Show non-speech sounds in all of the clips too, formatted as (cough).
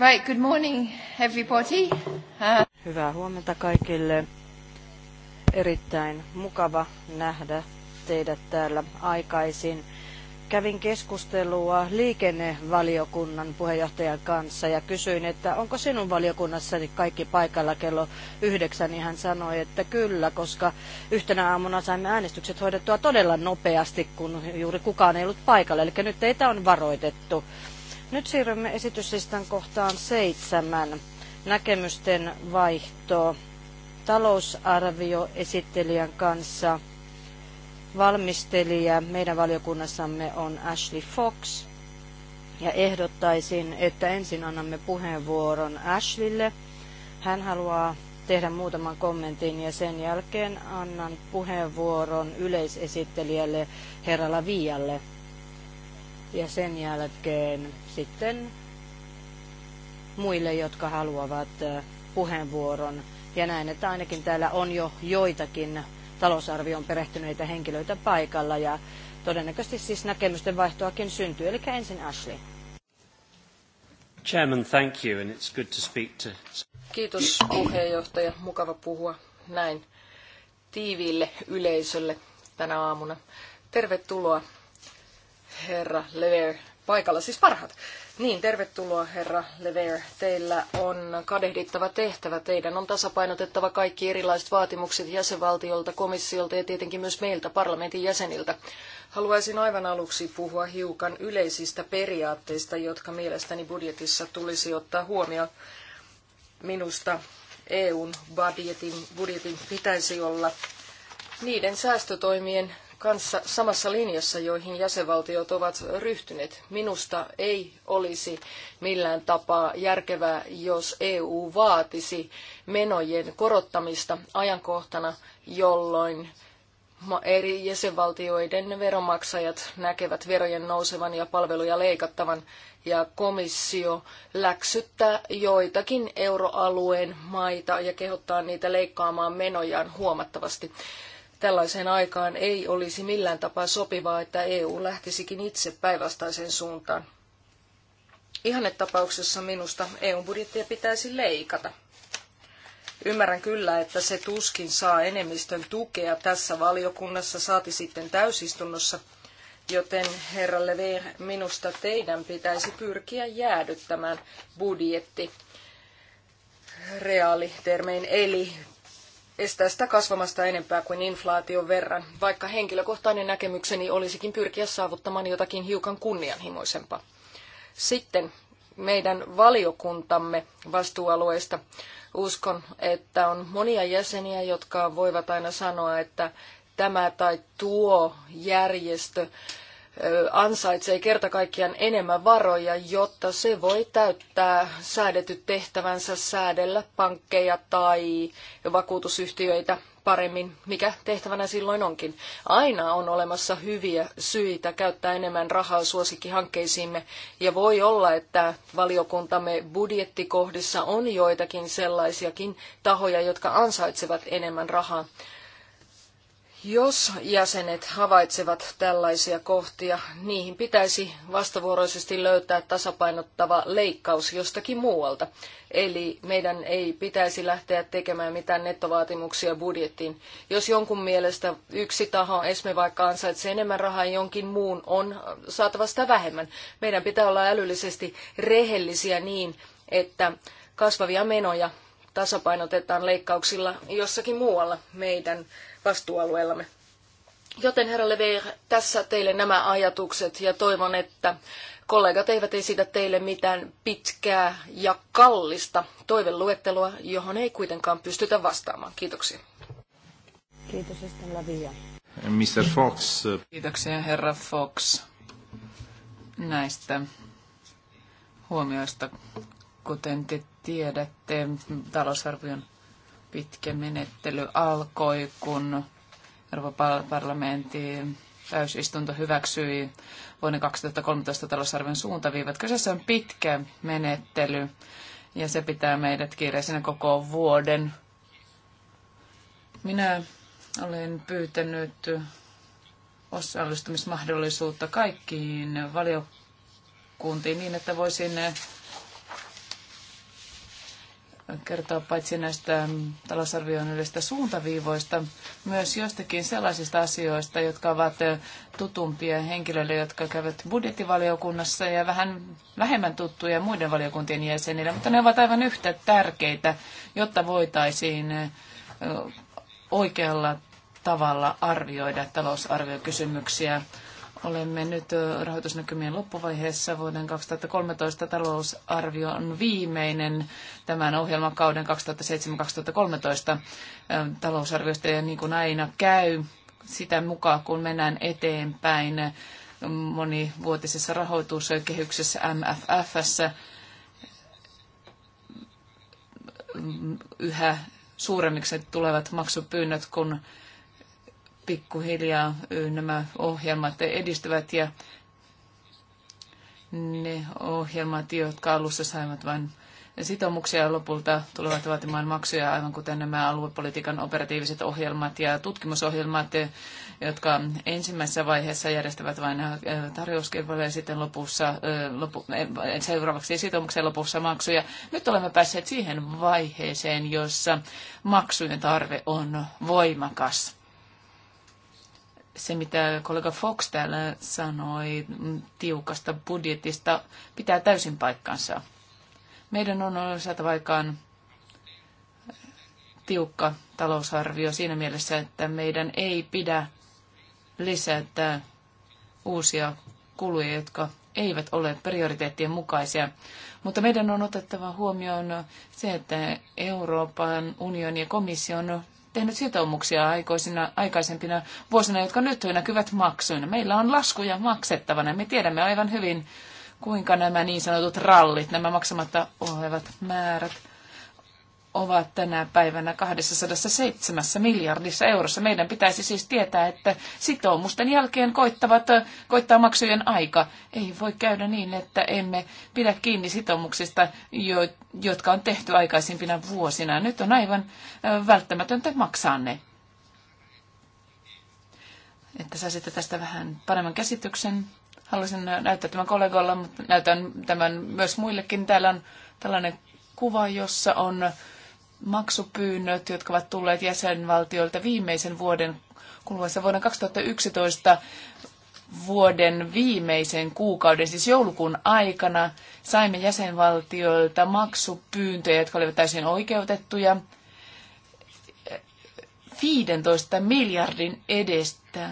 Right, good morning everybody. Uh... Hyvää huomenta kaikille. Erittäin mukava nähdä teidät täällä aikaisin. Kävin keskustelua liikennevaliokunnan puheenjohtajan kanssa ja kysyin, että onko sinun valiokunnassasi kaikki paikalla kello yhdeksän, niin hän sanoi, että kyllä, koska yhtenä aamuna saimme äänestykset hoidettua todella nopeasti, kun juuri kukaan ei ollut paikalla. Eli nyt teitä on varoitettu. Nyt siirrymme esityslistan kohtaan seitsemän. Näkemysten vaihto talousarvio esittelijän kanssa. Valmistelija meidän valiokunnassamme on Ashley Fox. Ja ehdottaisin, että ensin annamme puheenvuoron Ashleylle. Hän haluaa tehdä muutaman kommentin ja sen jälkeen annan puheenvuoron yleisesittelijälle herra Lavialle. Ja sen jälkeen sitten muille, jotka haluavat puheenvuoron. Ja näin, että ainakin täällä on jo joitakin talousarvioon perehtyneitä henkilöitä paikalla ja todennäköisesti siis näkemysten vaihtoakin syntyy. Eli ensin Ashley. Chairman, thank you, and it's good to speak to... Kiitos puheenjohtaja. Mukava puhua näin tiiviille yleisölle tänä aamuna. Tervetuloa, herra Lever paikalla, siis parhaat. Niin, tervetuloa herra Lever. Teillä on kadehdittava tehtävä. Teidän on tasapainotettava kaikki erilaiset vaatimukset jäsenvaltiolta, komissiolta ja tietenkin myös meiltä parlamentin jäseniltä. Haluaisin aivan aluksi puhua hiukan yleisistä periaatteista, jotka mielestäni budjetissa tulisi ottaa huomioon. Minusta EUn budjetin, budjetin pitäisi olla niiden säästötoimien kanssa samassa linjassa, joihin jäsenvaltiot ovat ryhtyneet. Minusta ei olisi millään tapaa järkevää, jos EU vaatisi menojen korottamista ajankohtana, jolloin eri jäsenvaltioiden veronmaksajat näkevät verojen nousevan ja palveluja leikattavan, ja komissio läksyttää joitakin euroalueen maita ja kehottaa niitä leikkaamaan menojaan huomattavasti. Tällaiseen aikaan ei olisi millään tapaa sopivaa, että EU lähtisikin itse päinvastaiseen suuntaan. Ihannetapauksessa minusta eu budjettia pitäisi leikata. Ymmärrän kyllä, että se tuskin saa enemmistön tukea tässä valiokunnassa, saati sitten täysistunnossa, joten herra Lever, minusta teidän pitäisi pyrkiä jäädyttämään budjetti reaalitermein, eli estää sitä kasvamasta enempää kuin inflaation verran, vaikka henkilökohtainen näkemykseni olisikin pyrkiä saavuttamaan jotakin hiukan kunnianhimoisempaa. Sitten meidän valiokuntamme vastuualueista. Uskon, että on monia jäseniä, jotka voivat aina sanoa, että tämä tai tuo järjestö ansaitsee kerta kaikkiaan enemmän varoja, jotta se voi täyttää säädetyt tehtävänsä säädellä pankkeja tai vakuutusyhtiöitä paremmin, mikä tehtävänä silloin onkin. Aina on olemassa hyviä syitä käyttää enemmän rahaa suosikkihankkeisiimme, ja voi olla, että valiokuntamme budjettikohdissa on joitakin sellaisiakin tahoja, jotka ansaitsevat enemmän rahaa. Jos jäsenet havaitsevat tällaisia kohtia, niihin pitäisi vastavuoroisesti löytää tasapainottava leikkaus jostakin muualta. Eli meidän ei pitäisi lähteä tekemään mitään nettovaatimuksia budjettiin. Jos jonkun mielestä yksi taho, esimerkiksi vaikka ansaitsee enemmän rahaa, jonkin muun on saatava sitä vähemmän. Meidän pitää olla älyllisesti rehellisiä niin, että kasvavia menoja tasapainotetaan leikkauksilla jossakin muualla meidän vastuualueellamme. Joten herra Lever, tässä teille nämä ajatukset ja toivon, että kollegat eivät esitä teille mitään pitkää ja kallista toiveluettelua, johon ei kuitenkaan pystytä vastaamaan. Kiitoksia. Kiitos, Lavia. Mr. Fox. Kiitoksia, herra Fox, näistä huomioista. Kuten te tiedätte, talousarvion pitkä menettely alkoi, kun Euroopan parlamentin täysistunto hyväksyi vuoden 2013 talousarvion suuntaviivat. Kyseessä on pitkä menettely ja se pitää meidät kiireisenä koko vuoden. Minä olen pyytänyt osallistumismahdollisuutta kaikkiin valiokuntiin niin, että voisin kertoa paitsi näistä talousarvion yleistä suuntaviivoista, myös jostakin sellaisista asioista, jotka ovat tutumpia henkilöille, jotka käyvät budjettivaliokunnassa ja vähän vähemmän tuttuja muiden valiokuntien jäsenille, mutta ne ovat aivan yhtä tärkeitä, jotta voitaisiin oikealla tavalla arvioida talousarviokysymyksiä Olemme nyt rahoitusnäkymien loppuvaiheessa. Vuoden 2013 talousarvio on viimeinen tämän ohjelmakauden 2007-2013 talousarviosta. Ja niin kuin aina käy, sitä mukaan kun mennään eteenpäin monivuotisessa rahoituskehyksessä MFFssä, yhä suuremmiksi tulevat maksupyynnöt, kun pikkuhiljaa nämä ohjelmat edistyvät ja ne ohjelmat, jotka alussa saivat vain sitoumuksia lopulta tulevat vaatimaan maksuja, aivan kuten nämä aluepolitiikan operatiiviset ohjelmat ja tutkimusohjelmat, jotka ensimmäisessä vaiheessa järjestävät vain tarjouskilpailuja ja sitten lopussa, lopu, seuraavaksi sitoumuksen lopussa maksuja. Nyt olemme päässeet siihen vaiheeseen, jossa maksujen tarve on voimakas se, mitä kollega Fox täällä sanoi tiukasta budjetista, pitää täysin paikkansa. Meidän on saatava aikaan tiukka talousarvio siinä mielessä, että meidän ei pidä lisätä uusia kuluja, jotka eivät ole prioriteettien mukaisia. Mutta meidän on otettava huomioon se, että Euroopan unionin ja komission tehnyt sitoumuksia aikoisina, aikaisempina vuosina, jotka nyt näkyvät maksuina. Meillä on laskuja maksettavana. Me tiedämme aivan hyvin, kuinka nämä niin sanotut rallit, nämä maksamatta olevat määrät ovat tänä päivänä 207 miljardissa eurossa. Meidän pitäisi siis tietää, että sitoumusten jälkeen koittavat, koittaa maksujen aika. Ei voi käydä niin, että emme pidä kiinni sitoumuksista, jo, jotka on tehty aikaisimpina vuosina. Nyt on aivan välttämätöntä maksaa ne. Että saisitte tästä vähän paremman käsityksen. Haluaisin näyttää tämän kollegoilla, mutta näytän tämän myös muillekin. Täällä on tällainen kuva, jossa on maksupyynnöt, jotka ovat tulleet jäsenvaltioilta viimeisen vuoden kuluessa vuoden 2011 vuoden viimeisen kuukauden, siis joulukuun aikana, saimme jäsenvaltioilta maksupyyntöjä, jotka olivat täysin oikeutettuja 15 miljardin edestä.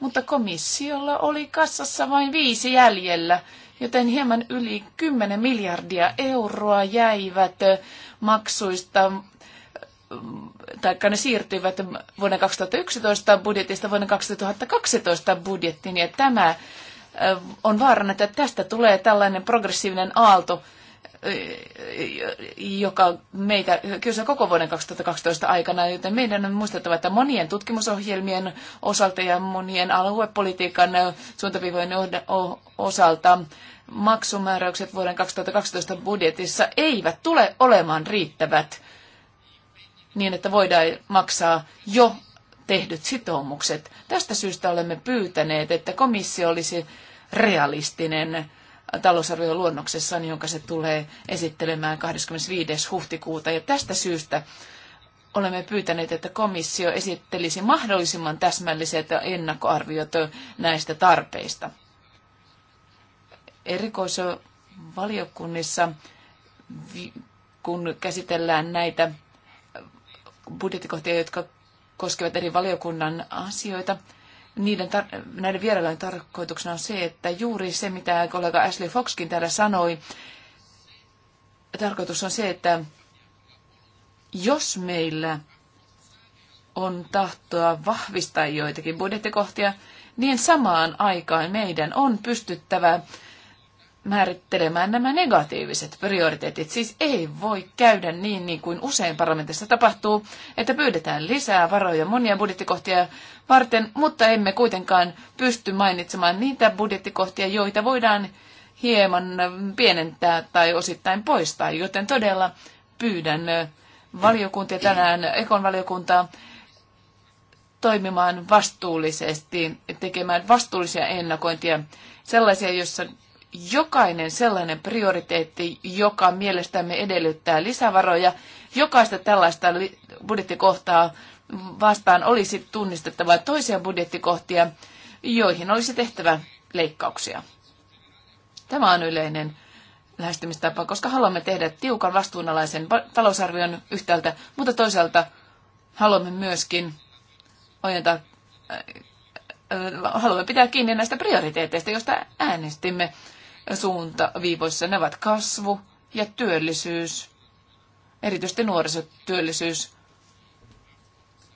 Mutta komissiolla oli kassassa vain viisi jäljellä joten hieman yli 10 miljardia euroa jäivät maksuista taikka ne siirtyivät vuoden 2011 budjetista vuoden 2012 budjettiin, ja tämä on vaarana, että tästä tulee tällainen progressiivinen aalto, joka meitä kiusaa koko vuoden 2012 aikana, joten meidän on muistettava, että monien tutkimusohjelmien osalta ja monien aluepolitiikan suuntaviivojen osalta maksumääräykset vuoden 2012 budjetissa eivät tule olemaan riittävät niin, että voidaan maksaa jo tehdyt sitoumukset. Tästä syystä olemme pyytäneet, että komissio olisi realistinen talousarvion luonnoksessaan, jonka se tulee esittelemään 25. huhtikuuta. Ja tästä syystä olemme pyytäneet, että komissio esittelisi mahdollisimman täsmälliset ennakkoarviot näistä tarpeista. Erikoisvaliokunnissa, kun käsitellään näitä budjettikohtia, jotka koskevat eri valiokunnan asioita, niiden tar- näiden vierailujen tarkoituksena on se, että juuri se, mitä kollega Ashley Foxkin täällä sanoi, tarkoitus on se, että jos meillä on tahtoa vahvistaa joitakin budjettikohtia, niin samaan aikaan meidän on pystyttävä määrittelemään nämä negatiiviset prioriteetit. Siis ei voi käydä niin, niin kuin usein parlamentissa tapahtuu, että pyydetään lisää varoja monia budjettikohtia varten, mutta emme kuitenkaan pysty mainitsemaan niitä budjettikohtia, joita voidaan hieman pienentää tai osittain poistaa. Joten todella pyydän valiokuntia tänään, Ekon valiokuntaa, toimimaan vastuullisesti, tekemään vastuullisia ennakointia, sellaisia, joissa jokainen sellainen prioriteetti, joka mielestämme edellyttää lisävaroja, jokaista tällaista budjettikohtaa vastaan olisi tunnistettava toisia budjettikohtia, joihin olisi tehtävä leikkauksia. Tämä on yleinen lähestymistapa, koska haluamme tehdä tiukan vastuunalaisen talousarvion yhtäältä, mutta toisaalta haluamme myöskin ojentaa, äh, äh, haluamme pitää kiinni näistä prioriteeteista, joista äänestimme suuntaviivoissa. Ne ovat kasvu ja työllisyys, erityisesti nuorisotyöllisyys.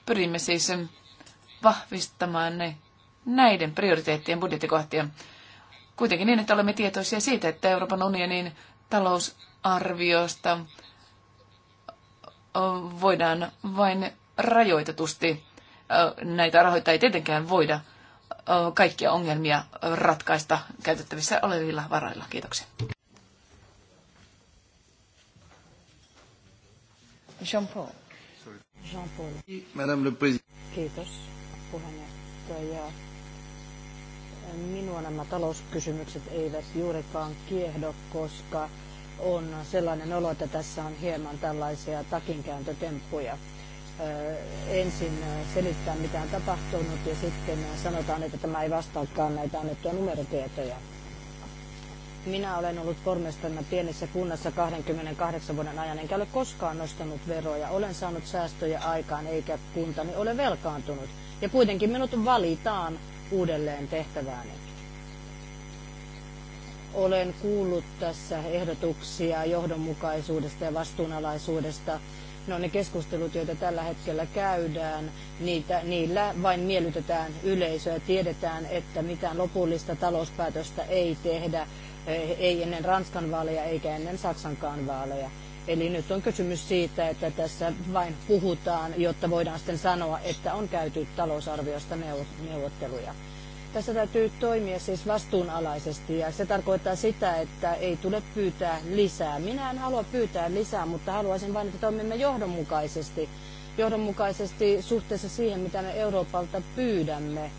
Pyrimme siis vahvistamaan ne näiden prioriteettien budjettikohtia. Kuitenkin niin, että olemme tietoisia siitä, että Euroopan unionin talousarviosta voidaan vain rajoitetusti näitä rahoittaa ei tietenkään voida kaikkia ongelmia ratkaista käytettävissä olevilla varoilla. Kiitoksia. Jean-Paul. Jean-Paul. Madame le Président. Kiitos puheenjohtaja. Minua nämä talouskysymykset eivät juurikaan kiehdo, koska on sellainen olo, että tässä on hieman tällaisia takinkääntötemppuja ensin selittää, mitä on tapahtunut, ja sitten sanotaan, että tämä ei vastaakaan näitä annettuja numerotietoja. Minä olen ollut pormestarina pienessä kunnassa 28 vuoden ajan, enkä ole koskaan nostanut veroja. Olen saanut säästöjä aikaan, eikä kuntani ole velkaantunut. Ja kuitenkin minut valitaan uudelleen tehtävääni. Olen kuullut tässä ehdotuksia johdonmukaisuudesta ja vastuunalaisuudesta No ne keskustelut, joita tällä hetkellä käydään, niitä, niillä vain miellytetään yleisöä. Tiedetään, että mitään lopullista talouspäätöstä ei tehdä, eh, ei ennen Ranskan vaaleja eikä ennen Saksankaan vaaleja. Eli nyt on kysymys siitä, että tässä vain puhutaan, jotta voidaan sitten sanoa, että on käyty talousarviosta neuvotteluja. Tässä täytyy toimia siis vastuunalaisesti ja se tarkoittaa sitä, että ei tule pyytää lisää. Minä en halua pyytää lisää, mutta haluaisin vain, että toimimme johdonmukaisesti. Johdonmukaisesti suhteessa siihen, mitä me Euroopalta pyydämme.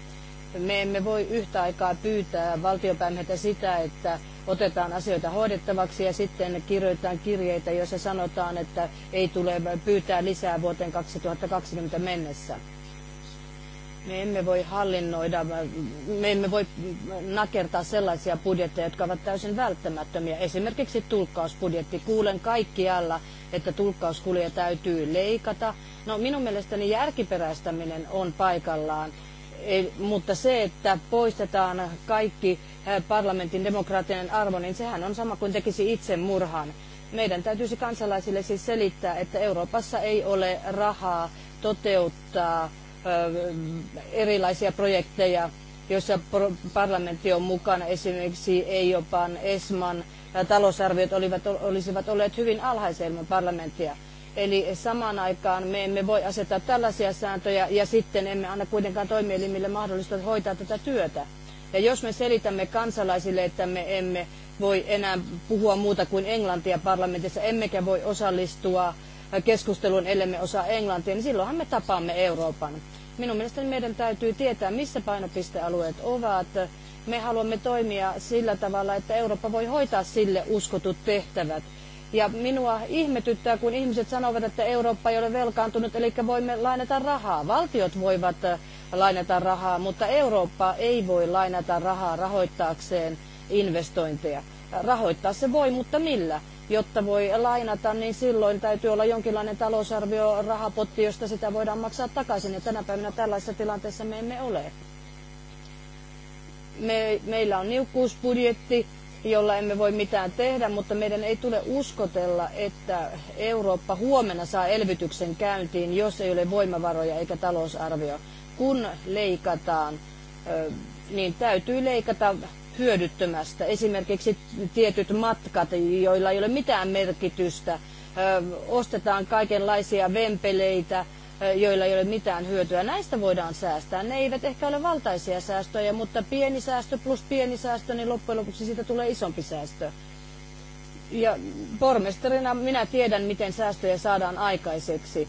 Me emme voi yhtä aikaa pyytää valtiopäiviltä sitä, että otetaan asioita hoidettavaksi ja sitten kirjoitetaan kirjeitä, joissa sanotaan, että ei tule pyytää lisää vuoteen 2020 mennessä me emme voi hallinnoida, me emme voi nakertaa sellaisia budjetteja, jotka ovat täysin välttämättömiä. Esimerkiksi tulkkausbudjetti. Kuulen kaikkialla, että tulkkauskuluja täytyy leikata. No minun mielestäni järkiperäistäminen on paikallaan. Ei, mutta se, että poistetaan kaikki e, parlamentin demokraattinen arvo, niin sehän on sama kuin tekisi itse murhan. Meidän täytyisi kansalaisille siis selittää, että Euroopassa ei ole rahaa toteuttaa erilaisia projekteja, joissa parlamentti on mukana. Esimerkiksi EIOPAN, ESMAN talousarviot olivat, olisivat olleet hyvin alhaisia ilman parlamenttia. Eli samaan aikaan me emme voi asettaa tällaisia sääntöjä ja sitten emme anna kuitenkaan toimielimille mahdollisuutta hoitaa tätä työtä. Ja jos me selitämme kansalaisille, että me emme voi enää puhua muuta kuin englantia parlamentissa, emmekä voi osallistua keskustelun, ellemme osaa englantia, niin silloinhan me tapaamme Euroopan. Minun mielestäni meidän täytyy tietää, missä painopistealueet ovat. Me haluamme toimia sillä tavalla, että Eurooppa voi hoitaa sille uskotut tehtävät. Ja minua ihmetyttää, kun ihmiset sanovat, että Eurooppa ei ole velkaantunut, eli voimme lainata rahaa. Valtiot voivat äh, lainata rahaa, mutta Eurooppa ei voi lainata rahaa rahoittaakseen investointeja. Rahoittaa se voi, mutta millä? jotta voi lainata, niin silloin täytyy olla jonkinlainen talousarvio, rahapotti, josta sitä voidaan maksaa takaisin. Ja tänä päivänä tällaisessa tilanteessa me emme ole. Me, meillä on niukkuusbudjetti, jolla emme voi mitään tehdä, mutta meidän ei tule uskotella, että Eurooppa huomenna saa elvytyksen käyntiin, jos ei ole voimavaroja eikä talousarvio. Kun leikataan, niin täytyy leikata hyödyttömästä. Esimerkiksi tietyt matkat, joilla ei ole mitään merkitystä. Ostetaan kaikenlaisia vempeleitä, joilla ei ole mitään hyötyä. Näistä voidaan säästää. Ne eivät ehkä ole valtaisia säästöjä, mutta pieni säästö plus pieni säästö, niin loppujen lopuksi siitä tulee isompi säästö. Ja pormestarina minä tiedän, miten säästöjä saadaan aikaiseksi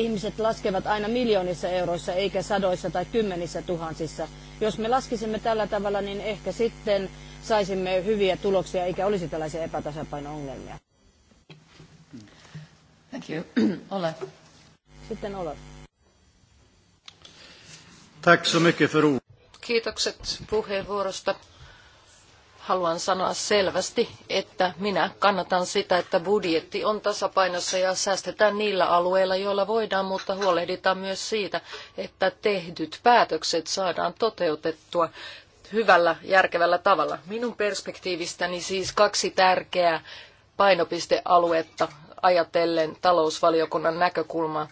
ihmiset laskevat aina miljoonissa euroissa eikä sadoissa tai kymmenissä tuhansissa. Jos me laskisimme tällä tavalla, niin ehkä sitten saisimme hyviä tuloksia eikä olisi tällaisia epätasapaino-ongelmia. Thank you. (clears throat) Ole. Sitten Ole. Tack så mycket för Kiitokset puheenvuorosta haluan sanoa selvästi, että minä kannatan sitä, että budjetti on tasapainossa ja säästetään niillä alueilla, joilla voidaan, mutta huolehditaan myös siitä, että tehdyt päätökset saadaan toteutettua hyvällä, järkevällä tavalla. Minun perspektiivistäni siis kaksi tärkeää painopistealuetta ajatellen talousvaliokunnan näkökulmaa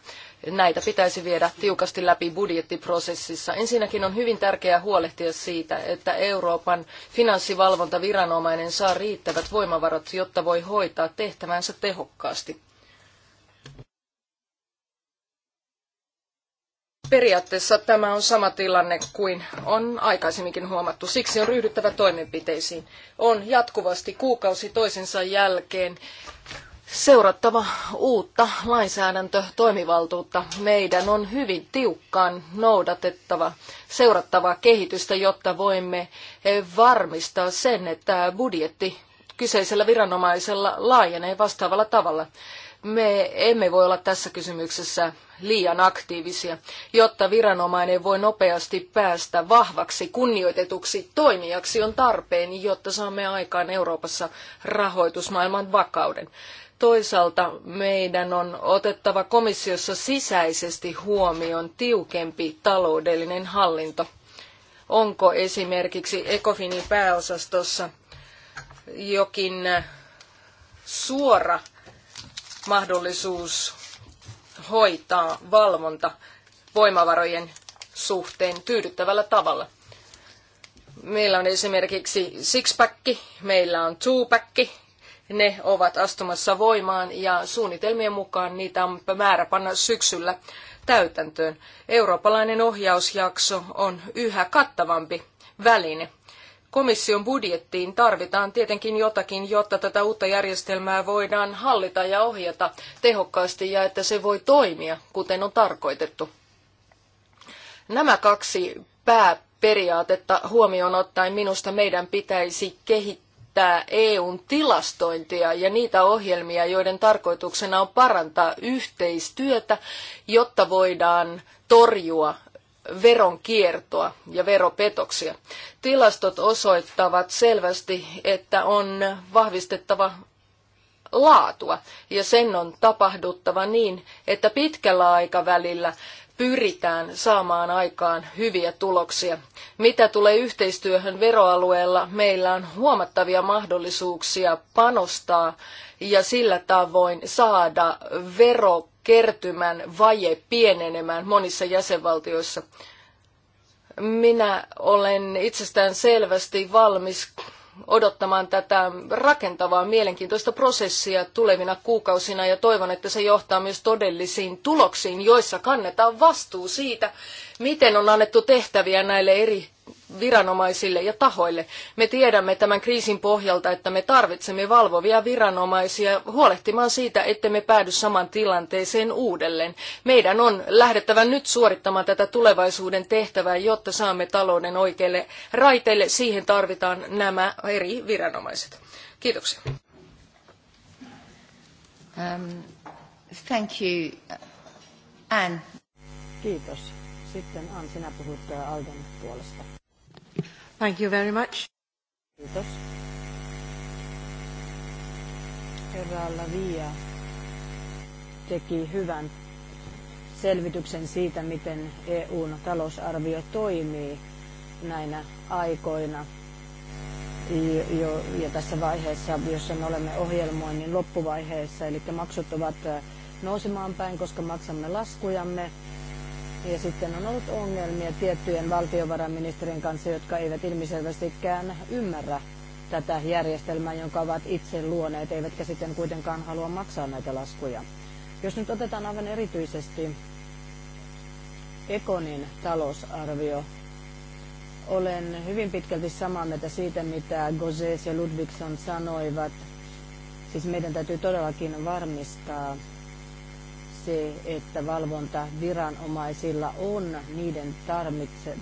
näitä pitäisi viedä tiukasti läpi budjettiprosessissa. Ensinnäkin on hyvin tärkeää huolehtia siitä, että Euroopan finanssivalvontaviranomainen saa riittävät voimavarat, jotta voi hoitaa tehtävänsä tehokkaasti. Periaatteessa tämä on sama tilanne kuin on aikaisemminkin huomattu. Siksi on ryhdyttävä toimenpiteisiin. On jatkuvasti kuukausi toisensa jälkeen seurattava uutta lainsäädäntötoimivaltuutta. Meidän on hyvin tiukkaan noudatettava, seurattava kehitystä, jotta voimme varmistaa sen, että budjetti kyseisellä viranomaisella laajenee vastaavalla tavalla. Me emme voi olla tässä kysymyksessä liian aktiivisia, jotta viranomainen voi nopeasti päästä vahvaksi, kunnioitetuksi toimijaksi on tarpeen, jotta saamme aikaan Euroopassa rahoitusmaailman vakauden toisaalta meidän on otettava komissiossa sisäisesti huomioon tiukempi taloudellinen hallinto. Onko esimerkiksi Ecofinin pääosastossa jokin suora mahdollisuus hoitaa valvonta voimavarojen suhteen tyydyttävällä tavalla. Meillä on esimerkiksi sixpack, meillä on twopacki, ne ovat astumassa voimaan ja suunnitelmien mukaan niitä on määrä panna syksyllä täytäntöön. Eurooppalainen ohjausjakso on yhä kattavampi väline. Komission budjettiin tarvitaan tietenkin jotakin, jotta tätä uutta järjestelmää voidaan hallita ja ohjata tehokkaasti ja että se voi toimia, kuten on tarkoitettu. Nämä kaksi pääperiaatetta huomioon ottaen minusta meidän pitäisi kehittää käyttää EUn tilastointia ja niitä ohjelmia, joiden tarkoituksena on parantaa yhteistyötä, jotta voidaan torjua veronkiertoa ja veropetoksia. Tilastot osoittavat selvästi, että on vahvistettava laatua ja sen on tapahduttava niin, että pitkällä aikavälillä pyritään saamaan aikaan hyviä tuloksia. Mitä tulee yhteistyöhön veroalueella, meillä on huomattavia mahdollisuuksia panostaa ja sillä tavoin saada verokertymän vaje pienenemään monissa jäsenvaltioissa. Minä olen itsestään selvästi valmis odottamaan tätä rakentavaa, mielenkiintoista prosessia tulevina kuukausina ja toivon, että se johtaa myös todellisiin tuloksiin, joissa kannetaan vastuu siitä, miten on annettu tehtäviä näille eri viranomaisille ja tahoille. Me tiedämme tämän kriisin pohjalta, että me tarvitsemme valvovia viranomaisia huolehtimaan siitä, että me päädy saman tilanteeseen uudelleen. Meidän on lähdettävä nyt suorittamaan tätä tulevaisuuden tehtävää, jotta saamme talouden oikeille raiteille. Siihen tarvitaan nämä eri viranomaiset. Kiitoksia. Um, thank you. Anne. Kiitos sitten Ann, puhut äh, Alden puolesta. Thank you very much. Kiitos. Herra Lavia teki hyvän selvityksen siitä, miten EUn talousarvio toimii näinä aikoina jo, ja tässä vaiheessa, jossa me olemme ohjelmoinnin loppuvaiheessa, eli maksut ovat äh, nousemaan päin, koska maksamme laskujamme ja sitten on ollut ongelmia tiettyjen valtiovarainministerien kanssa, jotka eivät ilmiselvästikään ymmärrä tätä järjestelmää, jonka ovat itse luoneet, eivätkä sitten kuitenkaan halua maksaa näitä laskuja. Jos nyt otetaan aivan erityisesti Ekonin talousarvio, olen hyvin pitkälti samaa mieltä siitä, mitä Gozes ja Ludvigson sanoivat. Siis meidän täytyy todellakin varmistaa, se, että valvontaviranomaisilla on niiden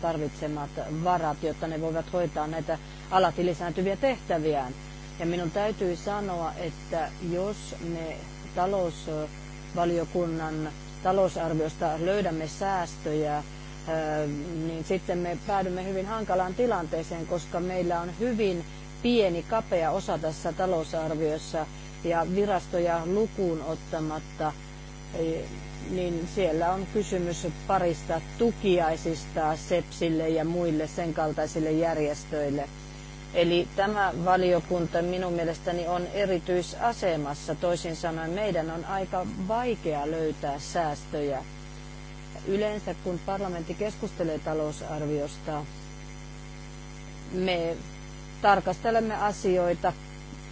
tarvitsemat varat, jotta ne voivat hoitaa näitä alati lisääntyviä tehtäviään. Ja minun täytyy sanoa, että jos me talousvaliokunnan talousarviosta löydämme säästöjä, niin sitten me päädymme hyvin hankalaan tilanteeseen, koska meillä on hyvin pieni, kapea osa tässä talousarviossa ja virastoja lukuun ottamatta niin siellä on kysymys parista tukiaisista SEPSille ja muille sen kaltaisille järjestöille. Eli tämä valiokunta minun mielestäni on erityisasemassa. Toisin sanoen meidän on aika vaikea löytää säästöjä. Yleensä kun parlamentti keskustelee talousarviosta, me tarkastelemme asioita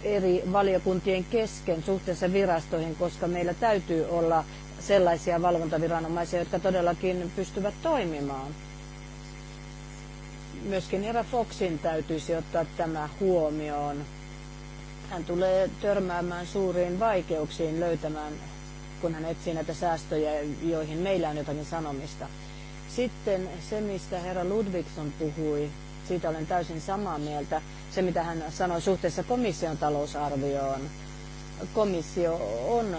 eri valiokuntien kesken suhteessa virastoihin, koska meillä täytyy olla sellaisia valvontaviranomaisia, jotka todellakin pystyvät toimimaan. Myöskin herra Foxin täytyisi ottaa tämä huomioon. Hän tulee törmäämään suuriin vaikeuksiin löytämään, kun hän etsii näitä säästöjä, joihin meillä on jotakin sanomista. Sitten se, mistä herra Ludvigson puhui, siitä olen täysin samaa mieltä. Se, mitä hän sanoi suhteessa komission talousarvioon, komissio on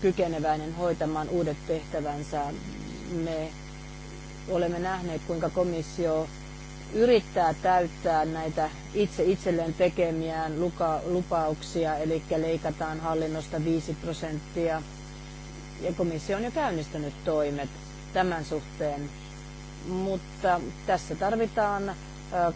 kykeneväinen hoitamaan uudet tehtävänsä. Me olemme nähneet, kuinka komissio yrittää täyttää näitä itse itselleen tekemiään luka, lupauksia, eli leikataan hallinnosta 5 prosenttia. Ja komissio on jo käynnistänyt toimet tämän suhteen. Mutta tässä tarvitaan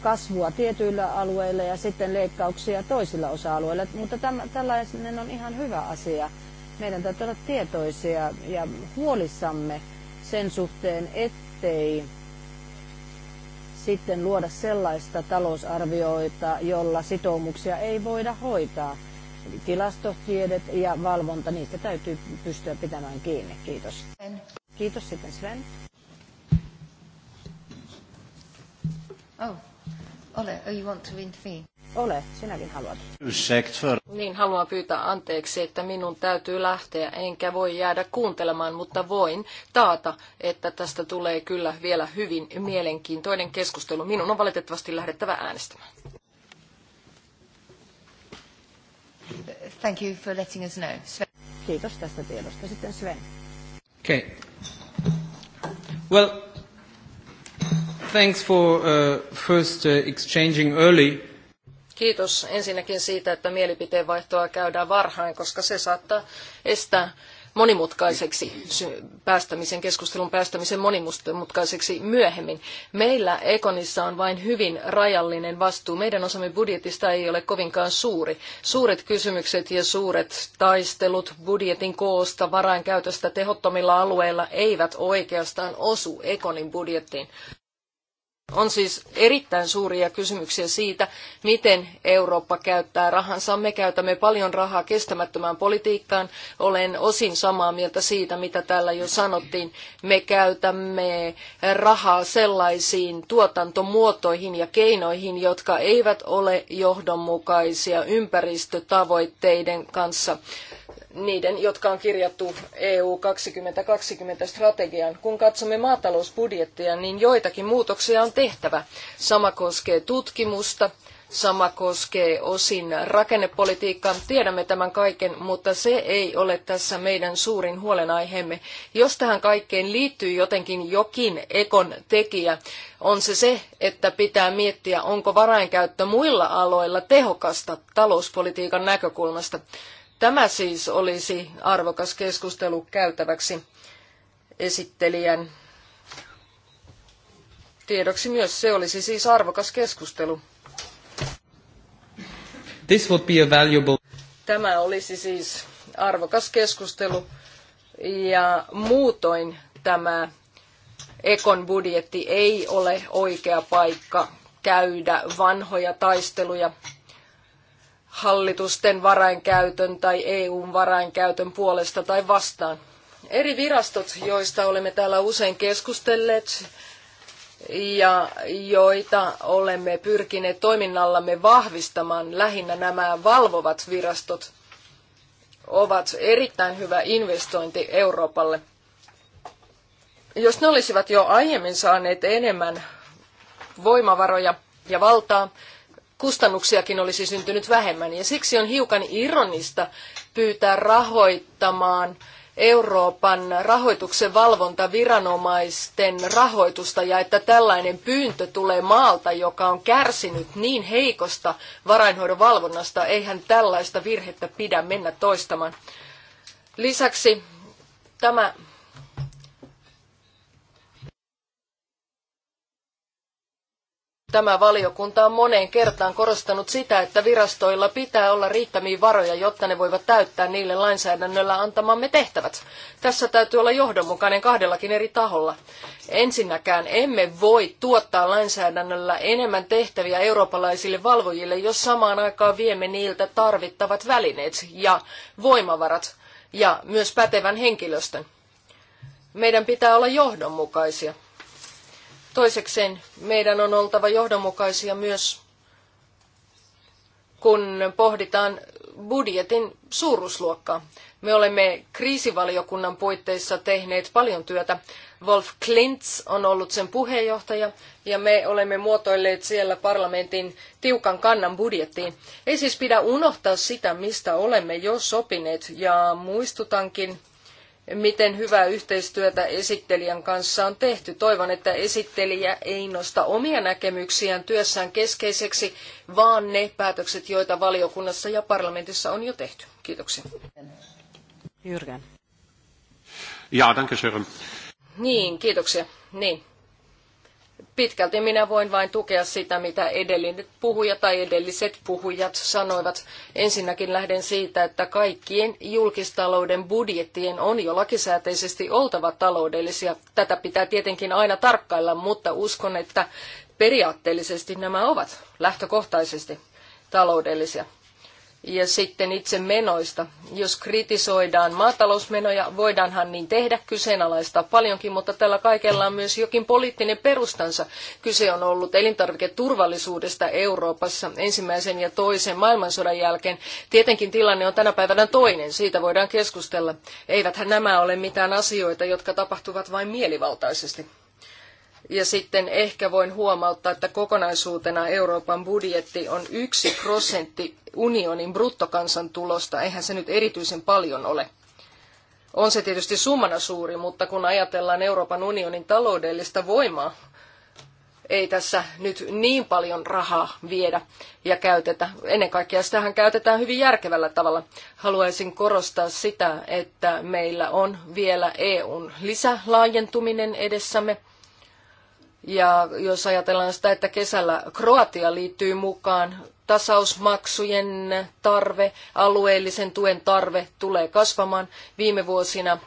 kasvua tietyillä alueilla ja sitten leikkauksia toisilla osa-alueilla. Mutta täm, tällainen on ihan hyvä asia. Meidän täytyy olla tietoisia ja huolissamme sen suhteen, ettei sitten luoda sellaista talousarvioita, jolla sitoumuksia ei voida hoitaa. Tilastotiedet ja valvonta, niistä täytyy pystyä pitämään kiinni. Kiitos. Kiitos sitten Sven. Oh. Ole, oh, you want to intervene? Ole, sinäkin haluat. Sektor. Niin, haluan pyytää anteeksi, että minun täytyy lähteä, enkä voi jäädä kuuntelemaan, mutta voin taata, että tästä tulee kyllä vielä hyvin mielenkiintoinen keskustelu. Minun on valitettavasti lähdettävä äänestämään. Thank you for letting us know. Sven. Kiitos tästä tiedosta. Sitten Sven. Okay. Well, thanks for uh, first uh, exchanging early. Kiitos ensinnäkin siitä, että mielipiteen vaihtoa käydään varhain, koska se saattaa estää monimutkaiseksi päästämisen, keskustelun päästämisen monimutkaiseksi myöhemmin. Meillä Ekonissa on vain hyvin rajallinen vastuu. Meidän osamme budjetista ei ole kovinkaan suuri. Suuret kysymykset ja suuret taistelut budjetin koosta, varainkäytöstä tehottomilla alueilla eivät oikeastaan osu Ekonin budjettiin. On siis erittäin suuria kysymyksiä siitä, miten Eurooppa käyttää rahansa. Me käytämme paljon rahaa kestämättömään politiikkaan. Olen osin samaa mieltä siitä, mitä täällä jo sanottiin. Me käytämme rahaa sellaisiin tuotantomuotoihin ja keinoihin, jotka eivät ole johdonmukaisia ympäristötavoitteiden kanssa niiden, jotka on kirjattu EU 2020 strategiaan. Kun katsomme maatalousbudjettia, niin joitakin muutoksia on tehtävä. Sama koskee tutkimusta, sama koskee osin rakennepolitiikkaa. Tiedämme tämän kaiken, mutta se ei ole tässä meidän suurin huolenaiheemme. Jos tähän kaikkeen liittyy jotenkin jokin ekon tekijä, on se se, että pitää miettiä, onko varainkäyttö muilla aloilla tehokasta talouspolitiikan näkökulmasta. Tämä siis olisi arvokas keskustelu käytäväksi esittelijän tiedoksi myös. Se olisi siis arvokas keskustelu. This would be a valuable... Tämä olisi siis arvokas keskustelu ja muutoin tämä Ekon budjetti ei ole oikea paikka käydä vanhoja taisteluja hallitusten varainkäytön tai EUn varainkäytön puolesta tai vastaan. Eri virastot, joista olemme täällä usein keskustelleet ja joita olemme pyrkineet toiminnallamme vahvistamaan, lähinnä nämä valvovat virastot, ovat erittäin hyvä investointi Euroopalle. Jos ne olisivat jo aiemmin saaneet enemmän voimavaroja ja valtaa, kustannuksiakin olisi syntynyt vähemmän. Ja siksi on hiukan ironista pyytää rahoittamaan Euroopan rahoituksen valvontaviranomaisten rahoitusta ja että tällainen pyyntö tulee maalta, joka on kärsinyt niin heikosta varainhoidon valvonnasta, eihän tällaista virhettä pidä mennä toistamaan. Lisäksi tämä Tämä valiokunta on moneen kertaan korostanut sitä, että virastoilla pitää olla riittämiä varoja, jotta ne voivat täyttää niille lainsäädännöllä antamamme tehtävät. Tässä täytyy olla johdonmukainen kahdellakin eri taholla. Ensinnäkään emme voi tuottaa lainsäädännöllä enemmän tehtäviä eurooppalaisille valvojille, jos samaan aikaan viemme niiltä tarvittavat välineet ja voimavarat ja myös pätevän henkilöstön. Meidän pitää olla johdonmukaisia. Toisekseen meidän on oltava johdonmukaisia myös, kun pohditaan budjetin suuruusluokkaa. Me olemme kriisivaliokunnan puitteissa tehneet paljon työtä. Wolf Klintz on ollut sen puheenjohtaja ja me olemme muotoilleet siellä parlamentin tiukan kannan budjettiin. Ei siis pidä unohtaa sitä, mistä olemme jo sopineet ja muistutankin miten hyvää yhteistyötä esittelijän kanssa on tehty. Toivon, että esittelijä ei nosta omia näkemyksiään työssään keskeiseksi, vaan ne päätökset, joita valiokunnassa ja parlamentissa on jo tehty. Kiitoksia. Jyrgen. Ja, danke schön. Niin, kiitoksia. Niin pitkälti minä voin vain tukea sitä, mitä edellinen puhuja tai edelliset puhujat sanoivat. Ensinnäkin lähden siitä, että kaikkien julkistalouden budjettien on jo lakisääteisesti oltava taloudellisia. Tätä pitää tietenkin aina tarkkailla, mutta uskon, että periaatteellisesti nämä ovat lähtökohtaisesti taloudellisia ja sitten itse menoista. Jos kritisoidaan maatalousmenoja, voidaanhan niin tehdä kyseenalaista paljonkin, mutta tällä kaikella on myös jokin poliittinen perustansa. Kyse on ollut elintarviketurvallisuudesta Euroopassa ensimmäisen ja toisen maailmansodan jälkeen. Tietenkin tilanne on tänä päivänä toinen, siitä voidaan keskustella. Eiväthän nämä ole mitään asioita, jotka tapahtuvat vain mielivaltaisesti. Ja sitten ehkä voin huomauttaa, että kokonaisuutena Euroopan budjetti on yksi prosentti unionin bruttokansantulosta. Eihän se nyt erityisen paljon ole. On se tietysti summana suuri, mutta kun ajatellaan Euroopan unionin taloudellista voimaa, ei tässä nyt niin paljon rahaa viedä ja käytetä. Ennen kaikkea sitähän käytetään hyvin järkevällä tavalla. Haluaisin korostaa sitä, että meillä on vielä EUn lisälaajentuminen edessämme. Ja jos ajatellaan sitä, että kesällä Kroatia liittyy mukaan, tasausmaksujen tarve, alueellisen tuen tarve tulee kasvamaan. Viime vuosina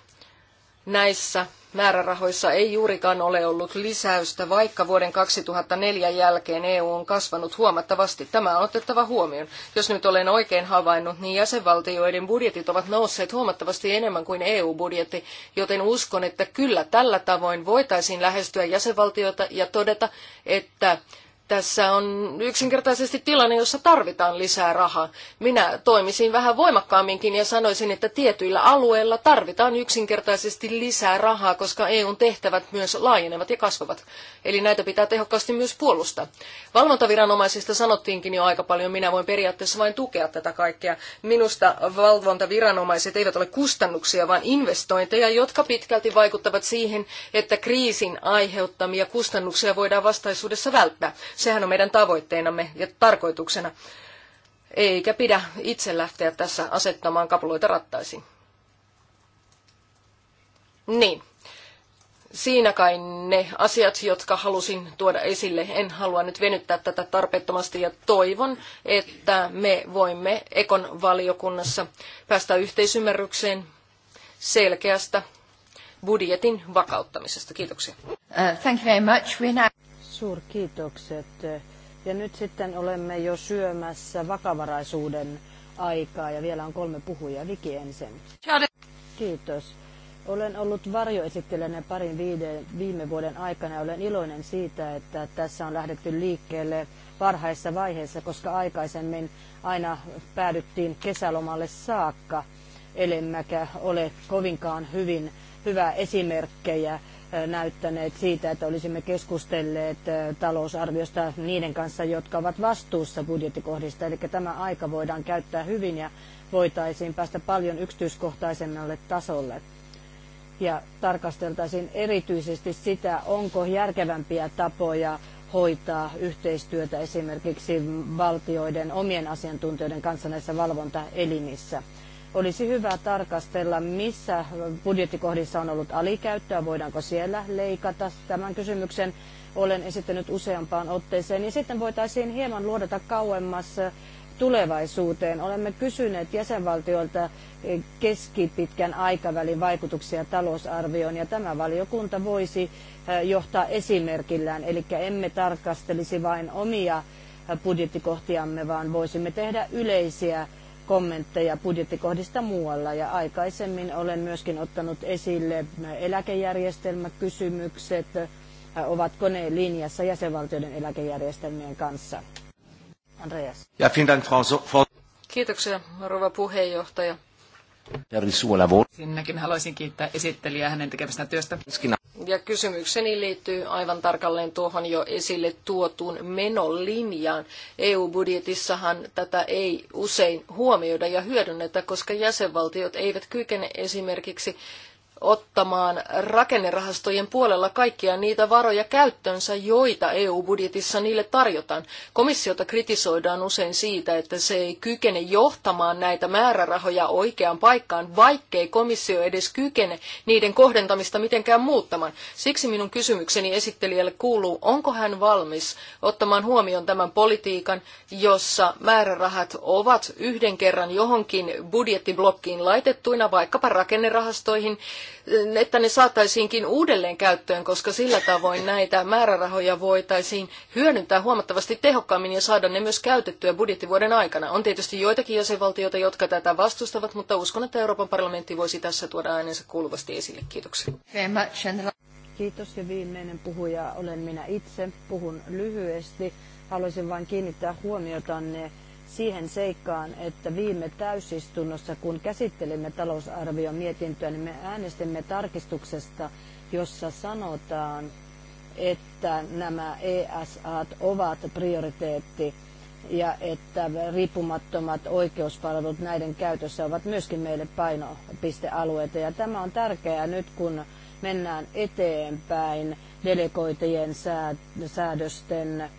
näissä määrärahoissa ei juurikaan ole ollut lisäystä, vaikka vuoden 2004 jälkeen EU on kasvanut huomattavasti. Tämä on otettava huomioon. Jos nyt olen oikein havainnut, niin jäsenvaltioiden budjetit ovat nousseet huomattavasti enemmän kuin EU-budjetti, joten uskon, että kyllä tällä tavoin voitaisiin lähestyä jäsenvaltioita ja todeta, että tässä on yksinkertaisesti tilanne, jossa tarvitaan lisää rahaa. Minä toimisin vähän voimakkaamminkin ja sanoisin, että tietyillä alueilla tarvitaan yksinkertaisesti lisää rahaa, koska EUn tehtävät myös laajenevat ja kasvavat. Eli näitä pitää tehokkaasti myös puolustaa. Valvontaviranomaisista sanottiinkin jo aika paljon, minä voin periaatteessa vain tukea tätä kaikkea. Minusta valvontaviranomaiset eivät ole kustannuksia, vaan investointeja, jotka pitkälti vaikuttavat siihen, että kriisin aiheuttamia kustannuksia voidaan vastaisuudessa välttää. Sehän on meidän tavoitteenamme ja tarkoituksena, eikä pidä itse lähteä tässä asettamaan kapuloita rattaisiin. Niin. Siinä kai ne asiat, jotka halusin tuoda esille. En halua nyt venyttää tätä tarpeettomasti ja toivon, että me voimme Ekon valiokunnassa päästä yhteisymmärrykseen selkeästä budjetin vakauttamisesta. Kiitoksia. Uh, thank you very much. Now... Suurkiitokset. Ja nyt sitten olemme jo syömässä vakavaraisuuden aikaa ja vielä on kolme puhujaa. Viki ensin. Kiitos. Olen ollut varjoesittelijänä parin viiden, viime vuoden aikana ja olen iloinen siitä, että tässä on lähdetty liikkeelle varhaisessa vaiheessa, koska aikaisemmin aina päädyttiin kesälomalle saakka. elemmäkä ole kovinkaan hyvin hyvää esimerkkejä näyttäneet siitä, että olisimme keskustelleet talousarviosta niiden kanssa, jotka ovat vastuussa budjettikohdista. Eli tämä aika voidaan käyttää hyvin ja voitaisiin päästä paljon yksityiskohtaisemmalle tasolle. Ja tarkasteltaisiin erityisesti sitä, onko järkevämpiä tapoja hoitaa yhteistyötä esimerkiksi valtioiden omien asiantuntijoiden kanssa näissä valvontaelimissä. Olisi hyvä tarkastella, missä budjettikohdissa on ollut alikäyttöä, voidaanko siellä leikata. Tämän kysymyksen olen esittänyt useampaan otteeseen. Ja sitten voitaisiin hieman luodata kauemmas tulevaisuuteen. Olemme kysyneet jäsenvaltioilta keskipitkän aikavälin vaikutuksia talousarvioon ja tämä valiokunta voisi johtaa esimerkillään. Eli emme tarkastelisi vain omia budjettikohtiamme, vaan voisimme tehdä yleisiä kommentteja budjettikohdista muualla. Ja aikaisemmin olen myöskin ottanut esille eläkejärjestelmäkysymykset, äh, ovatko ne linjassa jäsenvaltioiden eläkejärjestelmien kanssa. Andreas. Ja Frau Kiitoksia, rouva puheenjohtaja. Sinnekin haluaisin kiittää esittelijää hänen tekemästä työstä. Ja kysymykseni liittyy aivan tarkalleen tuohon jo esille tuotuun menolinjaan. EU-budjetissahan tätä ei usein huomioida ja hyödynnetä, koska jäsenvaltiot eivät kykene esimerkiksi ottamaan rakennerahastojen puolella kaikkia niitä varoja käyttöönsä, joita EU-budjetissa niille tarjotaan. Komissiota kritisoidaan usein siitä, että se ei kykene johtamaan näitä määrärahoja oikeaan paikkaan, vaikkei komissio edes kykene niiden kohdentamista mitenkään muuttamaan. Siksi minun kysymykseni esittelijälle kuuluu, onko hän valmis ottamaan huomioon tämän politiikan, jossa määrärahat ovat yhden kerran johonkin budjettiblokkiin laitettuina, vaikkapa rakennerahastoihin, että ne saataisiinkin uudelleen käyttöön, koska sillä tavoin näitä määrärahoja voitaisiin hyödyntää huomattavasti tehokkaammin ja saada ne myös käytettyä budjettivuoden aikana. On tietysti joitakin jäsenvaltioita, jotka tätä vastustavat, mutta uskon, että Euroopan parlamentti voisi tässä tuoda äänensä kuuluvasti esille. Kiitoksia. Kiitos ja viimeinen puhuja olen minä itse. Puhun lyhyesti. Haluaisin vain kiinnittää huomiotanne siihen seikkaan, että viime täysistunnossa, kun käsittelimme talousarvion mietintöä, niin me äänestimme tarkistuksesta, jossa sanotaan, että nämä ESA ovat prioriteetti ja että riippumattomat oikeuspalvelut näiden käytössä ovat myöskin meille painopistealueita. Ja tämä on tärkeää nyt, kun mennään eteenpäin delegoitujen säädösten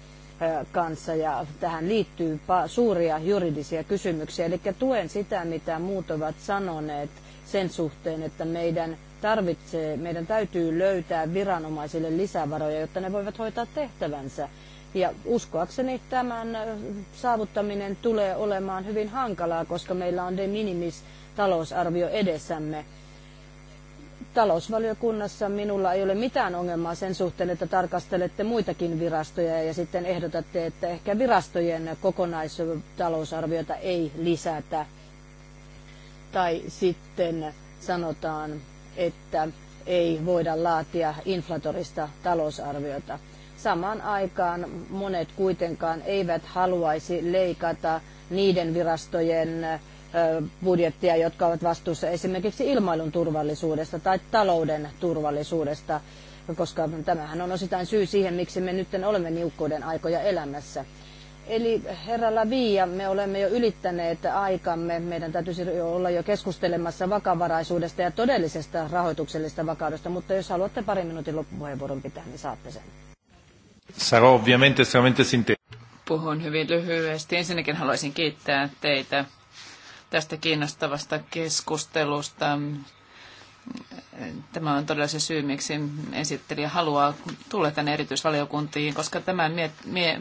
kanssa ja tähän liittyy suuria juridisia kysymyksiä. Eli tuen sitä, mitä muut ovat sanoneet sen suhteen, että meidän tarvitsee, meidän täytyy löytää viranomaisille lisävaroja, jotta ne voivat hoitaa tehtävänsä. Ja uskoakseni tämän saavuttaminen tulee olemaan hyvin hankalaa, koska meillä on de minimis talousarvio edessämme talousvaliokunnassa minulla ei ole mitään ongelmaa sen suhteen, että tarkastelette muitakin virastoja ja sitten ehdotatte, että ehkä virastojen kokonaistalousarviota ei lisätä. Tai sitten sanotaan, että ei voida laatia inflatorista talousarviota. Samaan aikaan monet kuitenkaan eivät haluaisi leikata niiden virastojen budjettia, jotka ovat vastuussa esimerkiksi ilmailun turvallisuudesta tai talouden turvallisuudesta, koska tämähän on osittain syy siihen, miksi me nyt olemme niukkuuden aikoja elämässä. Eli herra Lavia, me olemme jo ylittäneet aikamme. Meidän täytyisi olla jo keskustelemassa vakavaraisuudesta ja todellisesta rahoituksellisesta vakaudesta, mutta jos haluatte parin minuutin loppupuheenvuoron pitää, niin saatte sen. Sarò ovviamente estremamente sintetico. Puhun hyvin lyhyesti. Ensinnäkin haluaisin kiittää teitä tästä kiinnostavasta keskustelusta. Tämä on todella se syy, miksi esittelijä haluaa tulla tänne erityisvaliokuntiin, koska tämän, mie- mie,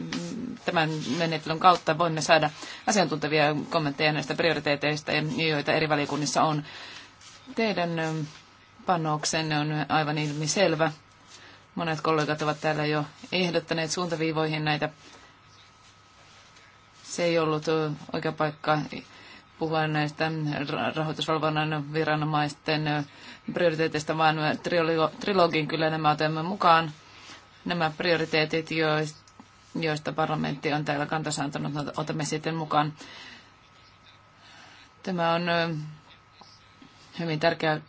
tämän menettelyn kautta voimme saada asiantuntevia kommentteja näistä prioriteeteista, joita eri valiokunnissa on. Teidän panoksenne on aivan ilmiselvä. Monet kollegat ovat täällä jo ehdottaneet suuntaviivoihin näitä. Se ei ollut oikea paikka puhua näistä rahoitusvalvonnan viranomaisten prioriteeteista, vaan trilogin kyllä nämä otamme mukaan. Nämä prioriteetit, joista parlamentti on täällä kantansa antanut, otamme sitten mukaan. Tämä on hyvin tärkeä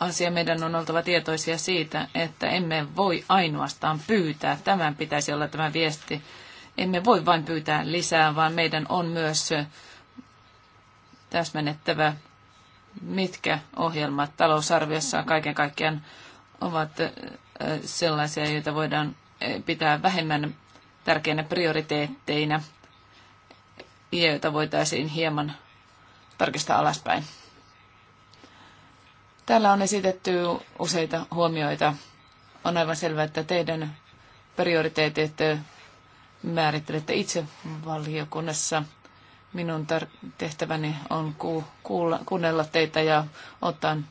asia. Meidän on oltava tietoisia siitä, että emme voi ainoastaan pyytää. Tämän pitäisi olla tämä viesti. Emme voi vain pyytää lisää, vaan meidän on myös täsmennettävä, mitkä ohjelmat talousarviossa kaiken kaikkiaan ovat sellaisia, joita voidaan pitää vähemmän tärkeinä prioriteetteina ja joita voitaisiin hieman tarkistaa alaspäin. Täällä on esitetty useita huomioita. On aivan selvää, että teidän prioriteetit määrittelette itse valiokunnassa – Minun tehtäväni on ku- kuulla, kuunnella teitä ja otan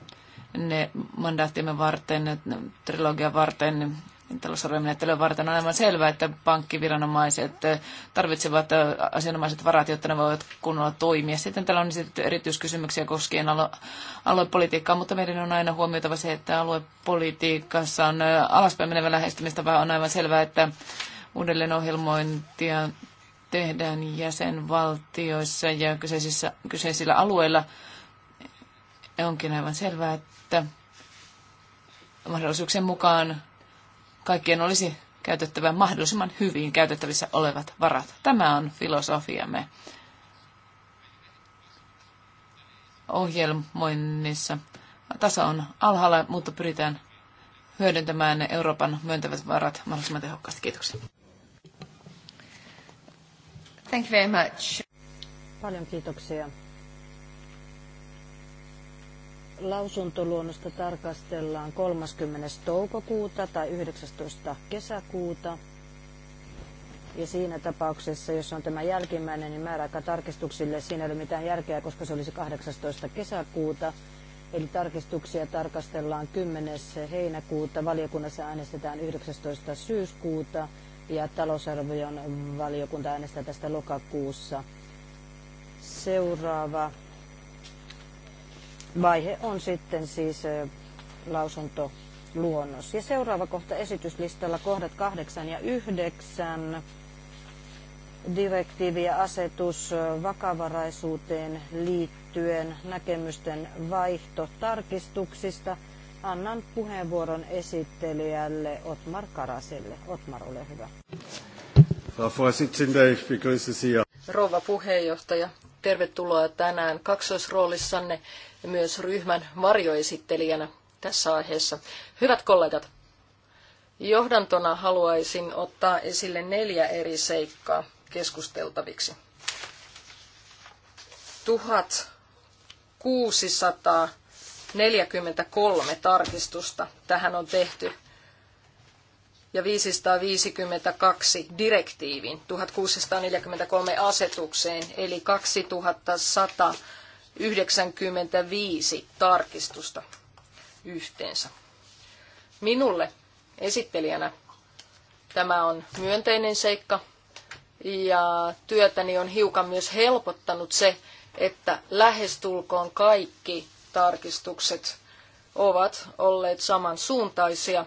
ne mandaattimme varten, trilogian varten, talousarvomenettelyä varten on aivan selvää, että pankkiviranomaiset eh, tarvitsevat eh, asianomaiset varat, jotta ne voivat kunnolla toimia. Sitten täällä on esitetty erityiskysymyksiä koskien alo- aluepolitiikkaa, mutta meidän on aina huomioitava se, että aluepolitiikassa on eh, alaspäin menevä lähestymistä, vaan on aivan selvää, että uudelleenohjelmointia tehdään jäsenvaltioissa ja kyseisissä, kyseisillä alueilla, onkin aivan selvää, että mahdollisuuksien mukaan kaikkien olisi käytettävä mahdollisimman hyvin käytettävissä olevat varat. Tämä on filosofiamme ohjelmoinnissa. Tasa on alhaalla, mutta pyritään hyödyntämään Euroopan myöntävät varat mahdollisimman tehokkaasti. Kiitoksia. Thank you very much. Paljon kiitoksia. Lausuntoluonnosta tarkastellaan 30. toukokuuta tai 19. kesäkuuta. Ja siinä tapauksessa, jos on tämä jälkimmäinen, niin määräaika tarkistuksille siinä ei ole mitään järkeä, koska se olisi 18. kesäkuuta. Eli tarkistuksia tarkastellaan 10. heinäkuuta, valiokunnassa äänestetään 19. syyskuuta ja talousarvion valiokunta äänestää tästä lokakuussa. Seuraava vaihe on sitten siis lausunto luonnos. Ja seuraava kohta esityslistalla kohdat 8 ja 9. Direktiivi ja asetus vakavaraisuuteen liittyen näkemysten vaihto tarkistuksista – annan puheenvuoron esittelijälle Otmar Karaselle. Otmar, ole hyvä. Rouva puheenjohtaja, tervetuloa tänään kaksoisroolissanne ja myös ryhmän varjoesittelijänä tässä aiheessa. Hyvät kollegat, johdantona haluaisin ottaa esille neljä eri seikkaa keskusteltaviksi. 1600 43 tarkistusta tähän on tehty ja 552 direktiiviin, 1643 asetukseen, eli 2195 tarkistusta yhteensä. Minulle esittelijänä tämä on myönteinen seikka, ja työtäni on hiukan myös helpottanut se, että lähestulkoon kaikki tarkistukset ovat olleet samansuuntaisia,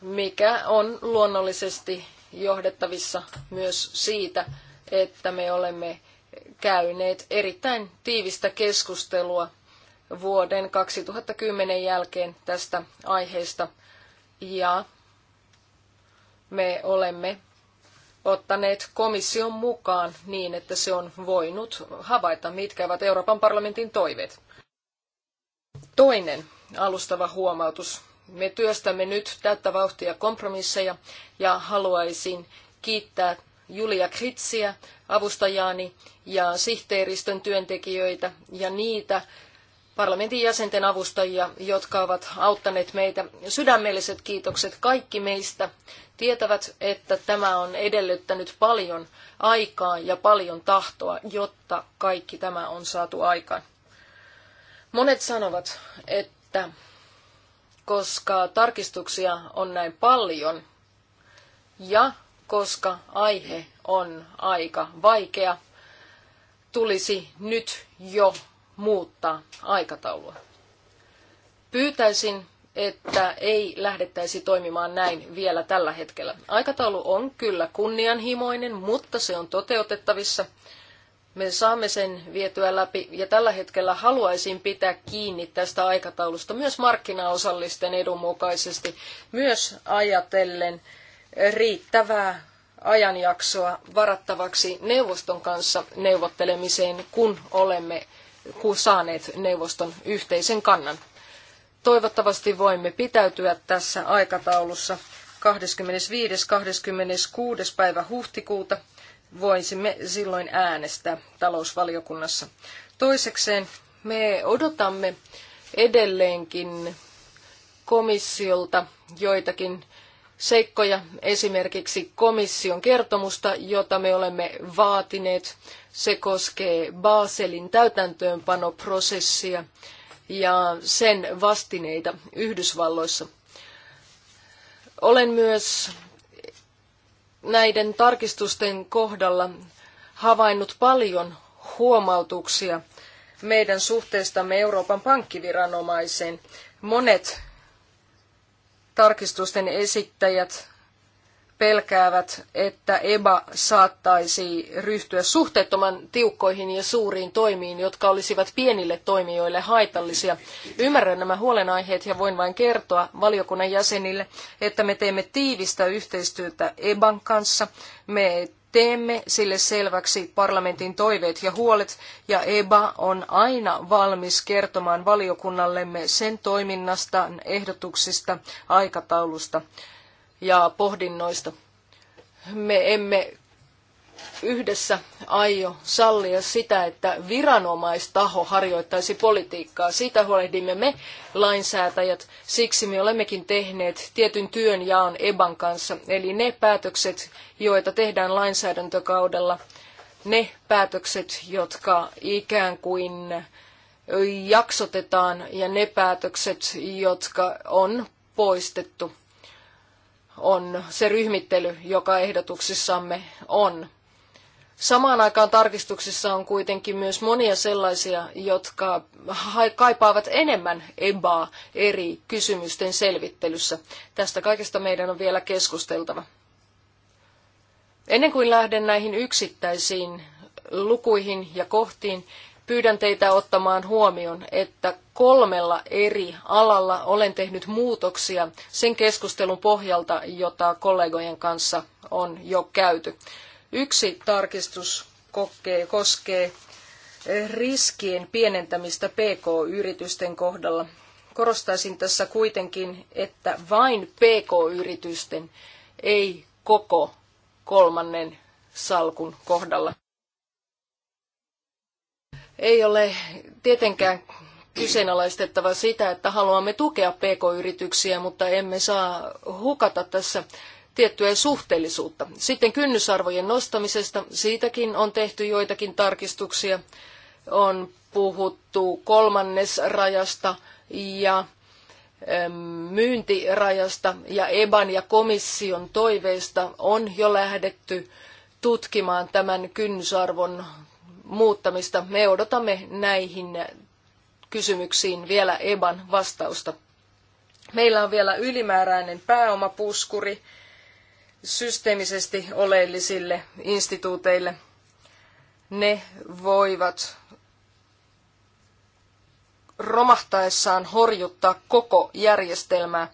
mikä on luonnollisesti johdettavissa myös siitä, että me olemme käyneet erittäin tiivistä keskustelua vuoden 2010 jälkeen tästä aiheesta ja me olemme ottaneet komission mukaan niin, että se on voinut havaita, mitkä ovat Euroopan parlamentin toiveet. Toinen alustava huomautus. Me työstämme nyt täyttä vauhtia kompromisseja ja haluaisin kiittää Julia Kritsiä, avustajaani ja sihteeristön työntekijöitä ja niitä parlamentin jäsenten avustajia, jotka ovat auttaneet meitä. Sydämelliset kiitokset kaikki meistä tietävät, että tämä on edellyttänyt paljon aikaa ja paljon tahtoa, jotta kaikki tämä on saatu aikaan. Monet sanovat, että koska tarkistuksia on näin paljon ja koska aihe on aika vaikea, tulisi nyt jo muuttaa aikataulua. Pyytäisin, että ei lähdettäisi toimimaan näin vielä tällä hetkellä. Aikataulu on kyllä kunnianhimoinen, mutta se on toteutettavissa. Me saamme sen vietyä läpi ja tällä hetkellä haluaisin pitää kiinni tästä aikataulusta myös markkinaosallisten edun mukaisesti, myös ajatellen riittävää ajanjaksoa varattavaksi neuvoston kanssa neuvottelemiseen, kun olemme saaneet neuvoston yhteisen kannan. Toivottavasti voimme pitäytyä tässä aikataulussa 25.–26. päivä huhtikuuta. Voisimme silloin äänestää talousvaliokunnassa. Toisekseen me odotamme edelleenkin komissiolta joitakin seikkoja, esimerkiksi komission kertomusta, jota me olemme vaatineet. Se koskee Baselin täytäntöönpanoprosessia ja sen vastineita Yhdysvalloissa. Olen myös näiden tarkistusten kohdalla havainnut paljon huomautuksia meidän suhteestamme Euroopan pankkiviranomaiseen. Monet tarkistusten esittäjät pelkäävät, että EBA saattaisi ryhtyä suhteettoman tiukkoihin ja suuriin toimiin, jotka olisivat pienille toimijoille haitallisia. Ymmärrän nämä huolenaiheet ja voin vain kertoa valiokunnan jäsenille, että me teemme tiivistä yhteistyötä EBAn kanssa. Me Teemme sille selväksi parlamentin toiveet ja huolet, ja EBA on aina valmis kertomaan valiokunnallemme sen toiminnasta, ehdotuksista, aikataulusta ja pohdinnoista. Me emme yhdessä aio sallia sitä, että viranomaistaho harjoittaisi politiikkaa. Siitä huolehdimme me lainsäätäjät. Siksi me olemmekin tehneet tietyn työnjaon EBAN kanssa. Eli ne päätökset, joita tehdään lainsäädäntökaudella, ne päätökset, jotka ikään kuin jaksotetaan ja ne päätökset, jotka on poistettu, on se ryhmittely, joka ehdotuksissamme on. Samaan aikaan tarkistuksissa on kuitenkin myös monia sellaisia, jotka kaipaavat enemmän EBAa eri kysymysten selvittelyssä. Tästä kaikesta meidän on vielä keskusteltava. Ennen kuin lähden näihin yksittäisiin lukuihin ja kohtiin, pyydän teitä ottamaan huomioon, että kolmella eri alalla olen tehnyt muutoksia sen keskustelun pohjalta, jota kollegojen kanssa on jo käyty. Yksi tarkistus koskee eh, riskien pienentämistä PK-yritysten kohdalla. Korostaisin tässä kuitenkin, että vain PK-yritysten, ei koko kolmannen salkun kohdalla. Ei ole tietenkään kyseenalaistettava sitä, että haluamme tukea PK-yrityksiä, mutta emme saa hukata tässä tiettyä suhteellisuutta. Sitten kynnysarvojen nostamisesta, siitäkin on tehty joitakin tarkistuksia. On puhuttu kolmannesrajasta ja myyntirajasta ja EBAN ja komission toiveista on jo lähdetty tutkimaan tämän kynnysarvon muuttamista. Me odotamme näihin kysymyksiin vielä EBAN vastausta. Meillä on vielä ylimääräinen pääomapuskuri systeemisesti oleellisille instituuteille. Ne voivat romahtaessaan horjuttaa koko järjestelmää.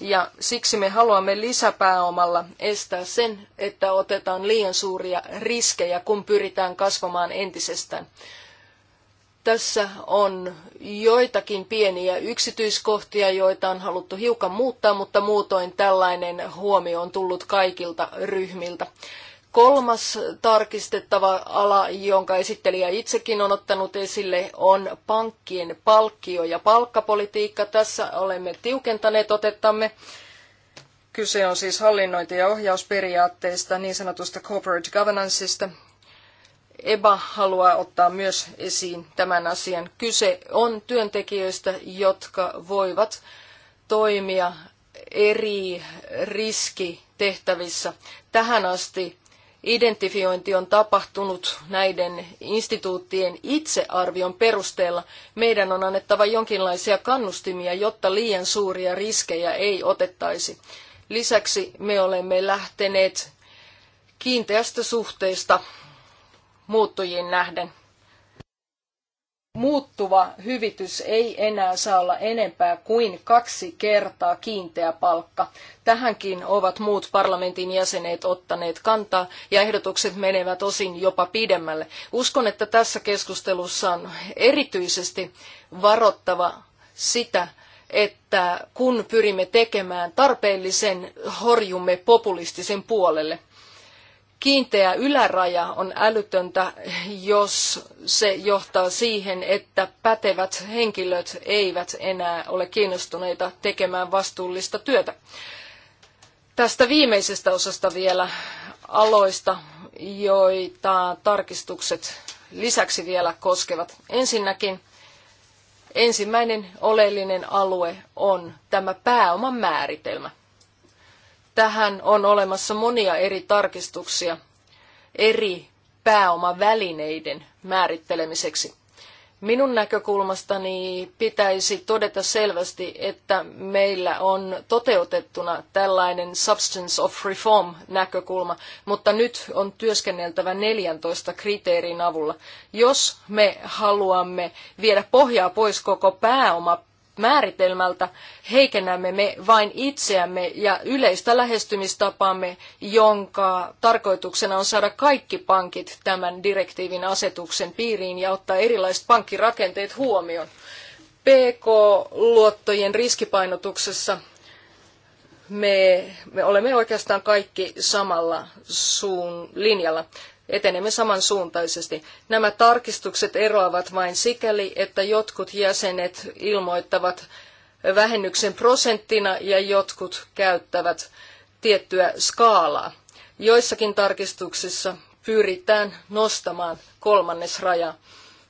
Ja siksi me haluamme lisäpääomalla estää sen, että otetaan liian suuria riskejä, kun pyritään kasvamaan entisestään. Tässä on joitakin pieniä yksityiskohtia, joita on haluttu hiukan muuttaa, mutta muutoin tällainen huomio on tullut kaikilta ryhmiltä. Kolmas tarkistettava ala, jonka esittelijä itsekin on ottanut esille, on pankkien palkkio- ja palkkapolitiikka. Tässä olemme tiukentaneet otettamme. Kyse on siis hallinnointi- ja ohjausperiaatteista, niin sanotusta corporate governanceista, EBA haluaa ottaa myös esiin tämän asian. Kyse on työntekijöistä, jotka voivat toimia eri riskitehtävissä. Tähän asti identifiointi on tapahtunut näiden instituuttien itsearvion perusteella. Meidän on annettava jonkinlaisia kannustimia, jotta liian suuria riskejä ei otettaisi. Lisäksi me olemme lähteneet kiinteästä suhteesta muuttujiin nähden. Muuttuva hyvitys ei enää saa olla enempää kuin kaksi kertaa kiinteä palkka. Tähänkin ovat muut parlamentin jäsenet ottaneet kantaa ja ehdotukset menevät osin jopa pidemmälle. Uskon, että tässä keskustelussa on erityisesti varottava sitä, että kun pyrimme tekemään tarpeellisen, horjumme populistisen puolelle kiinteä yläraja on älytöntä, jos se johtaa siihen, että pätevät henkilöt eivät enää ole kiinnostuneita tekemään vastuullista työtä. Tästä viimeisestä osasta vielä aloista, joita tarkistukset lisäksi vielä koskevat. Ensinnäkin ensimmäinen oleellinen alue on tämä pääoman määritelmä – Tähän on olemassa monia eri tarkistuksia eri pääomavälineiden määrittelemiseksi. Minun näkökulmastani pitäisi todeta selvästi, että meillä on toteutettuna tällainen substance of reform näkökulma, mutta nyt on työskenneltävä 14 kriteerin avulla. Jos me haluamme viedä pohjaa pois koko pääoma määritelmältä heikennämme me vain itseämme ja yleistä lähestymistapaamme, jonka tarkoituksena on saada kaikki pankit tämän direktiivin asetuksen piiriin ja ottaa erilaiset pankkirakenteet huomioon. PK-luottojen riskipainotuksessa me, me olemme oikeastaan kaikki samalla suun linjalla etenemme samansuuntaisesti. Nämä tarkistukset eroavat vain sikäli, että jotkut jäsenet ilmoittavat vähennyksen prosenttina ja jotkut käyttävät tiettyä skaalaa. Joissakin tarkistuksissa pyritään nostamaan kolmannesraja.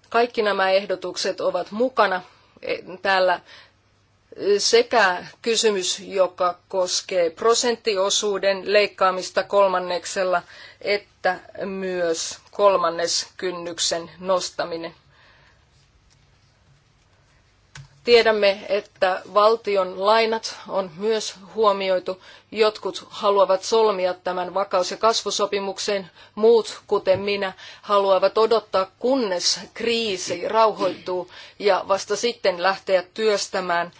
Kaikki nämä ehdotukset ovat mukana e, täällä sekä kysymys, joka koskee prosenttiosuuden leikkaamista kolmanneksella, että myös kolmannes kynnyksen nostaminen. Tiedämme, että valtion lainat on myös huomioitu. Jotkut haluavat solmia tämän vakaus- ja kasvusopimuksen, muut, kuten minä, haluavat odottaa, kunnes kriisi rauhoittuu ja vasta sitten lähteä työstämään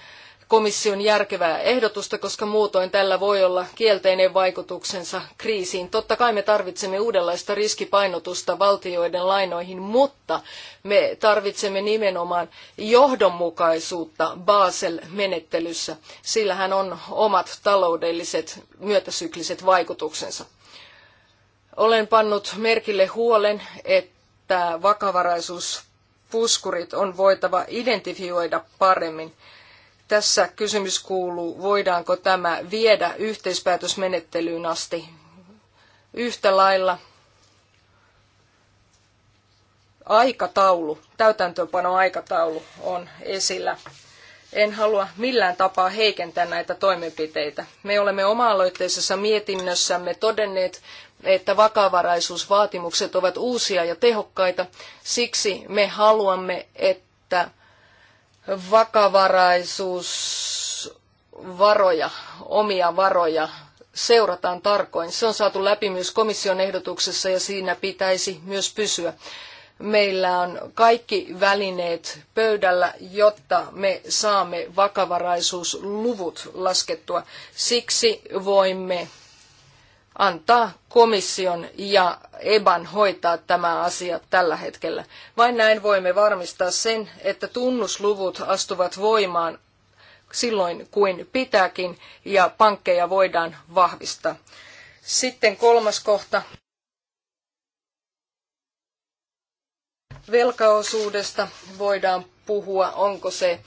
komission järkevää ehdotusta, koska muutoin tällä voi olla kielteinen vaikutuksensa kriisiin. Totta kai me tarvitsemme uudenlaista riskipainotusta valtioiden lainoihin, mutta me tarvitsemme nimenomaan johdonmukaisuutta Basel-menettelyssä. Sillähän on omat taloudelliset myötäsykliset vaikutuksensa. Olen pannut merkille huolen, että vakavaraisuuspuskurit on voitava identifioida paremmin tässä kysymys kuuluu, voidaanko tämä viedä yhteispäätösmenettelyyn asti yhtä lailla aikataulu, täytäntöönpanoaikataulu on esillä. En halua millään tapaa heikentää näitä toimenpiteitä. Me olemme oma-aloitteisessa mietinnössämme todenneet, että vakavaraisuusvaatimukset ovat uusia ja tehokkaita. Siksi me haluamme, että vakavaraisuus varoja omia varoja seurataan tarkoin. Se on saatu läpi myös komission ehdotuksessa ja siinä pitäisi myös pysyä. Meillä on kaikki välineet pöydällä, jotta me saamme vakavaraisuusluvut laskettua. Siksi voimme antaa komission ja EBAN hoitaa tämä asia tällä hetkellä. Vain näin voimme varmistaa sen, että tunnusluvut astuvat voimaan silloin kuin pitääkin ja pankkeja voidaan vahvistaa. Sitten kolmas kohta. Velkaosuudesta voidaan puhua, onko se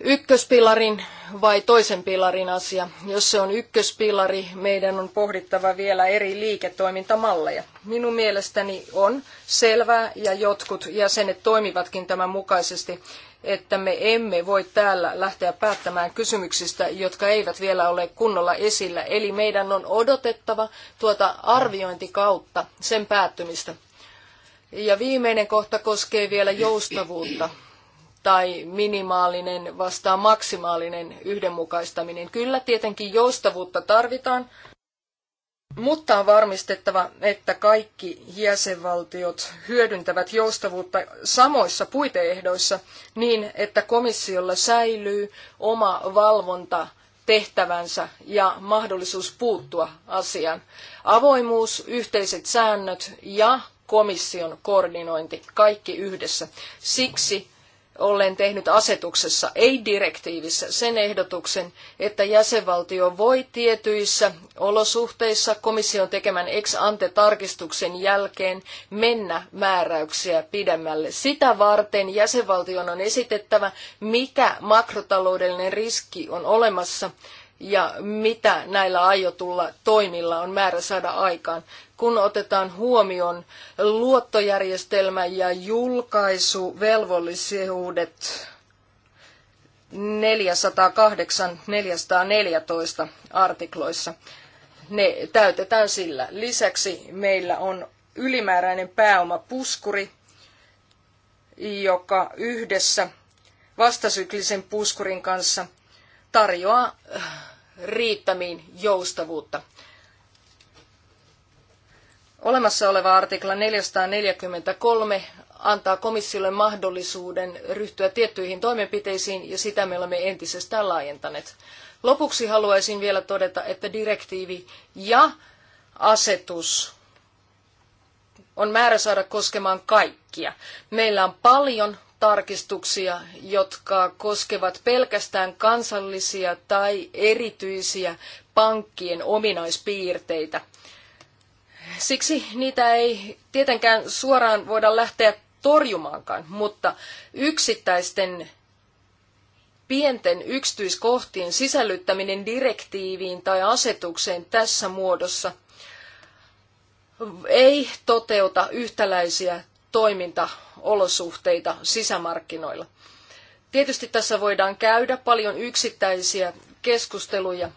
ykköspilarin vai toisen pilarin asia. Jos se on ykköspilari, meidän on pohdittava vielä eri liiketoimintamalleja. Minun mielestäni on selvää, ja jotkut jäsenet toimivatkin tämän mukaisesti, että me emme voi täällä lähteä päättämään kysymyksistä, jotka eivät vielä ole kunnolla esillä. Eli meidän on odotettava tuota arviointikautta, sen päättymistä. Ja viimeinen kohta koskee vielä joustavuutta tai minimaalinen vastaa maksimaalinen yhdenmukaistaminen. Kyllä tietenkin joustavuutta tarvitaan, mutta on varmistettava, että kaikki jäsenvaltiot hyödyntävät joustavuutta samoissa puiteehdoissa niin, että komissiolla säilyy oma valvonta tehtävänsä ja mahdollisuus puuttua asiaan. Avoimuus, yhteiset säännöt ja komission koordinointi, kaikki yhdessä. Siksi olen tehnyt asetuksessa, ei direktiivissä, sen ehdotuksen, että jäsenvaltio voi tietyissä olosuhteissa komission tekemän ex ante tarkistuksen jälkeen mennä määräyksiä pidemmälle. Sitä varten jäsenvaltion on esitettävä, mikä makrotaloudellinen riski on olemassa ja mitä näillä aiotulla toimilla on määrä saada aikaan. Kun otetaan huomioon luottojärjestelmä ja julkaisuvelvollisuudet 408-414 artikloissa, ne täytetään sillä. Lisäksi meillä on ylimääräinen pääomapuskuri, joka yhdessä vastasyklisen puskurin kanssa tarjoaa äh, riittämiin joustavuutta. Olemassa oleva artikla 443 antaa komissiolle mahdollisuuden ryhtyä tiettyihin toimenpiteisiin ja sitä me olemme entisestään laajentaneet. Lopuksi haluaisin vielä todeta, että direktiivi ja asetus on määrä saada koskemaan kaikkia. Meillä on paljon tarkistuksia, jotka koskevat pelkästään kansallisia tai erityisiä pankkien ominaispiirteitä. Siksi niitä ei tietenkään suoraan voida lähteä torjumaankaan, mutta yksittäisten pienten yksityiskohtien sisällyttäminen direktiiviin tai asetukseen tässä muodossa ei toteuta yhtäläisiä toiminta olosuhteita sisämarkkinoilla. Tietysti tässä voidaan käydä paljon yksittäisiä keskusteluja.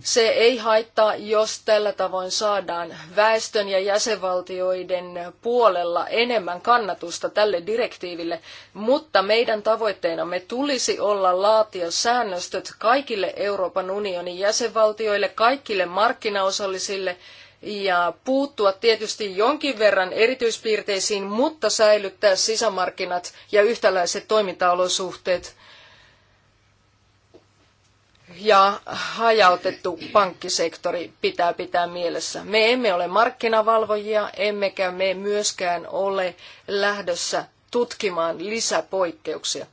Se ei haittaa, jos tällä tavoin saadaan väestön ja jäsenvaltioiden puolella enemmän kannatusta tälle direktiiville, mutta meidän tavoitteenamme tulisi olla laatia säännöstöt kaikille Euroopan unionin jäsenvaltioille, kaikille markkinaosallisille – ja puuttua tietysti jonkin verran erityispiirteisiin, mutta säilyttää sisämarkkinat ja yhtäläiset toimintaolosuhteet ja hajautettu pankkisektori pitää pitää mielessä. Me emme ole markkinavalvojia, emmekä me myöskään ole lähdössä tutkimaan lisäpoikkeuksia.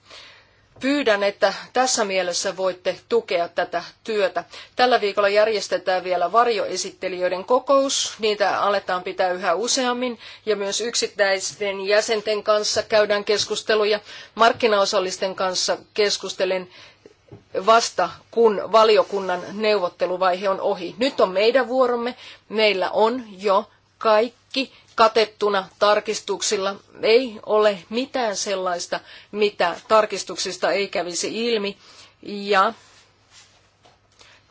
Pyydän, että tässä mielessä voitte tukea tätä työtä. Tällä viikolla järjestetään vielä varjoesittelijöiden kokous. Niitä aletaan pitää yhä useammin ja myös yksittäisten jäsenten kanssa käydään keskusteluja. Markkinaosallisten kanssa keskustelen vasta, kun valiokunnan neuvotteluvaihe on ohi. Nyt on meidän vuoromme. Meillä on jo kaikki katettuna tarkistuksilla ei ole mitään sellaista, mitä tarkistuksista ei kävisi ilmi. Ja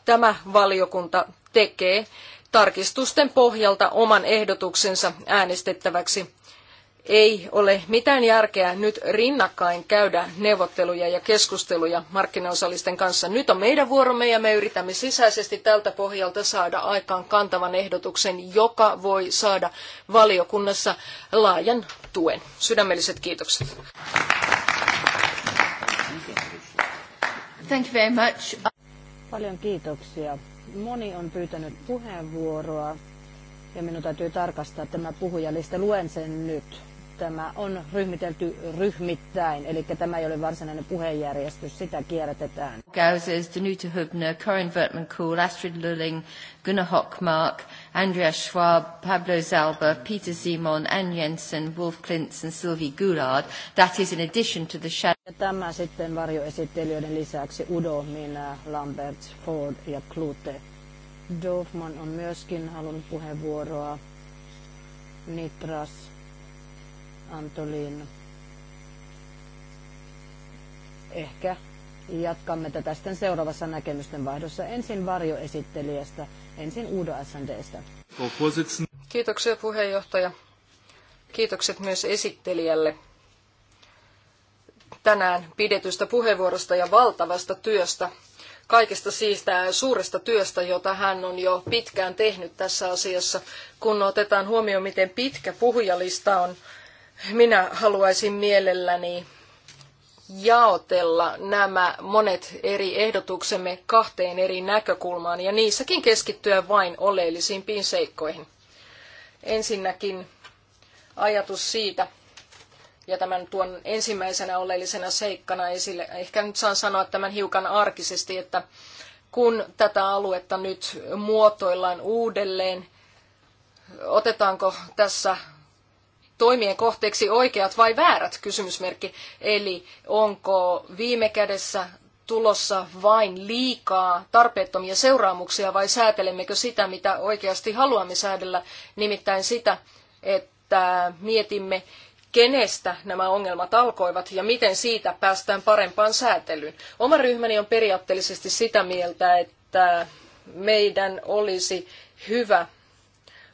tämä valiokunta tekee tarkistusten pohjalta oman ehdotuksensa äänestettäväksi ei ole mitään järkeä nyt rinnakkain käydä neuvotteluja ja keskusteluja markkinaosallisten kanssa. Nyt on meidän vuoromme ja me yritämme sisäisesti tältä pohjalta saada aikaan kantavan ehdotuksen, joka voi saada valiokunnassa laajan tuen. Sydämelliset kiitokset. Thank you very much. Paljon kiitoksia. Moni on pyytänyt puheenvuoroa ja minun täytyy tarkastaa tämä puhujalista. Luen sen nyt tämä on ryhmitelty ryhmittäin, eli tämä ei ole varsinainen puheenjärjestys, sitä kierrätetään. Gauzes, Danuta Hübner, Corinne Wertmann Kuhl, Astrid Lulling, Gunnar Hockmark, Andreas Schwab, Pablo Zalba, Peter Simon, Anne Jensen, Wolf Klintz and Sylvie Goulard. That is in addition to the shadow. Ja Tämä sitten varjoesittelijöiden lisäksi Udo, minä, Lambert, Ford ja Klute. Dorfman on myöskin halunnut puheenvuoroa. Nitras Antolin. Ehkä jatkamme tätä sitten seuraavassa näkemysten vaihdossa. Ensin varjoesittelijästä, ensin Udo SNDstä. Kiitoksia puheenjohtaja. Kiitokset myös esittelijälle tänään pidetystä puheenvuorosta ja valtavasta työstä. Kaikesta siitä suuresta työstä, jota hän on jo pitkään tehnyt tässä asiassa, kun otetaan huomioon, miten pitkä puhujalista on minä haluaisin mielelläni jaotella nämä monet eri ehdotuksemme kahteen eri näkökulmaan ja niissäkin keskittyä vain oleellisimpiin seikkoihin. Ensinnäkin ajatus siitä, ja tämän tuon ensimmäisenä oleellisena seikkana esille, ehkä nyt saan sanoa tämän hiukan arkisesti, että kun tätä aluetta nyt muotoillaan uudelleen, otetaanko tässä toimien kohteeksi oikeat vai väärät kysymysmerkki. Eli onko viime kädessä tulossa vain liikaa tarpeettomia seuraamuksia vai säätelemmekö sitä, mitä oikeasti haluamme säädellä, nimittäin sitä, että mietimme, kenestä nämä ongelmat alkoivat ja miten siitä päästään parempaan säätelyyn. Oma ryhmäni on periaatteellisesti sitä mieltä, että meidän olisi hyvä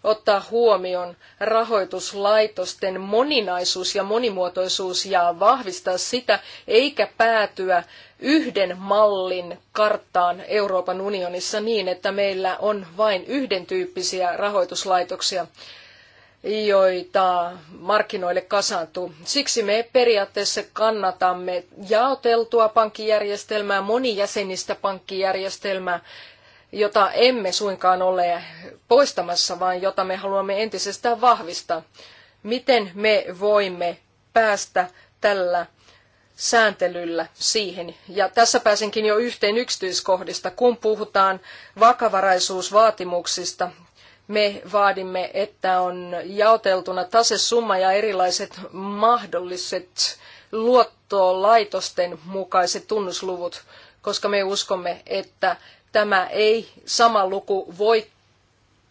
ottaa huomioon rahoituslaitosten moninaisuus ja monimuotoisuus ja vahvistaa sitä, eikä päätyä yhden mallin karttaan Euroopan unionissa niin, että meillä on vain yhden tyyppisiä rahoituslaitoksia joita markkinoille kasaantuu. Siksi me periaatteessa kannatamme jaoteltua pankkijärjestelmää, monijäsenistä pankkijärjestelmää, jota emme suinkaan ole poistamassa, vaan jota me haluamme entisestään vahvistaa. Miten me voimme päästä tällä sääntelyllä siihen. Ja tässä pääsenkin jo yhteen yksityiskohdista. Kun puhutaan vakavaraisuusvaatimuksista, me vaadimme, että on jaoteltuna tasesumma ja erilaiset mahdolliset luottolaitosten mukaiset tunnusluvut, koska me uskomme, että Tämä ei sama luku voi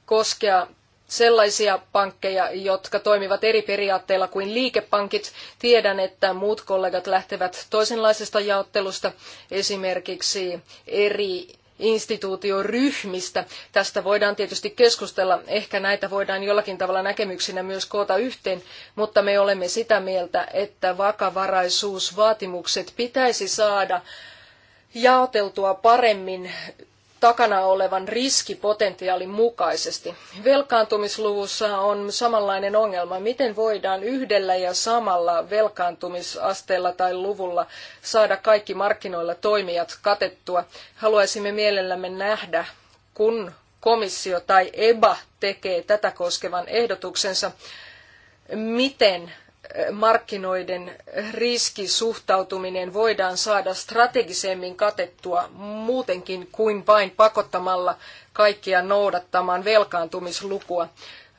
koskea sellaisia pankkeja, jotka toimivat eri periaatteilla kuin liikepankit. Tiedän, että muut kollegat lähtevät toisenlaisesta jaottelusta, esimerkiksi eri instituutioryhmistä. Tästä voidaan tietysti keskustella. Ehkä näitä voidaan jollakin tavalla näkemyksinä myös koota yhteen, mutta me olemme sitä mieltä, että vakavaraisuusvaatimukset pitäisi saada jaoteltua paremmin takana olevan riskipotentiaalin mukaisesti. Velkaantumisluvussa on samanlainen ongelma. Miten voidaan yhdellä ja samalla velkaantumisasteella tai luvulla saada kaikki markkinoilla toimijat katettua? Haluaisimme mielellämme nähdä, kun komissio tai EBA tekee tätä koskevan ehdotuksensa, miten markkinoiden riskisuhtautuminen voidaan saada strategisemmin katettua muutenkin kuin vain pakottamalla kaikkia noudattamaan velkaantumislukua.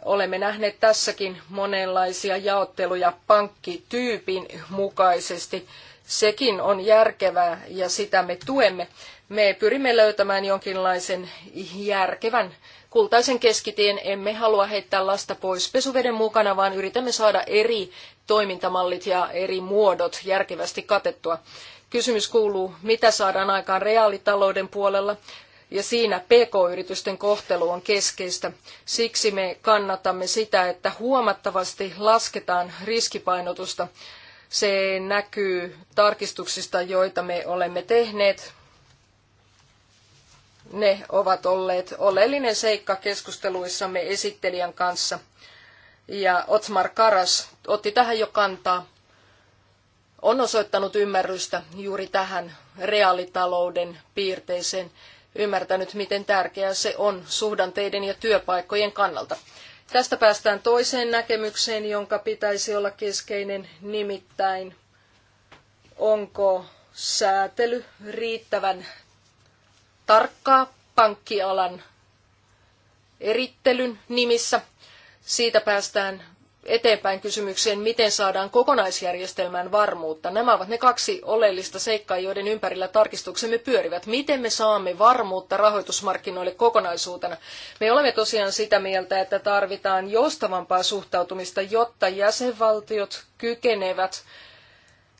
Olemme nähneet tässäkin monenlaisia jaotteluja pankkityypin mukaisesti. Sekin on järkevää ja sitä me tuemme. Me pyrimme löytämään jonkinlaisen järkevän kultaisen keskitien. Emme halua heittää lasta pois pesuveden mukana, vaan yritämme saada eri toimintamallit ja eri muodot järkevästi katettua. Kysymys kuuluu, mitä saadaan aikaan reaalitalouden puolella, ja siinä PK-yritysten kohtelu on keskeistä. Siksi me kannatamme sitä, että huomattavasti lasketaan riskipainotusta. Se näkyy tarkistuksista, joita me olemme tehneet ne ovat olleet oleellinen seikka keskusteluissamme esittelijän kanssa. Ja Otmar Karas otti tähän jo kantaa. On osoittanut ymmärrystä juuri tähän reaalitalouden piirteeseen, ymmärtänyt miten tärkeää se on suhdanteiden ja työpaikkojen kannalta. Tästä päästään toiseen näkemykseen, jonka pitäisi olla keskeinen, nimittäin onko säätely riittävän tarkkaa pankkialan erittelyn nimissä. Siitä päästään eteenpäin kysymykseen, miten saadaan kokonaisjärjestelmään varmuutta. Nämä ovat ne kaksi oleellista seikkaa, joiden ympärillä tarkistuksemme pyörivät. Miten me saamme varmuutta rahoitusmarkkinoille kokonaisuutena? Me olemme tosiaan sitä mieltä, että tarvitaan joustavampaa suhtautumista, jotta jäsenvaltiot kykenevät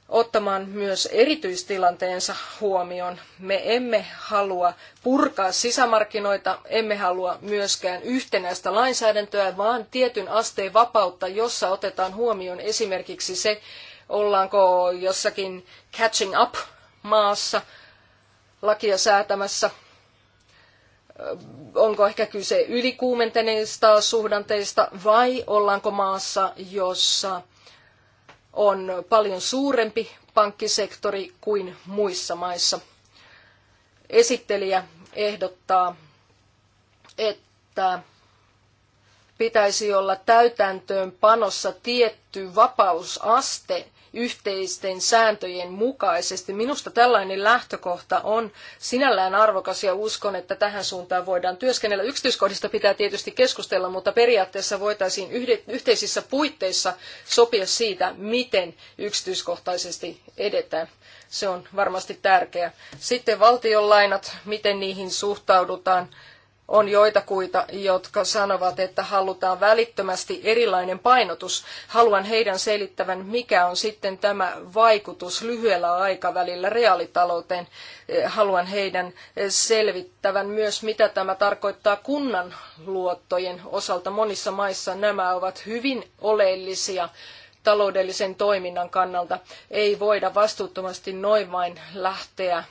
ottamaan myös erityistilanteensa huomioon. Me emme halua purkaa sisämarkkinoita, emme halua myöskään yhtenäistä lainsäädäntöä, vaan tietyn asteen vapautta, jossa otetaan huomioon esimerkiksi se, ollaanko jossakin catching up maassa lakia säätämässä, onko ehkä kyse ylikuumenteneista suhdanteista vai ollaanko maassa, jossa on paljon suurempi pankkisektori kuin muissa maissa. Esittelijä ehdottaa, että pitäisi olla täytäntöönpanossa tietty vapausaste yhteisten sääntöjen mukaisesti. Minusta tällainen lähtökohta on sinällään arvokas ja uskon, että tähän suuntaan voidaan työskennellä. Yksityiskohdista pitää tietysti keskustella, mutta periaatteessa voitaisiin yhteisissä puitteissa sopia siitä, miten yksityiskohtaisesti edetään. Se on varmasti tärkeää. Sitten valtionlainat, miten niihin suhtaudutaan on joitakuita, jotka sanovat, että halutaan välittömästi erilainen painotus. Haluan heidän selittävän, mikä on sitten tämä vaikutus lyhyellä aikavälillä reaalitalouteen. Eh, haluan heidän eh, selvittävän myös, mitä tämä tarkoittaa kunnan luottojen osalta. Monissa maissa nämä ovat hyvin oleellisia taloudellisen toiminnan kannalta. Ei voida vastuuttomasti noin vain lähteä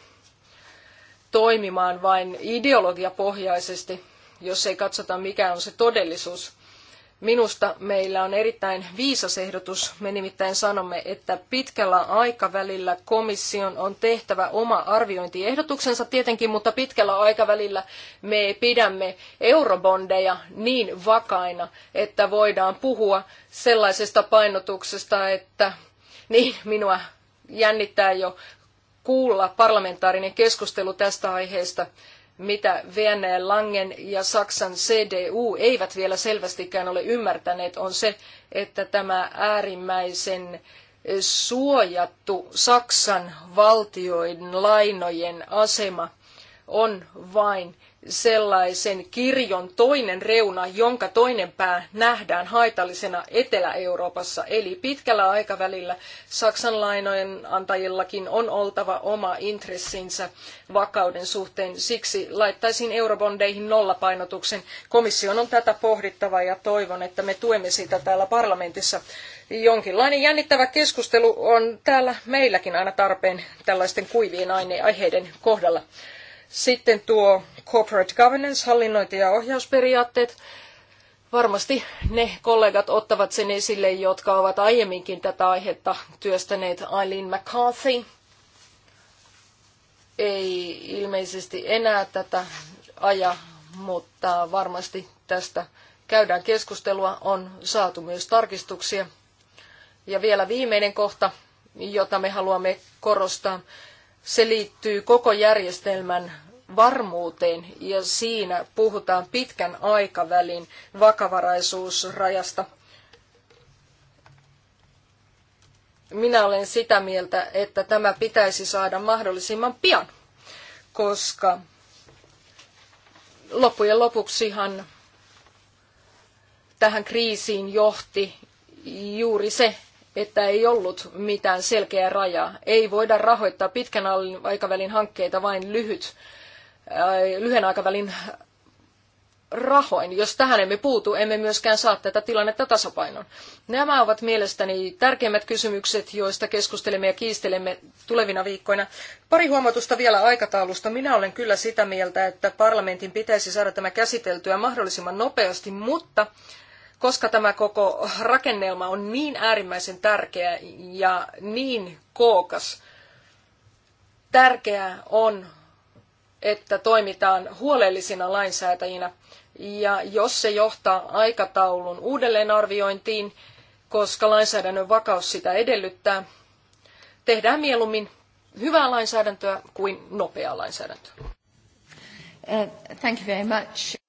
toimimaan vain ideologiapohjaisesti, jos ei katsota mikä on se todellisuus. Minusta meillä on erittäin viisas ehdotus. Me nimittäin sanomme, että pitkällä aikavälillä komission on tehtävä oma arviointiehdotuksensa tietenkin, mutta pitkällä aikavälillä me pidämme eurobondeja niin vakaina, että voidaan puhua sellaisesta painotuksesta, että niin minua jännittää jo kuulla parlamentaarinen keskustelu tästä aiheesta, mitä VNL Langen ja Saksan CDU eivät vielä selvästikään ole ymmärtäneet, on se, että tämä äärimmäisen eh, suojattu Saksan valtioiden lainojen asema on vain sellaisen kirjon toinen reuna, jonka toinen pää nähdään haitallisena Etelä-Euroopassa. Eli pitkällä aikavälillä Saksan lainojen antajillakin on oltava oma intressinsä vakauden suhteen. Siksi laittaisin eurobondeihin nollapainotuksen. Komission on tätä pohdittava ja toivon, että me tuemme sitä täällä parlamentissa. Jonkinlainen jännittävä keskustelu on täällä meilläkin aina tarpeen tällaisten kuivien aiheiden kohdalla. Sitten tuo corporate governance, hallinnointi- ja ohjausperiaatteet. Varmasti ne kollegat ottavat sen esille, jotka ovat aiemminkin tätä aihetta työstäneet. Eileen McCarthy ei ilmeisesti enää tätä aja, mutta varmasti tästä käydään keskustelua. On saatu myös tarkistuksia. Ja vielä viimeinen kohta, jota me haluamme korostaa. Se liittyy koko järjestelmän varmuuteen ja siinä puhutaan pitkän aikavälin vakavaraisuusrajasta. Minä olen sitä mieltä, että tämä pitäisi saada mahdollisimman pian, koska loppujen lopuksihan tähän kriisiin johti juuri se, että ei ollut mitään selkeää rajaa. Ei voida rahoittaa pitkän aikavälin hankkeita vain lyhyt, äh, lyhyen aikavälin rahoin. Jos tähän emme puutu, emme myöskään saa tätä tilannetta tasapainoon. Nämä ovat mielestäni tärkeimmät kysymykset, joista keskustelemme ja kiistelemme tulevina viikkoina. Pari huomautusta vielä aikataulusta. Minä olen kyllä sitä mieltä, että parlamentin pitäisi saada tämä käsiteltyä mahdollisimman nopeasti, mutta koska tämä koko rakennelma on niin äärimmäisen tärkeä ja niin kookas, tärkeää on, että toimitaan huolellisina lainsäätäjinä. Ja jos se johtaa aikataulun uudelleenarviointiin, koska lainsäädännön vakaus sitä edellyttää, tehdään mieluummin hyvää lainsäädäntöä kuin nopeaa lainsäädäntöä. Uh, thank you very much.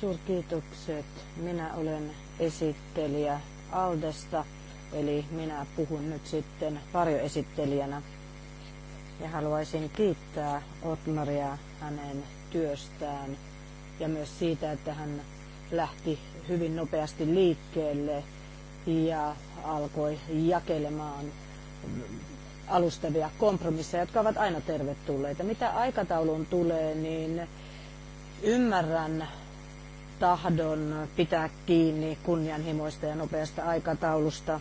Suurkiitokset. Minä olen esittelijä Aldesta, eli minä puhun nyt sitten varjoesittelijänä. Ja haluaisin kiittää Otmaria hänen työstään ja myös siitä, että hän lähti hyvin nopeasti liikkeelle ja alkoi jakelemaan alustavia kompromisseja, jotka ovat aina tervetulleita. Mitä aikataulun tulee, niin ymmärrän tahdon pitää kiinni kunnianhimoista ja nopeasta aikataulusta.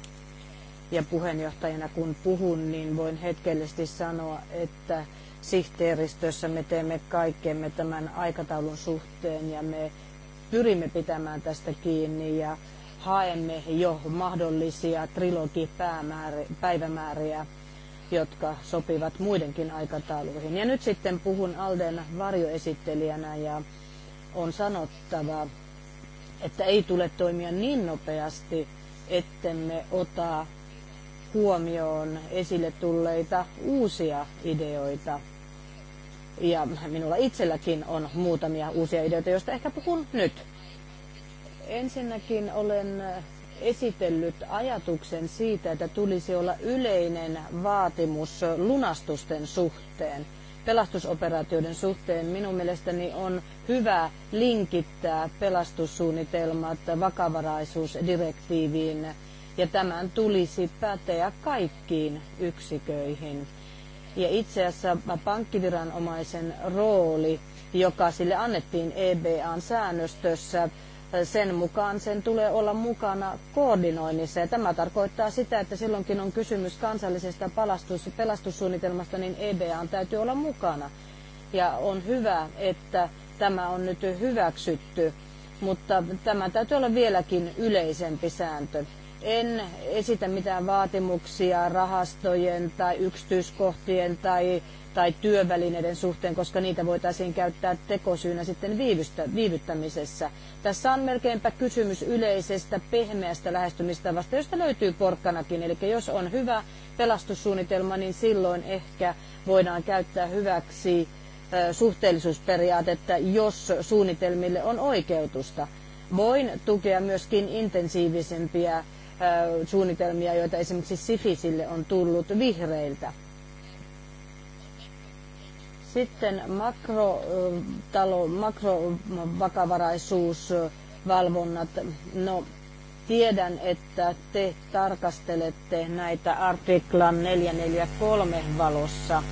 Ja puheenjohtajana kun puhun, niin voin hetkellisesti sanoa, että sihteeristössä me teemme kaikkemme tämän aikataulun suhteen ja me pyrimme pitämään tästä kiinni ja haemme jo mahdollisia trilogipäivämääriä, jotka sopivat muidenkin aikatauluihin. Ja nyt sitten puhun Alden varjoesittelijänä ja on sanottava, että ei tule toimia niin nopeasti, ettemme ota huomioon esille tulleita uusia ideoita. Ja minulla itselläkin on muutamia uusia ideoita, joista ehkä puhun nyt. Ensinnäkin olen esitellyt ajatuksen siitä, että tulisi olla yleinen vaatimus lunastusten suhteen – pelastusoperaatioiden suhteen minun mielestäni on hyvä linkittää pelastussuunnitelmat vakavaraisuusdirektiiviin ja tämän tulisi päteä kaikkiin yksiköihin. Ja itse asiassa pankkiviranomaisen rooli, joka sille annettiin EBAn säännöstössä, sen mukaan sen tulee olla mukana koordinoinnissa. Ja tämä tarkoittaa sitä, että silloinkin on kysymys kansallisesta palastus- pelastussuunnitelmasta, niin EBA täytyy olla mukana. Ja on hyvä, että tämä on nyt hyväksytty, mutta tämä täytyy olla vieläkin yleisempi sääntö. En esitä mitään vaatimuksia rahastojen tai yksityiskohtien tai tai työvälineiden suhteen, koska niitä voitaisiin käyttää tekosyynä sitten viivystä viivyttämisessä. Tässä on melkeinpä kysymys yleisestä pehmeästä lähestymistavasta, josta löytyy porkkanakin. Eli jos on hyvä pelastussuunnitelma, niin silloin ehkä voidaan käyttää hyväksi suhteellisuusperiaatetta, jos suunnitelmille on oikeutusta. Voin tukea myöskin intensiivisempiä suunnitelmia, joita esimerkiksi Sifisille on tullut vihreiltä sitten makrotalo, makrovakavaraisuusvalvonnat. No, tiedän, että te tarkastelette näitä artiklan 443 valossa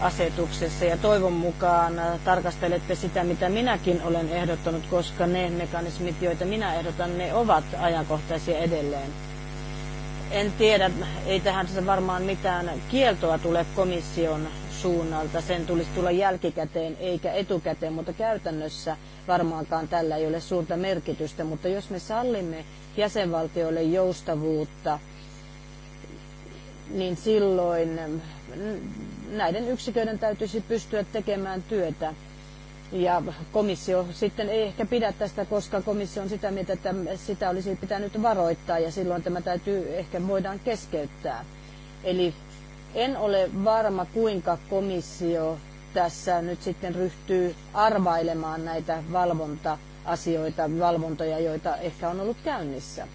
asetuksessa ja toivon mukaan tarkastelette sitä, mitä minäkin olen ehdottanut, koska ne mekanismit, joita minä ehdotan, ne ovat ajankohtaisia edelleen. En tiedä, ei tähän siis varmaan mitään kieltoa tule komission suunnalta. Sen tulisi tulla jälkikäteen eikä etukäteen, mutta käytännössä varmaankaan tällä ei ole suurta merkitystä. Mutta jos me sallimme jäsenvaltioille joustavuutta, niin silloin näiden yksiköiden täytyisi pystyä tekemään työtä. Ja komissio sitten ei ehkä pidä tästä, koska komissio on sitä mieltä, että sitä olisi pitänyt varoittaa ja silloin tämä täytyy ehkä voidaan keskeyttää. Eli en ole varma, kuinka komissio tässä nyt sitten ryhtyy arvailemaan näitä valvonta-asioita, valvontoja, joita ehkä on ollut käynnissä.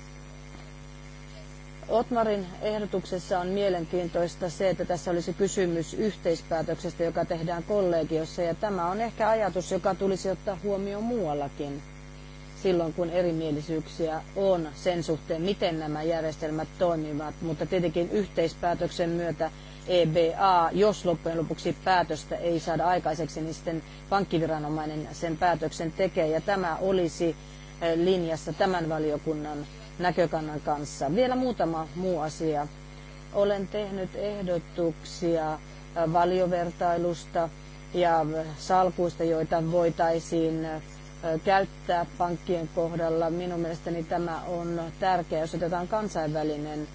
Otmarin ehdotuksessa on mielenkiintoista se, että tässä olisi kysymys yhteispäätöksestä, joka tehdään kollegiossa, ja tämä on ehkä ajatus, joka tulisi ottaa huomioon muuallakin silloin, kun erimielisyyksiä on sen suhteen, miten nämä järjestelmät toimivat, mutta tietenkin yhteispäätöksen myötä EBA, jos loppujen lopuksi päätöstä ei saada aikaiseksi, niin sitten pankkiviranomainen sen päätöksen tekee. Ja tämä olisi linjassa tämän valiokunnan näkökannan kanssa. Vielä muutama muu asia. Olen tehnyt ehdotuksia valiovertailusta ja salkuista, joita voitaisiin käyttää pankkien kohdalla. Minun mielestäni tämä on tärkeää, jos otetaan kansainvälinen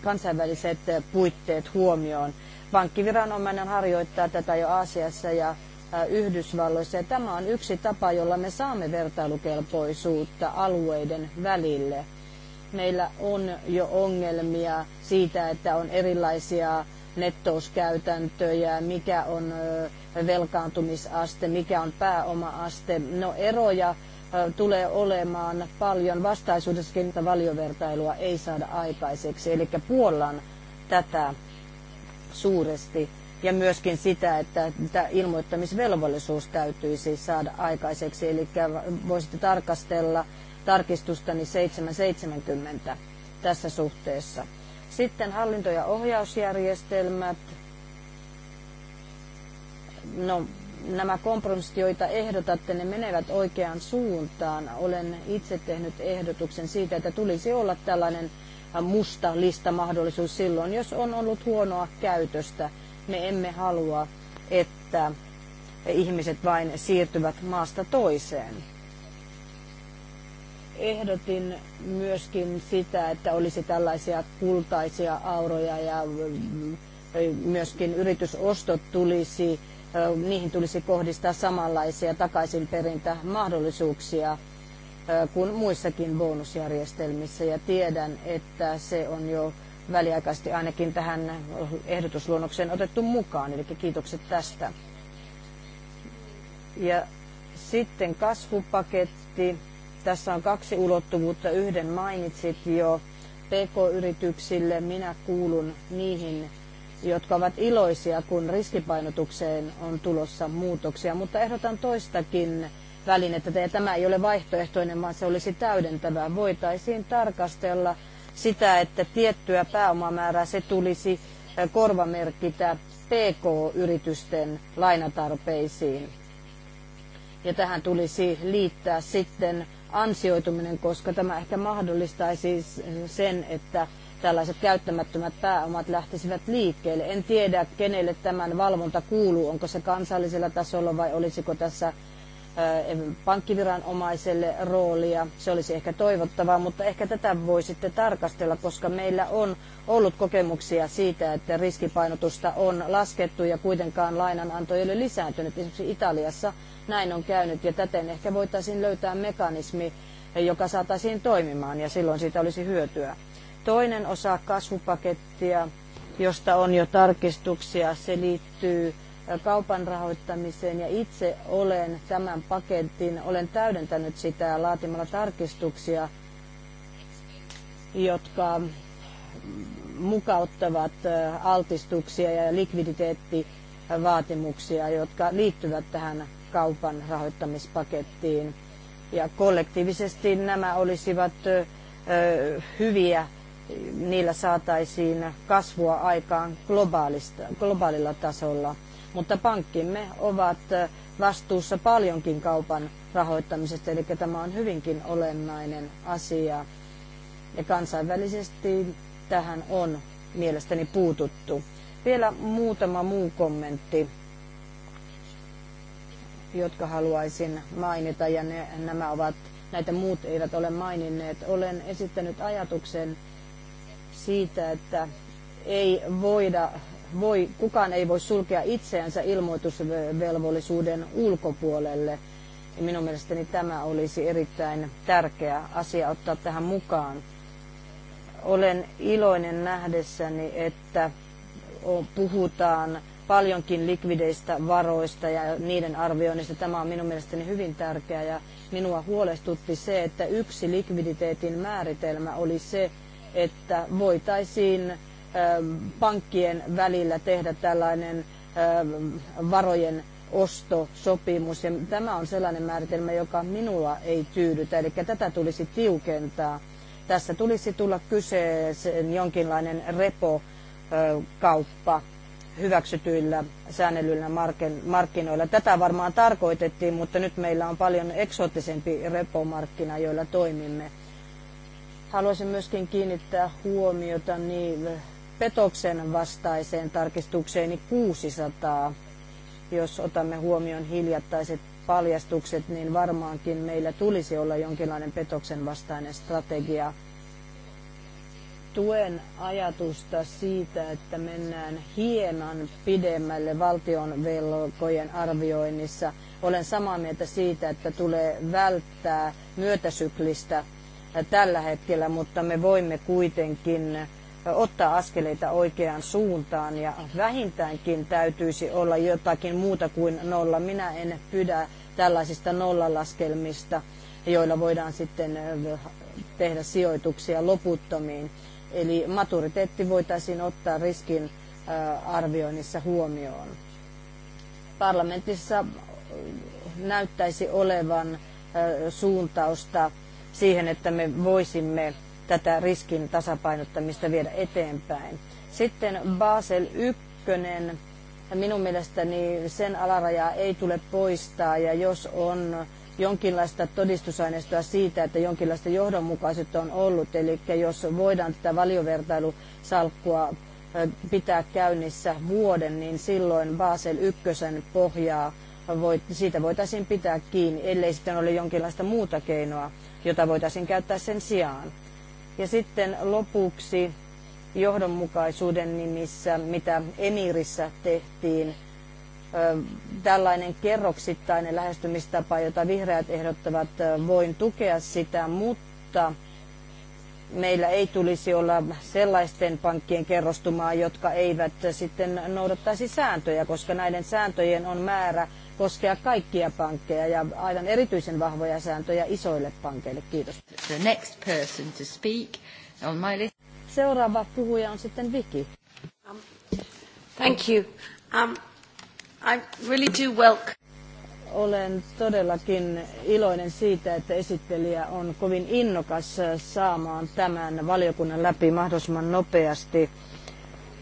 kansainväliset eh, puitteet huomioon. Pankkiviranomainen harjoittaa tätä jo Aasiassa ja eh, Yhdysvalloissa. Ja tämä on yksi tapa, jolla me saamme vertailukelpoisuutta alueiden välille. Meillä on jo ongelmia siitä, että on erilaisia nettouskäytäntöjä, mikä on eh, velkaantumisaste, mikä on pääomaaste. No eroja tulee olemaan paljon vastaisuudessa että valiovertailua ei saada aikaiseksi. Eli puollan tätä suuresti ja myöskin sitä, että tämä ilmoittamisvelvollisuus täytyisi saada aikaiseksi. Eli voisitte tarkastella tarkistustani niin 770 tässä suhteessa. Sitten hallinto- ja ohjausjärjestelmät. No, nämä kompromissit, joita ehdotatte, ne menevät oikeaan suuntaan. Olen itse tehnyt ehdotuksen siitä, että tulisi olla tällainen musta lista mahdollisuus silloin, jos on ollut huonoa käytöstä. Me emme halua, että ihmiset vain siirtyvät maasta toiseen. Ehdotin myöskin sitä, että olisi tällaisia kultaisia auroja ja myöskin yritysostot tulisi niihin tulisi kohdistaa samanlaisia takaisinperintämahdollisuuksia kuin muissakin bonusjärjestelmissä. Ja tiedän, että se on jo väliaikaisesti ainakin tähän ehdotusluonnokseen otettu mukaan, eli kiitokset tästä. Ja sitten kasvupaketti. Tässä on kaksi ulottuvuutta. Yhden mainitsit jo PK-yrityksille. Minä kuulun niihin jotka ovat iloisia, kun riskipainotukseen on tulossa muutoksia, mutta ehdotan toistakin välinettä, ja tämä ei ole vaihtoehtoinen, vaan se olisi täydentävää. Voitaisiin tarkastella sitä, että tiettyä pääomamäärää se tulisi eh, korvamerkitä PK-yritysten lainatarpeisiin. Ja tähän tulisi liittää sitten ansioituminen, koska tämä ehkä mahdollistaisi sen, että tällaiset käyttämättömät pääomat lähtisivät liikkeelle. En tiedä, kenelle tämän valvonta kuuluu, onko se kansallisella tasolla vai olisiko tässä pankkiviranomaiselle roolia. Se olisi ehkä toivottavaa, mutta ehkä tätä sitten tarkastella, koska meillä on ollut kokemuksia siitä, että riskipainotusta on laskettu ja kuitenkaan lainananto ei ole lisääntynyt. Esimerkiksi Italiassa näin on käynyt ja täten ehkä voitaisiin löytää mekanismi, joka saataisiin toimimaan ja silloin siitä olisi hyötyä. Toinen osa kasvupakettia, josta on jo tarkistuksia, se liittyy kaupan rahoittamiseen ja itse olen tämän paketin, olen täydentänyt sitä laatimalla tarkistuksia, jotka mukauttavat altistuksia ja likviditeettivaatimuksia, jotka liittyvät tähän kaupan rahoittamispakettiin. Ja kollektiivisesti nämä olisivat hyviä niillä saataisiin kasvua aikaan globaalista, globaalilla tasolla. Mutta pankkimme ovat vastuussa paljonkin kaupan rahoittamisesta, eli tämä on hyvinkin olennainen asia. Ja kansainvälisesti tähän on mielestäni puututtu. Vielä muutama muu kommentti, jotka haluaisin mainita, ja ne, nämä ovat, näitä muut eivät ole maininneet. Olen esittänyt ajatuksen, siitä, että ei voida, voi, kukaan ei voi sulkea itseänsä ilmoitusvelvollisuuden ulkopuolelle. Ja minun mielestäni tämä olisi erittäin tärkeä asia ottaa tähän mukaan. Olen iloinen nähdessäni, että puhutaan paljonkin likvideistä varoista ja niiden arvioinnista. Tämä on minun mielestäni hyvin tärkeää ja minua huolestutti se, että yksi likviditeetin määritelmä oli se, että voitaisiin ähm, pankkien välillä tehdä tällainen ähm, varojen ostosopimus. Ja tämä on sellainen määritelmä, joka minua ei tyydytä. Eli tätä tulisi tiukentaa. Tässä tulisi tulla kyseeseen jonkinlainen repokauppa hyväksytyillä säännellyillä markkinoilla. Tätä varmaan tarkoitettiin, mutta nyt meillä on paljon eksoottisempi repomarkkina, joilla toimimme. Haluaisin myöskin kiinnittää huomiota niin petoksen vastaiseen tarkistukseeni 600. Jos otamme huomioon hiljattaiset paljastukset, niin varmaankin meillä tulisi olla jonkinlainen petoksen vastainen strategia. Tuen ajatusta siitä, että mennään hieman pidemmälle valtion velkojen arvioinnissa. Olen samaa mieltä siitä, että tulee välttää myötäsyklistä tällä hetkellä, mutta me voimme kuitenkin ottaa askeleita oikeaan suuntaan ja vähintäänkin täytyisi olla jotakin muuta kuin nolla. Minä en pyydä tällaisista nollalaskelmista, joilla voidaan sitten tehdä sijoituksia loputtomiin. Eli maturiteetti voitaisiin ottaa riskin arvioinnissa huomioon. Parlamentissa näyttäisi olevan suuntausta siihen, että me voisimme tätä riskin tasapainottamista viedä eteenpäin. Sitten Basel 1. Minun mielestäni sen alarajaa ei tule poistaa ja jos on jonkinlaista todistusaineistoa siitä, että jonkinlaista johdonmukaisuutta on ollut. Eli jos voidaan tätä valiovertailusalkkua pitää käynnissä vuoden, niin silloin Basel 1 pohjaa siitä voitaisiin pitää kiinni, ellei sitten ole jonkinlaista muuta keinoa jota voitaisiin käyttää sen sijaan. Ja sitten lopuksi johdonmukaisuuden nimissä, mitä Emirissä tehtiin, tällainen kerroksittainen lähestymistapa, jota vihreät ehdottavat, voin tukea sitä, mutta meillä ei tulisi olla sellaisten pankkien kerrostumaa, jotka eivät sitten noudattaisi sääntöjä, koska näiden sääntöjen on määrä koskea kaikkia pankkeja ja aivan erityisen vahvoja sääntöjä isoille pankeille. Kiitos. The next person to speak on my list. Seuraava puhuja on sitten Viki. Um, thank you. Um, I really do welcome olen todellakin iloinen siitä, että esittelijä on kovin innokas saamaan tämän valiokunnan läpi mahdollisimman nopeasti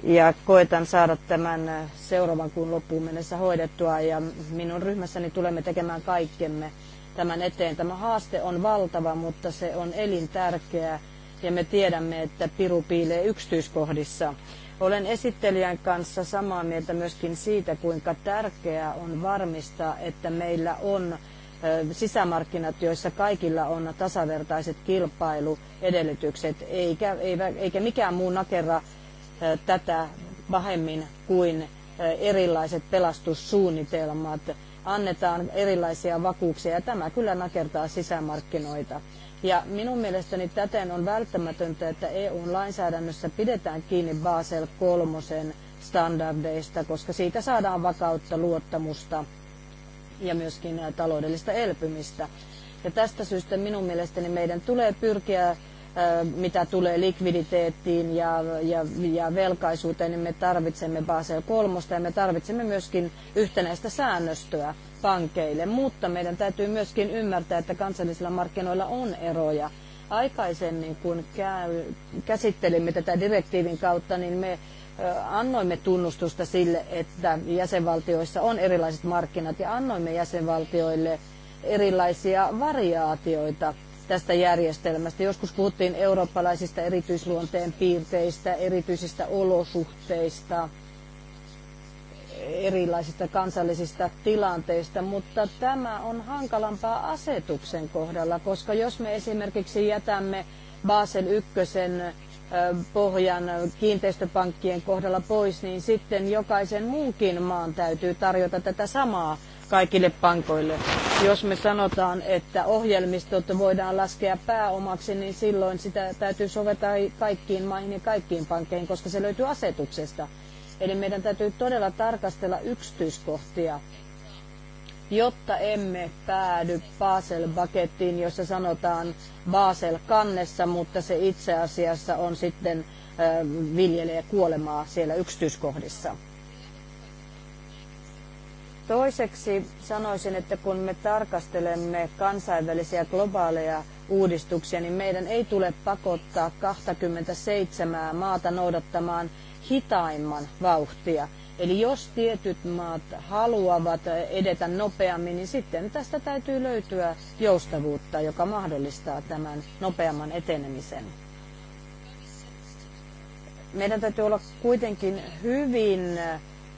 ja koetan saada tämän äh, seuraavan kuun loppuun mennessä hoidettua ja minun ryhmässäni tulemme tekemään kaikkemme tämän eteen. Tämä haaste on valtava, mutta se on elintärkeä ja me tiedämme, että piru piilee yksityiskohdissa. Olen esittelijän kanssa samaa mieltä myöskin siitä, kuinka tärkeää on varmistaa, että meillä on äh, sisämarkkinat, joissa kaikilla on tasavertaiset kilpailuedellytykset, eikä, eikä mikään muu nakerra tätä pahemmin kuin erilaiset pelastussuunnitelmat. Annetaan erilaisia vakuuksia ja tämä kyllä nakertaa sisämarkkinoita. Ja minun mielestäni täten on välttämätöntä, että EU-lainsäädännössä pidetään kiinni Basel kolmosen standardeista, koska siitä saadaan vakautta, luottamusta ja myöskin taloudellista elpymistä. Ja tästä syystä minun mielestäni meidän tulee pyrkiä mitä tulee likviditeettiin ja, ja, ja velkaisuuteen, niin me tarvitsemme Basel kolmosta ja me tarvitsemme myöskin yhtenäistä säännöstöä pankeille. Mutta meidän täytyy myöskin ymmärtää, että kansallisilla markkinoilla on eroja. Aikaisemmin, kun käsittelimme tätä direktiivin kautta, niin me annoimme tunnustusta sille, että jäsenvaltioissa on erilaiset markkinat ja annoimme jäsenvaltioille erilaisia variaatioita – tästä järjestelmästä. Joskus puhuttiin eurooppalaisista erityisluonteen piirteistä, erityisistä olosuhteista, erilaisista kansallisista tilanteista, mutta tämä on hankalampaa asetuksen kohdalla, koska jos me esimerkiksi jätämme Basel 1 pohjan kiinteistöpankkien kohdalla pois, niin sitten jokaisen muunkin maan täytyy tarjota tätä samaa kaikille pankoille. Jos me sanotaan, että ohjelmistot voidaan laskea pääomaksi, niin silloin sitä täytyy soveltaa kaikkiin maihin ja kaikkiin pankkeihin, koska se löytyy asetuksesta. Eli meidän täytyy todella tarkastella yksityiskohtia, jotta emme päädy Basel-pakettiin, jossa sanotaan Basel-kannessa, mutta se itse asiassa on sitten viljelee kuolemaa siellä yksityiskohdissa. Toiseksi sanoisin, että kun me tarkastelemme kansainvälisiä globaaleja uudistuksia, niin meidän ei tule pakottaa 27 maata noudattamaan hitaimman vauhtia. Eli jos tietyt maat haluavat edetä nopeammin, niin sitten tästä täytyy löytyä joustavuutta, joka mahdollistaa tämän nopeamman etenemisen. Meidän täytyy olla kuitenkin hyvin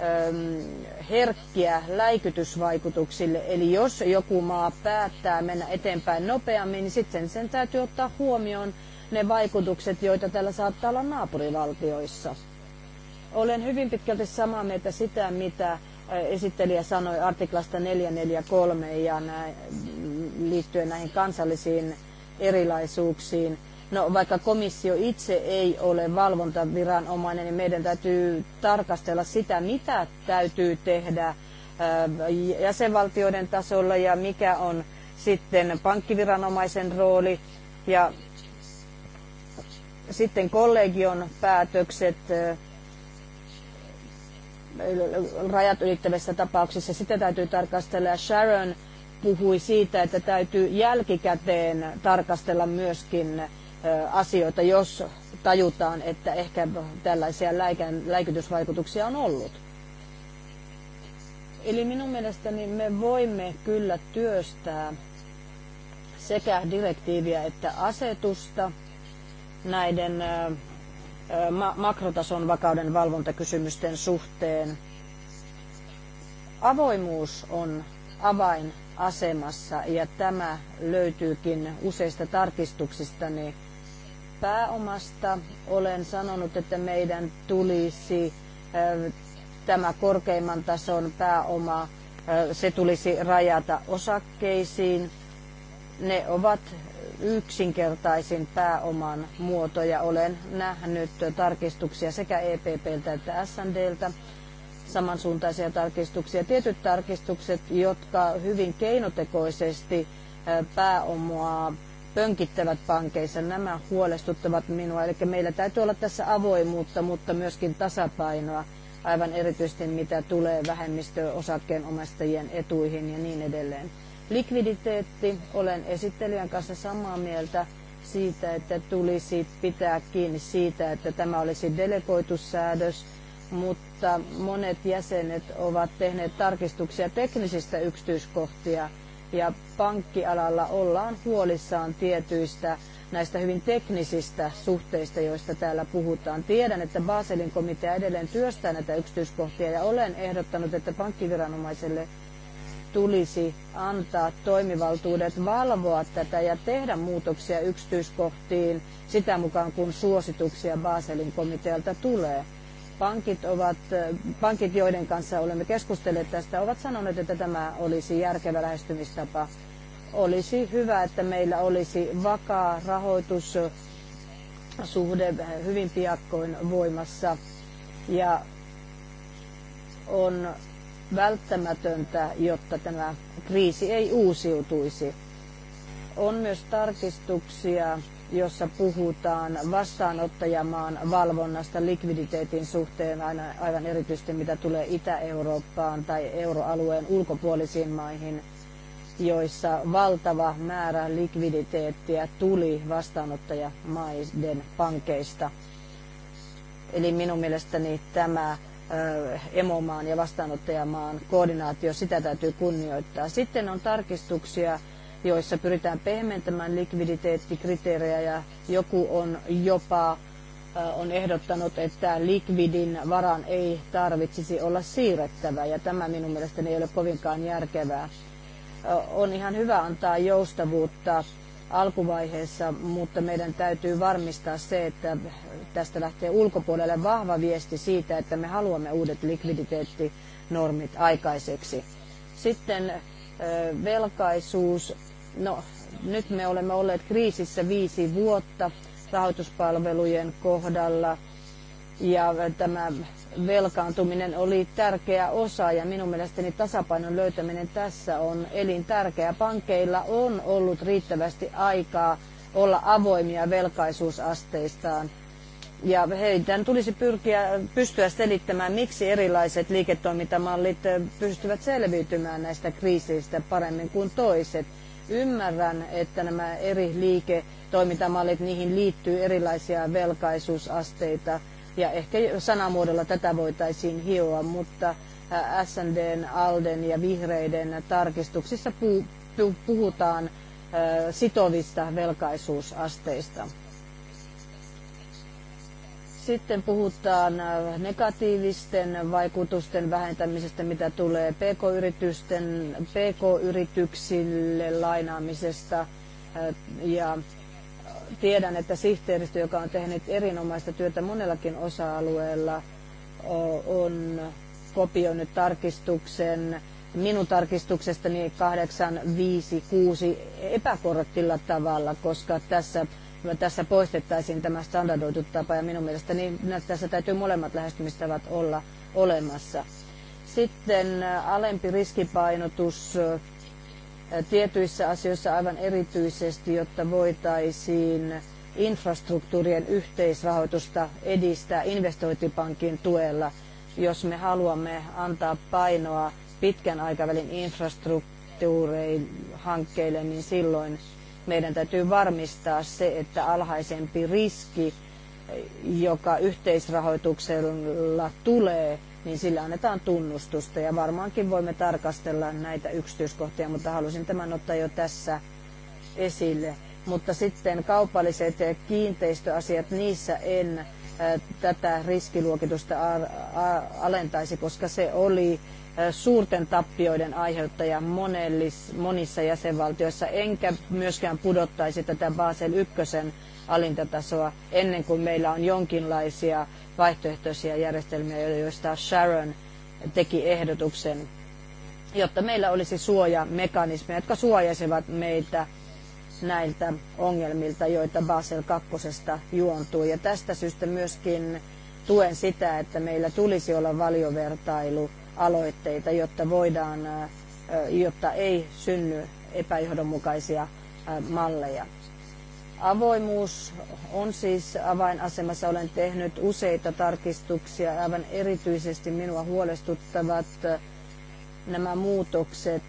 Ähm, herkkiä läikytysvaikutuksille. Eli jos joku maa päättää mennä eteenpäin nopeammin, niin sitten sen täytyy ottaa huomioon ne vaikutukset, joita tällä saattaa olla naapurivaltioissa. Olen hyvin pitkälti samaa mieltä sitä, mitä äh, esittelijä sanoi artiklasta 443 ja liittyen näihin kansallisiin erilaisuuksiin No vaikka komissio itse ei ole valvontaviranomainen, niin meidän täytyy tarkastella sitä, mitä täytyy tehdä äh, jäsenvaltioiden tasolla ja mikä on sitten pankkiviranomaisen rooli ja sitten kollegion päätökset äh, rajat ylittävissä tapauksissa. Sitä täytyy tarkastella. Sharon puhui siitä, että täytyy jälkikäteen tarkastella myöskin asioita, jos tajutaan, että ehkä tällaisia läikytysvaikutuksia on ollut. Eli minun mielestäni me voimme kyllä työstää sekä direktiiviä että asetusta näiden makrotason vakauden valvontakysymysten suhteen. Avoimuus on avainasemassa ja tämä löytyykin useista tarkistuksistani pääomasta olen sanonut, että meidän tulisi tämä korkeimman tason pääoma, se tulisi rajata osakkeisiin. Ne ovat yksinkertaisin pääoman muotoja. olen nähnyt tarkistuksia sekä EPPltä että SNDltä samansuuntaisia tarkistuksia. Tietyt tarkistukset, jotka hyvin keinotekoisesti pääomaa pönkittävät pankeissa. Nämä huolestuttavat minua. Eli meillä täytyy olla tässä avoimuutta, mutta myöskin tasapainoa, aivan erityisesti mitä tulee vähemmistöosakkeen omistajien etuihin ja niin edelleen. Likviditeetti, olen esittelijän kanssa samaa mieltä siitä, että tulisi pitää kiinni siitä, että tämä olisi delegoitussäädös, mutta monet jäsenet ovat tehneet tarkistuksia teknisistä yksityiskohtia – ja pankkialalla ollaan huolissaan tietyistä näistä hyvin teknisistä suhteista, joista täällä puhutaan. Tiedän, että Baselin komitea edelleen työstää näitä yksityiskohtia ja olen ehdottanut, että pankkiviranomaiselle tulisi antaa toimivaltuudet valvoa tätä ja tehdä muutoksia yksityiskohtiin sitä mukaan, kun suosituksia Baselin komitealta tulee pankit, ovat, pankit, joiden kanssa olemme keskustelleet tästä, ovat sanoneet, että tämä olisi järkevä lähestymistapa. Olisi hyvä, että meillä olisi vakaa rahoitussuhde hyvin piakkoin voimassa. Ja on välttämätöntä, jotta tämä kriisi ei uusiutuisi. On myös tarkistuksia jossa puhutaan vastaanottajamaan valvonnasta likviditeetin suhteen, aina, aivan erityisesti mitä tulee Itä-Eurooppaan tai euroalueen ulkopuolisiin maihin, joissa valtava määrä likviditeettiä tuli vastaanottajamaiden pankeista. Eli minun mielestäni tämä emomaan ja vastaanottajamaan koordinaatio, sitä täytyy kunnioittaa. Sitten on tarkistuksia joissa pyritään pehmentämään likviditeettikriteerejä ja joku on jopa äh, on ehdottanut, että likvidin varan ei tarvitsisi olla siirrettävä ja tämä minun mielestäni ei ole kovinkaan järkevää. Äh, on ihan hyvä antaa joustavuutta alkuvaiheessa, mutta meidän täytyy varmistaa se, että tästä lähtee ulkopuolelle vahva viesti siitä, että me haluamme uudet likviditeettinormit aikaiseksi. Sitten äh, velkaisuus No, nyt me olemme olleet kriisissä viisi vuotta rahoituspalvelujen kohdalla ja tämä velkaantuminen oli tärkeä osa ja minun mielestäni tasapainon löytäminen tässä on elintärkeä. Pankeilla on ollut riittävästi aikaa olla avoimia velkaisuusasteistaan ja heidän tulisi pyrkiä, pystyä selittämään, miksi erilaiset liiketoimintamallit pystyvät selviytymään näistä kriiseistä paremmin kuin toiset – Ymmärrän, että nämä eri liiketoimintamallit, niihin liittyy erilaisia velkaisuusasteita ja ehkä sanamuodolla tätä voitaisiin hioa, mutta SNDn, ALDEn ja vihreiden tarkistuksissa puhutaan sitovista velkaisuusasteista. Sitten puhutaan äh, negatiivisten vaikutusten vähentämisestä, mitä tulee pk-yritysten, pk-yrityksille lainaamisesta. Äh, ja äh, tiedän, että sihteeristö, joka on tehnyt erinomaista työtä monellakin osa-alueella, on kopioinut tarkistuksen minun tarkistuksestani 856 epäkorrektilla tavalla, koska tässä tässä poistettaisiin tämä standardoitu tapa ja minun mielestäni tässä täytyy molemmat lähestymistavat olla olemassa. Sitten alempi riskipainotus tietyissä asioissa aivan erityisesti, jotta voitaisiin infrastruktuurien yhteisrahoitusta edistää investointipankin tuella, jos me haluamme antaa painoa pitkän aikavälin infrastruktuureihin hankkeille, niin silloin meidän täytyy varmistaa se, että alhaisempi riski, joka yhteisrahoituksella tulee, niin sillä annetaan tunnustusta ja varmaankin voimme tarkastella näitä yksityiskohtia, mutta halusin tämän ottaa jo tässä esille. Mutta sitten kaupalliset kiinteistöasiat, niissä en tätä riskiluokitusta alentaisi, koska se oli suurten tappioiden aiheuttaja monellis, monissa jäsenvaltioissa, enkä myöskään pudottaisi tätä Basel 1 alintatasoa ennen kuin meillä on jonkinlaisia vaihtoehtoisia järjestelmiä, joista Sharon teki ehdotuksen, jotta meillä olisi suojamekanismeja, jotka suojaisivat meitä näiltä ongelmilta, joita Basel 2 juontuu. Ja tästä syystä myöskin tuen sitä, että meillä tulisi olla valiovertailu aloitteita, jotta voidaan, jotta ei synny epäjohdonmukaisia malleja. Avoimuus on siis avainasemassa. Olen tehnyt useita tarkistuksia. Aivan erityisesti minua huolestuttavat nämä muutokset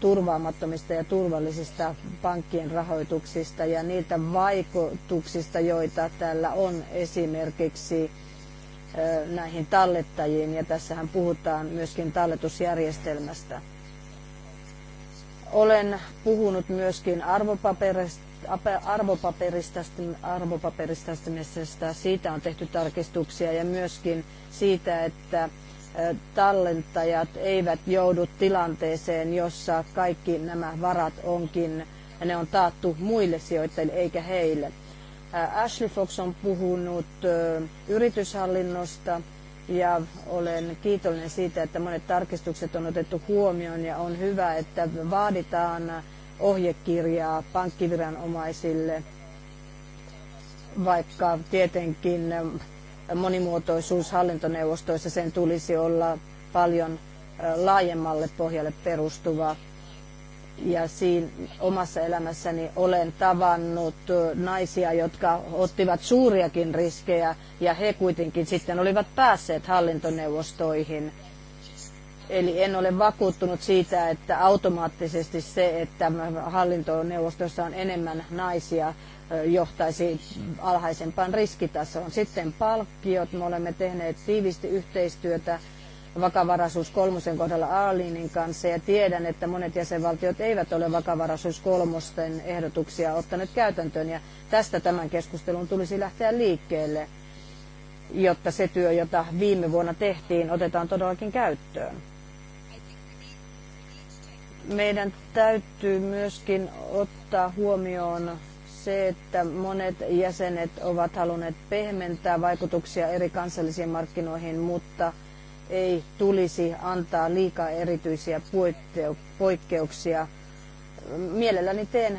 turvaamattomista ja turvallisista pankkien rahoituksista ja niitä vaikutuksista, joita tällä on esimerkiksi näihin tallettajiin, ja tässähän puhutaan myöskin talletusjärjestelmästä. Olen puhunut myöskin arvopaperista, arvopaperistamisesta, siitä on tehty tarkistuksia ja myöskin siitä, että tallentajat eivät joudu tilanteeseen, jossa kaikki nämä varat onkin, ne on taattu muille sijoittajille eikä heille. Ashley Fox on puhunut yrityshallinnosta ja olen kiitollinen siitä, että monet tarkistukset on otettu huomioon ja on hyvä, että vaaditaan ohjekirjaa pankkiviranomaisille, vaikka tietenkin monimuotoisuus hallintoneuvostoissa sen tulisi olla paljon laajemmalle pohjalle perustuvaa ja siinä omassa elämässäni olen tavannut naisia, jotka ottivat suuriakin riskejä ja he kuitenkin sitten olivat päässeet hallintoneuvostoihin. Eli en ole vakuuttunut siitä, että automaattisesti se, että hallintoneuvostossa on enemmän naisia, johtaisi alhaisempaan riskitasoon. Sitten palkkiot. Me olemme tehneet tiivisti yhteistyötä vakavaraisuus kolmosen kohdalla Aalinin kanssa ja tiedän, että monet jäsenvaltiot eivät ole vakavaraisuus kolmosten ehdotuksia ottaneet käytäntöön ja tästä tämän keskustelun tulisi lähteä liikkeelle, jotta se työ, jota viime vuonna tehtiin, otetaan todellakin käyttöön. Meidän täytyy myöskin ottaa huomioon se, että monet jäsenet ovat halunneet pehmentää vaikutuksia eri kansallisiin markkinoihin, mutta – ei tulisi antaa liikaa erityisiä poikkeuksia. Mielelläni teen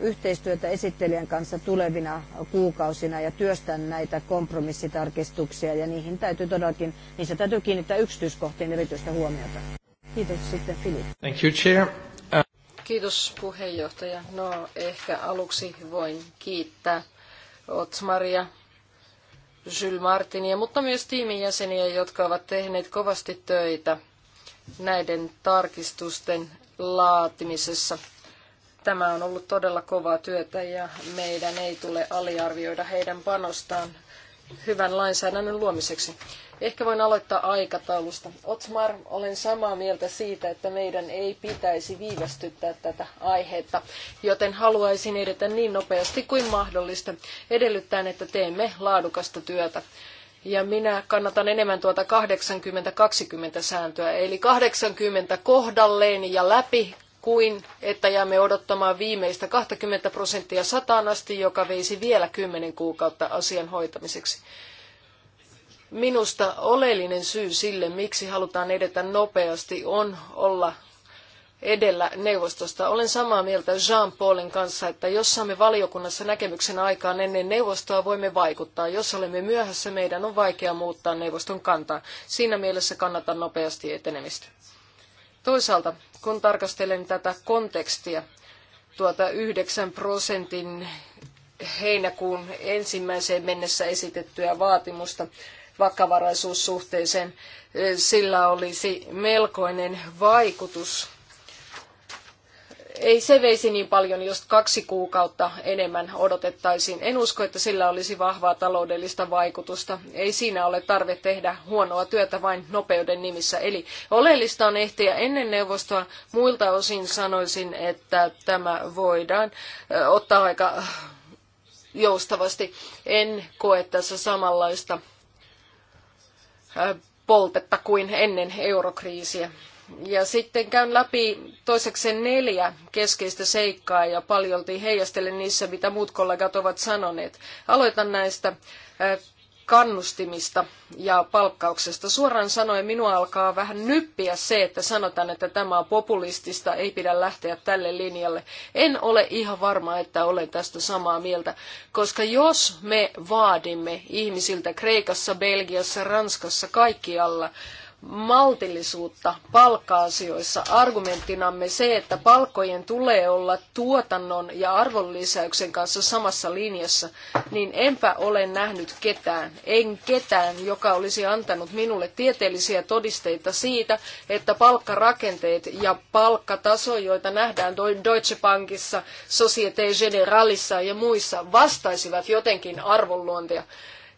yhteistyötä esittelijän kanssa tulevina kuukausina ja työstän näitä kompromissitarkistuksia ja niihin täytyy todellakin, niissä täytyy kiinnittää yksityiskohtiin erityistä huomiota. Kiitos sitten Filip. Thank you, Chair. Uh, Kiitos puheenjohtaja. No ehkä aluksi voin kiittää Otsmaria Jules Martinia, mutta myös tiimin jäseniä, jotka ovat tehneet kovasti töitä näiden tarkistusten laatimisessa. Tämä on ollut todella kovaa työtä ja meidän ei tule aliarvioida heidän panostaan hyvän lainsäädännön luomiseksi. Ehkä voin aloittaa aikataulusta. Otmar, olen samaa mieltä siitä, että meidän ei pitäisi viivästyttää tätä aihetta, joten haluaisin edetä niin nopeasti kuin mahdollista, edellyttäen, että teemme laadukasta työtä. Ja minä kannatan enemmän tuota 80-20 sääntöä, eli 80 kohdalleen ja läpi kuin että jäämme odottamaan viimeistä 20 prosenttia sataan asti, joka veisi vielä kymmenen kuukautta asian hoitamiseksi. Minusta oleellinen syy sille, miksi halutaan edetä nopeasti, on olla edellä neuvostosta. Olen samaa mieltä Jean-Paulin kanssa, että jos saamme valiokunnassa näkemyksen aikaan ennen neuvostoa, voimme vaikuttaa. Jos olemme myöhässä, meidän on vaikea muuttaa neuvoston kantaa. Siinä mielessä kannatan nopeasti etenemistä. Toisaalta, kun tarkastelen tätä kontekstia, tuota 9 prosentin heinäkuun ensimmäiseen mennessä esitettyä vaatimusta, vakavaraisuussuhteeseen. Sillä olisi melkoinen vaikutus. Ei se veisi niin paljon, jos kaksi kuukautta enemmän odotettaisiin. En usko, että sillä olisi vahvaa taloudellista vaikutusta. Ei siinä ole tarve tehdä huonoa työtä vain nopeuden nimissä. Eli oleellista on ehtiä ennen neuvostoa. Muilta osin sanoisin, että tämä voidaan ottaa aika joustavasti. En koe tässä samanlaista poltetta kuin ennen eurokriisiä. Ja sitten käyn läpi toisekseen neljä keskeistä seikkaa ja paljolti heijastelen niissä, mitä muut kollegat ovat sanoneet. Aloitan näistä kannustimista ja palkkauksesta. Suoraan sanoen minua alkaa vähän nyppiä se, että sanotaan, että tämä on populistista, ei pidä lähteä tälle linjalle. En ole ihan varma, että olen tästä samaa mieltä, koska jos me vaadimme ihmisiltä Kreikassa, Belgiassa, Ranskassa, kaikkialla, maltillisuutta palkka-asioissa argumenttinamme se, että palkkojen tulee olla tuotannon ja arvonlisäyksen kanssa samassa linjassa, niin enpä ole nähnyt ketään, en ketään, joka olisi antanut minulle tieteellisiä todisteita siitä, että palkkarakenteet ja palkkataso, joita nähdään Deutsche Bankissa, Societe Generalissa ja muissa, vastaisivat jotenkin arvonluontia.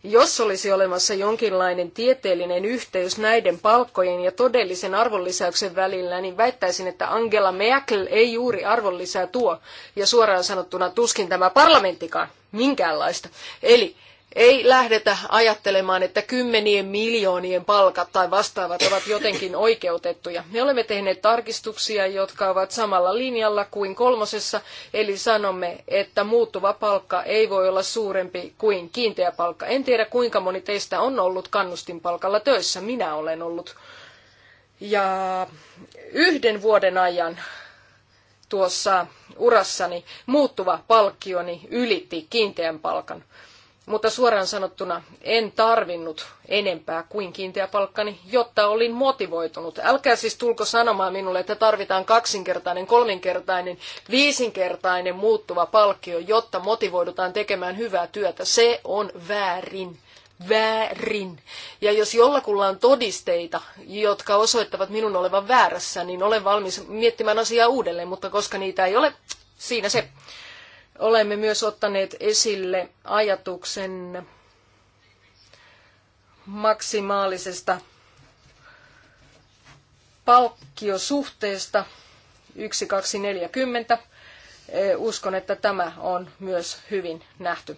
Jos olisi olemassa jonkinlainen tieteellinen yhteys näiden palkkojen ja todellisen arvonlisäyksen välillä, niin väittäisin, että Angela Merkel ei juuri arvonlisää tuo, ja suoraan sanottuna tuskin tämä parlamenttikaan minkäänlaista. Eli ei lähdetä ajattelemaan, että kymmenien miljoonien palkat tai vastaavat ovat jotenkin oikeutettuja. Me olemme tehneet tarkistuksia, jotka ovat samalla linjalla kuin kolmosessa, eli sanomme, että muuttuva palkka ei voi olla suurempi kuin kiinteä palkka. En tiedä, kuinka moni teistä on ollut kannustinpalkalla töissä. Minä olen ollut. Ja yhden vuoden ajan tuossa urassani muuttuva palkkioni ylitti kiinteän palkan. Mutta suoraan sanottuna en tarvinnut enempää kuin kiinteä palkkani, jotta olin motivoitunut. Älkää siis tulko sanomaan minulle, että tarvitaan kaksinkertainen, kolminkertainen, viisinkertainen muuttuva palkkio, jotta motivoidutaan tekemään hyvää työtä. Se on väärin väärin. Ja jos jollakulla on todisteita, jotka osoittavat minun olevan väärässä, niin olen valmis miettimään asiaa uudelleen, mutta koska niitä ei ole, siinä se. Olemme myös ottaneet esille ajatuksen maksimaalisesta palkkiosuhteesta 1240. Eh, uskon, että tämä on myös hyvin nähty.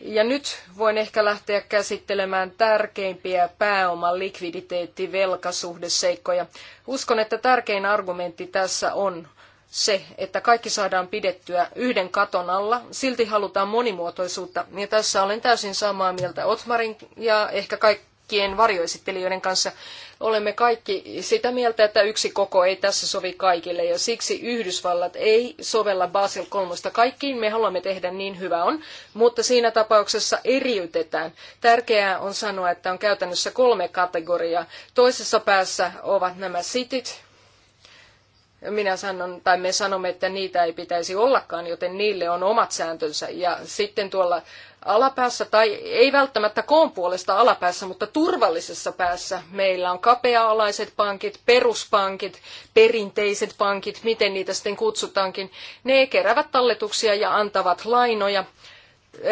Ja nyt voin ehkä lähteä käsittelemään tärkeimpiä pääoman likviditeetti velkasuhdeseikkoja. Uskon, että tärkein argumentti tässä on se, että kaikki saadaan pidettyä yhden katon alla. Silti halutaan monimuotoisuutta. Ja tässä olen täysin samaa mieltä Otmarin ja ehkä kaikkien varjoesittelijöiden kanssa. Olemme kaikki sitä mieltä, että yksi koko ei tässä sovi kaikille ja siksi Yhdysvallat ei sovella Basel kolmosta kaikkiin. Me haluamme tehdä niin hyvä on, mutta siinä tapauksessa eriytetään. Tärkeää on sanoa, että on käytännössä kolme kategoriaa. Toisessa päässä ovat nämä sitit, minä sanon, tai me sanomme, että niitä ei pitäisi ollakaan, joten niille on omat sääntönsä. Ja sitten tuolla alapäässä, tai ei välttämättä koon puolesta alapäässä, mutta turvallisessa päässä meillä on kapea-alaiset pankit, peruspankit, perinteiset pankit, miten niitä sitten kutsutaankin. Ne keräävät talletuksia ja antavat lainoja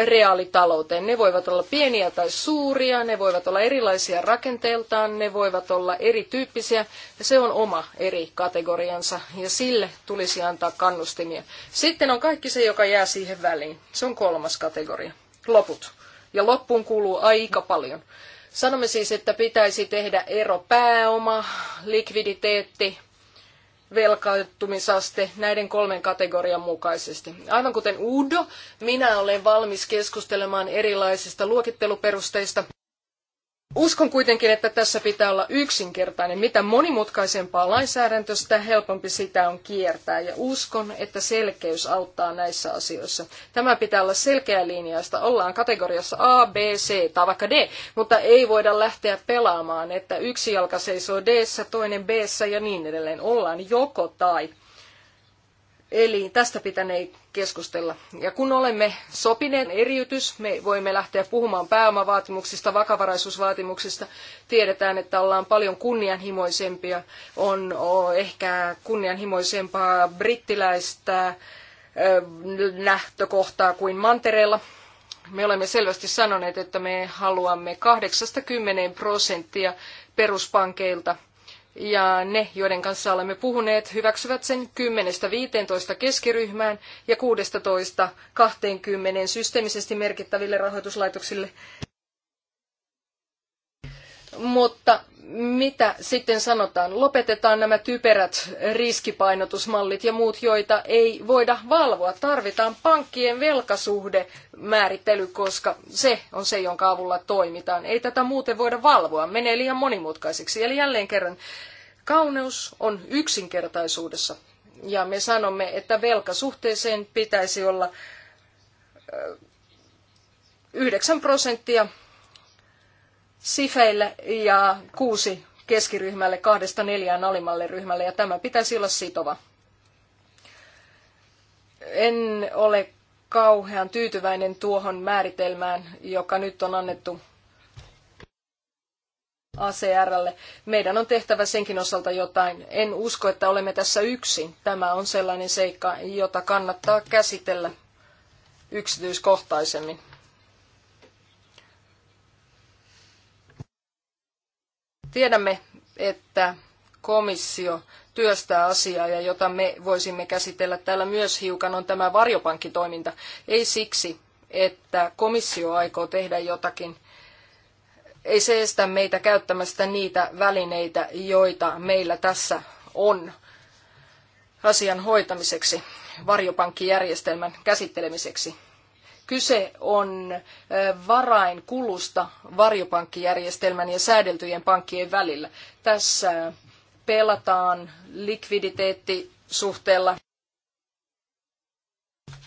reaalitalouteen. Ne voivat olla pieniä tai suuria, ne voivat olla erilaisia rakenteeltaan, ne voivat olla erityyppisiä ja se on oma eri kategoriansa ja sille tulisi antaa kannustimia. Sitten on kaikki se, joka jää siihen väliin. Se on kolmas kategoria. Loput. Ja loppuun kuuluu aika paljon. Sanomme siis, että pitäisi tehdä ero pääoma, likviditeetti, velkaantumisaste näiden kolmen kategorian mukaisesti. Aivan kuten Udo, minä olen valmis keskustelemaan erilaisista luokitteluperusteista Uskon kuitenkin, että tässä pitää olla yksinkertainen. Mitä monimutkaisempaa lainsäädäntö, sitä helpompi sitä on kiertää. Ja uskon, että selkeys auttaa näissä asioissa. Tämä pitää olla selkeä linjaista. Ollaan kategoriassa A, B, C tai vaikka D, mutta ei voida lähteä pelaamaan, että yksi jalka seisoo D, toinen B ja niin edelleen. Ollaan joko tai. Eli tästä pitänee keskustella. Ja kun olemme sopineen eriytys, me voimme lähteä puhumaan pääomavaatimuksista, vakavaraisuusvaatimuksista. Tiedetään, että ollaan paljon kunnianhimoisempia. On ehkä kunnianhimoisempaa brittiläistä lähtökohtaa kuin mantereella. Me olemme selvästi sanoneet, että me haluamme 80 prosenttia peruspankeilta – ja ne, joiden kanssa olemme puhuneet, hyväksyvät sen 10-15 keskiryhmään ja 16-20 systeemisesti merkittäville rahoituslaitoksille mutta mitä sitten sanotaan? Lopetetaan nämä typerät riskipainotusmallit ja muut, joita ei voida valvoa. Tarvitaan pankkien velkasuhde määrittely, koska se on se, jonka avulla toimitaan. Ei tätä muuten voida valvoa. Menee liian monimutkaiseksi. Eli jälleen kerran, kauneus on yksinkertaisuudessa. Ja me sanomme, että velkasuhteeseen pitäisi olla 9 prosenttia sifeille ja kuusi keskiryhmälle kahdesta neljään alimmalle ryhmälle ja tämä pitäisi olla sitova. En ole kauhean tyytyväinen tuohon määritelmään, joka nyt on annettu ACRlle. Meidän on tehtävä senkin osalta jotain. En usko, että olemme tässä yksin. Tämä on sellainen seikka, jota kannattaa käsitellä yksityiskohtaisemmin. Tiedämme, että komissio työstää asiaa ja jota me voisimme käsitellä täällä myös hiukan on tämä varjopankkitoiminta. Ei siksi, että komissio aikoo tehdä jotakin. Ei se estä meitä käyttämästä niitä välineitä, joita meillä tässä on asian hoitamiseksi, varjopankkijärjestelmän käsittelemiseksi. Kyse on varainkulusta varjopankkijärjestelmän ja säädeltyjen pankkien välillä. Tässä pelataan likviditeettisuhteella.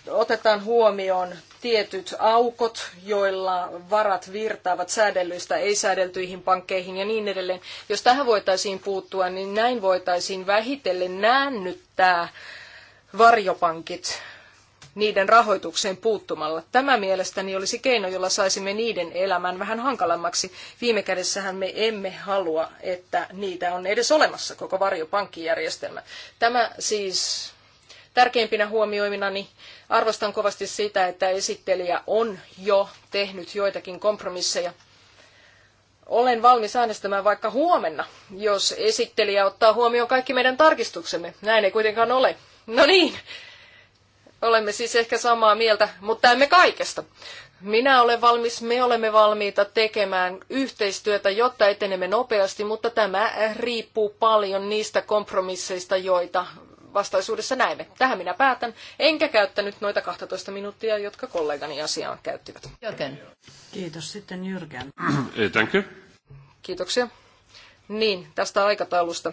Otetaan huomioon tietyt aukot, joilla varat virtaavat säädellyistä ei-säädeltyihin pankkeihin ja niin edelleen. Jos tähän voitaisiin puuttua, niin näin voitaisiin vähitellen näännyttää varjopankit niiden rahoitukseen puuttumalla. Tämä mielestäni olisi keino, jolla saisimme niiden elämän vähän hankalammaksi. Viime kädessähän me emme halua, että niitä on edes olemassa koko varjopankkijärjestelmä. Tämä siis tärkeimpinä huomioiminani arvostan kovasti sitä, että esittelijä on jo tehnyt joitakin kompromisseja. Olen valmis äänestämään vaikka huomenna, jos esittelijä ottaa huomioon kaikki meidän tarkistuksemme. Näin ei kuitenkaan ole. No niin, Olemme siis ehkä samaa mieltä, mutta emme kaikesta. Minä olen valmis, me olemme valmiita tekemään yhteistyötä, jotta etenemme nopeasti, mutta tämä riippuu paljon niistä kompromisseista, joita vastaisuudessa näemme. Tähän minä päätän, enkä käyttänyt noita 12 minuuttia, jotka kollegani asiaan käyttivät. Jörgen. Kiitos sitten Jürgen. Ei, Kiitoksia. Niin, tästä aikataulusta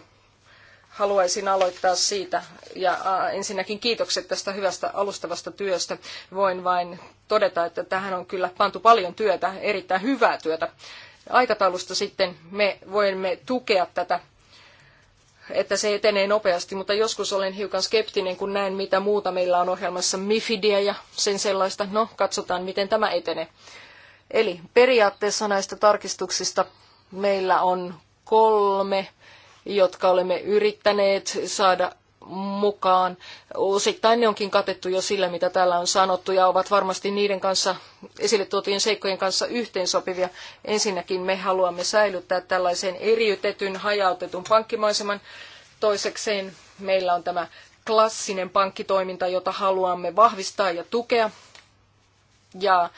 haluaisin aloittaa siitä. Ja ensinnäkin kiitokset tästä hyvästä alustavasta työstä. Voin vain todeta, että tähän on kyllä pantu paljon työtä, erittäin hyvää työtä. Aikataulusta sitten me voimme tukea tätä että se etenee nopeasti, mutta joskus olen hiukan skeptinen, kun näen, mitä muuta meillä on ohjelmassa Mifidia ja sen sellaista. No, katsotaan, miten tämä etenee. Eli periaatteessa näistä tarkistuksista meillä on kolme jotka olemme yrittäneet saada mukaan. Osittain ne onkin katettu jo sillä, mitä täällä on sanottu, ja ovat varmasti niiden kanssa esille tuotujen seikkojen kanssa yhteensopivia. Ensinnäkin me haluamme säilyttää tällaisen eriytetyn, hajautetun pankkimaiseman. Toisekseen meillä on tämä klassinen pankkitoiminta, jota haluamme vahvistaa ja tukea. Ja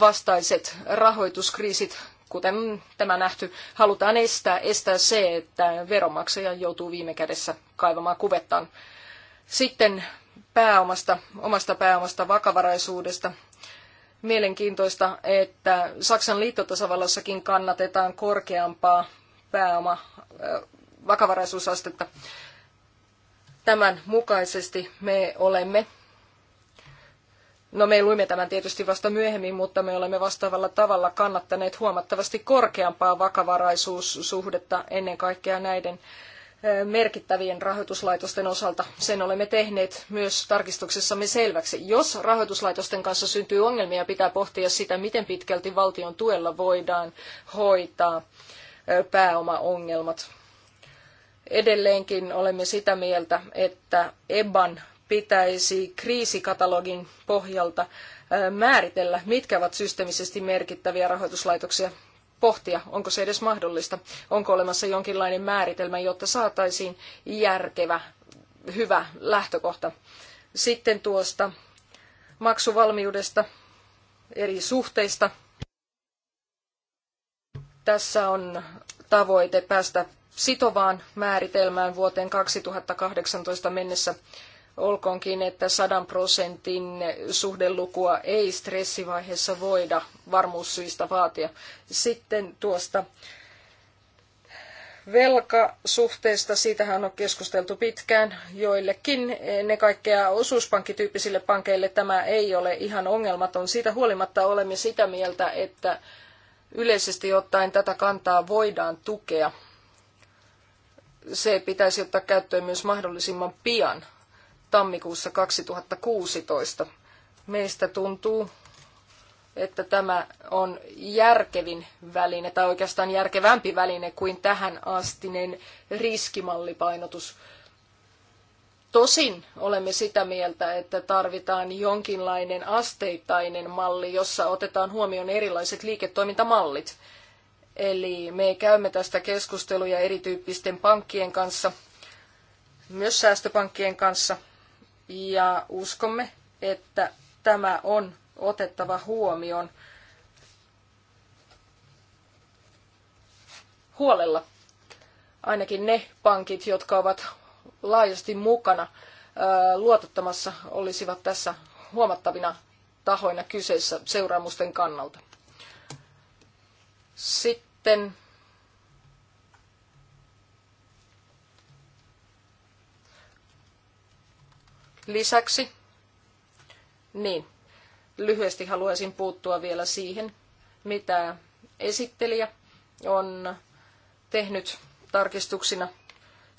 vastaiset rahoituskriisit kuten tämä nähty, halutaan estää, estää se, että veronmaksaja joutuu viime kädessä kaivamaan kuvettaan. Sitten pääomasta, omasta pääomasta, vakavaraisuudesta. Mielenkiintoista, että Saksan liittotasavallassakin kannatetaan korkeampaa pääoma vakavaraisuusastetta. Tämän mukaisesti me olemme No me luimme tämän tietysti vasta myöhemmin, mutta me olemme vastaavalla tavalla kannattaneet huomattavasti korkeampaa vakavaraisuussuhdetta ennen kaikkea näiden merkittävien rahoituslaitosten osalta. Sen olemme tehneet myös tarkistuksessamme selväksi. Jos rahoituslaitosten kanssa syntyy ongelmia, pitää pohtia sitä, miten pitkälti valtion tuella voidaan hoitaa pääomaongelmat. Edelleenkin olemme sitä mieltä, että EBAN pitäisi kriisikatalogin pohjalta määritellä, mitkä ovat systeemisesti merkittäviä rahoituslaitoksia pohtia, onko se edes mahdollista, onko olemassa jonkinlainen määritelmä, jotta saataisiin järkevä, hyvä lähtökohta. Sitten tuosta maksuvalmiudesta, eri suhteista. Tässä on tavoite päästä sitovaan määritelmään vuoteen 2018 mennessä Olkoonkin, että sadan prosentin suhdelukua ei stressivaiheessa voida varmuussyistä vaatia. Sitten tuosta velkasuhteesta, siitähän on keskusteltu pitkään joillekin. Ne kaikkea osuuspankkityyppisille pankeille tämä ei ole ihan ongelmaton. Siitä huolimatta olemme sitä mieltä, että yleisesti ottaen tätä kantaa voidaan tukea. Se pitäisi ottaa käyttöön myös mahdollisimman pian tammikuussa 2016. Meistä tuntuu, että tämä on järkevin väline, tai oikeastaan järkevämpi väline kuin tähän astinen riskimallipainotus. Tosin olemme sitä mieltä, että tarvitaan jonkinlainen asteittainen malli, jossa otetaan huomioon erilaiset liiketoimintamallit. Eli me käymme tästä keskusteluja erityyppisten pankkien kanssa, myös säästöpankkien kanssa – ja uskomme, että tämä on otettava huomioon huolella. Ainakin ne pankit, jotka ovat laajasti mukana luotottamassa, olisivat tässä huomattavina tahoina kyseessä seuraamusten kannalta. Sitten lisäksi, niin lyhyesti haluaisin puuttua vielä siihen, mitä esittelijä on tehnyt tarkistuksina.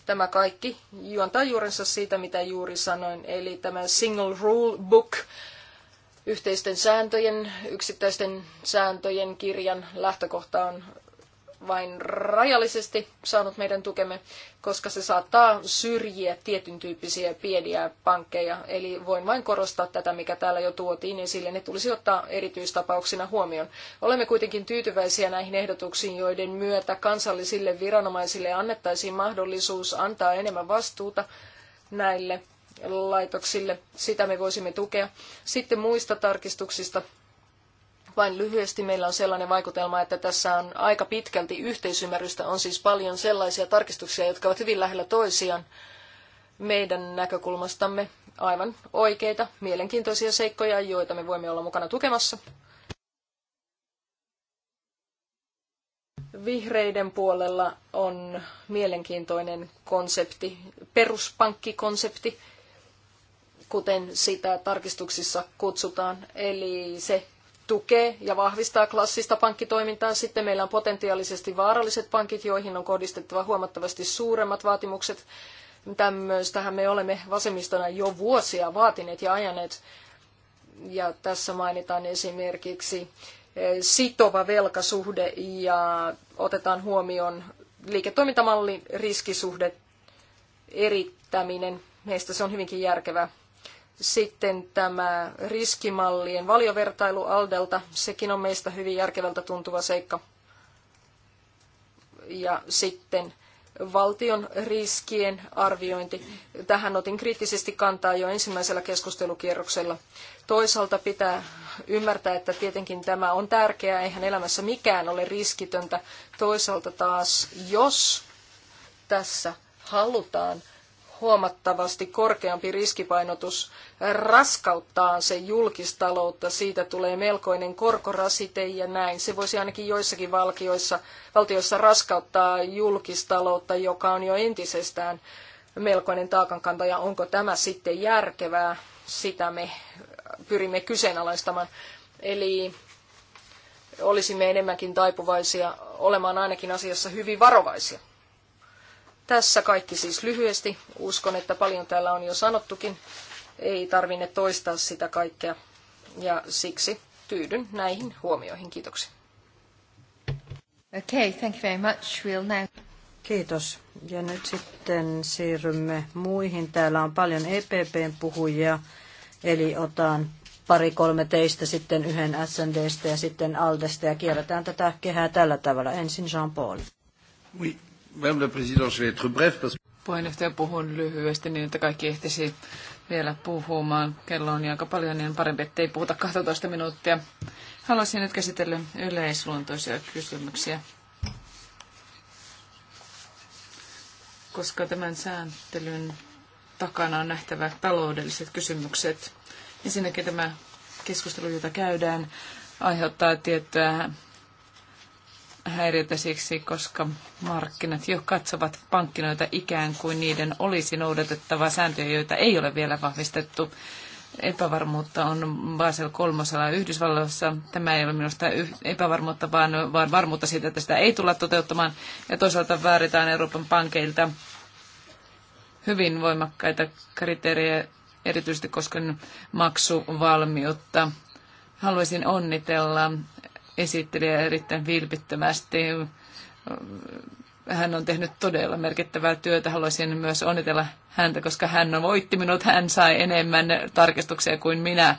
Tämä kaikki juontaa juurensa siitä, mitä juuri sanoin, eli tämä Single Rule Book, yhteisten sääntöjen, yksittäisten sääntöjen kirjan lähtökohta on vain rajallisesti saanut meidän tukemme, koska se saattaa syrjiä tietyn tyyppisiä pieniä pankkeja. Eli voin vain korostaa tätä, mikä täällä jo tuotiin esille. Ne tulisi ottaa erityistapauksina huomioon. Olemme kuitenkin tyytyväisiä näihin ehdotuksiin, joiden myötä kansallisille viranomaisille annettaisiin mahdollisuus antaa enemmän vastuuta näille laitoksille. Sitä me voisimme tukea. Sitten muista tarkistuksista vain lyhyesti meillä on sellainen vaikutelma, että tässä on aika pitkälti yhteisymmärrystä. On siis paljon sellaisia tarkistuksia, jotka ovat hyvin lähellä toisiaan meidän näkökulmastamme aivan oikeita, mielenkiintoisia seikkoja, joita me voimme olla mukana tukemassa. Vihreiden puolella on mielenkiintoinen konsepti, peruspankkikonsepti, kuten sitä tarkistuksissa kutsutaan, eli se tukee ja vahvistaa klassista pankkitoimintaa. Sitten meillä on potentiaalisesti vaaralliset pankit, joihin on kohdistettava huomattavasti suuremmat vaatimukset. Tämmöistähän me olemme vasemmistona jo vuosia vaatineet ja ajaneet. Ja tässä mainitaan esimerkiksi eh, sitova velkasuhde ja otetaan huomioon liiketoimintamalli, riskisuhde, erittäminen. Meistä se on hyvinkin järkevää. Sitten tämä riskimallien valiovertailu Aldelta, sekin on meistä hyvin järkevältä tuntuva seikka. Ja sitten valtion riskien arviointi. Tähän otin kriittisesti kantaa jo ensimmäisellä keskustelukierroksella. Toisaalta pitää ymmärtää, että tietenkin tämä on tärkeää, eihän elämässä mikään ole riskitöntä. Toisaalta taas, jos tässä halutaan huomattavasti korkeampi riskipainotus raskauttaa se julkistaloutta. Siitä tulee melkoinen korkorasite ja näin. Se voisi ainakin joissakin valtioissa, valtioissa raskauttaa julkistaloutta, joka on jo entisestään melkoinen taakankantaja. Onko tämä sitten järkevää? Sitä me pyrimme kyseenalaistamaan. Eli olisimme enemmänkin taipuvaisia olemaan ainakin asiassa hyvin varovaisia. Tässä kaikki siis lyhyesti. Uskon, että paljon täällä on jo sanottukin. Ei tarvinne toistaa sitä kaikkea. Ja siksi tyydyn näihin huomioihin. Kiitoksia. Okay, thank you very much. We'll now... Kiitos. Ja nyt sitten siirrymme muihin. Täällä on paljon EPPn puhujia, eli otan pari-kolme teistä, sitten yhden SNDstä ja sitten Aldesta ja kierretään tätä kehää tällä tavalla. Ensin Jean-Paul. Oui puheenjohtaja puhun lyhyesti niin, että kaikki ehtisi vielä puhumaan. Kello on aika paljon, niin parempi, ettei puhuta 12 minuuttia. Haluaisin nyt käsitellä yleisluontoisia kysymyksiä. Koska tämän sääntelyn takana on nähtävä taloudelliset kysymykset. Ensinnäkin tämä keskustelu, jota käydään, aiheuttaa tiettyä häiriötä siksi, koska markkinat jo katsovat pankkinoita ikään kuin niiden olisi noudatettava sääntöjä, joita ei ole vielä vahvistettu. Epävarmuutta on Basel kolmosella Yhdysvalloissa. Tämä ei ole minusta epävarmuutta, vaan, vaan varmuutta siitä, että sitä ei tulla toteuttamaan. Ja toisaalta vääritään Euroopan pankeilta hyvin voimakkaita kriteerejä, erityisesti koskien maksuvalmiutta haluaisin onnitella esittelijä erittäin vilpittömästi. Hän on tehnyt todella merkittävää työtä. Haluaisin myös onnitella häntä, koska hän voitti minut. Hän sai enemmän tarkistuksia kuin minä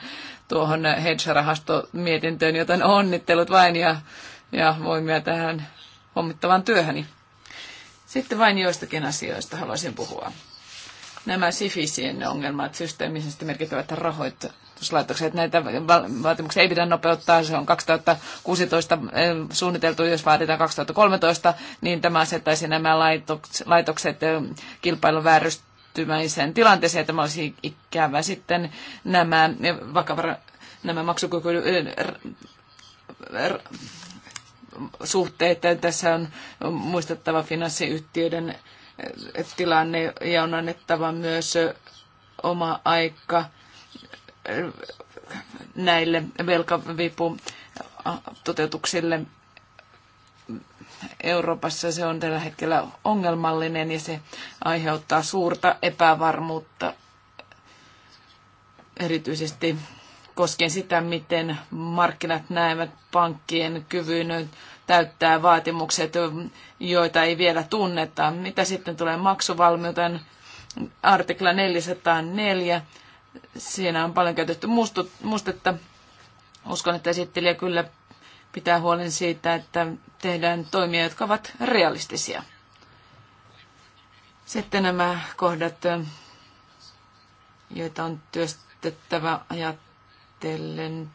tuohon hedge-rahastomietintöön, joten onnittelut vain ja, ja voimia tähän hommittavaan työhöni. Sitten vain joistakin asioista haluaisin puhua. Nämä sifisien ongelmat, systeemisesti merkittävät rahoit, että Näitä vaatimuksia ei pidä nopeuttaa. Se on 2016 eh, suunniteltu, jos vaaditaan 2013, niin tämä asettaisi nämä laitokset eh, kilpailun vääristymäiseen tilanteeseen. Tämä olisi ikävä sitten nämä, eh, vakavara, nämä maksukyky suhteet. Tässä on muistettava finanssiyhtiöiden tilanne ja on annettava myös oma aika näille velka-vipu-toteutuksille Euroopassa se on tällä hetkellä ongelmallinen ja se aiheuttaa suurta epävarmuutta erityisesti koskien sitä, miten markkinat näevät pankkien kyvyn täyttää vaatimukset, joita ei vielä tunneta. Mitä sitten tulee maksuvalmiuteen? Artikla 404 Siinä on paljon käytetty mustetta. Uskon, että esittelijä kyllä pitää huolen siitä, että tehdään toimia, jotka ovat realistisia. Sitten nämä kohdat, joita on työstettävä ajatellen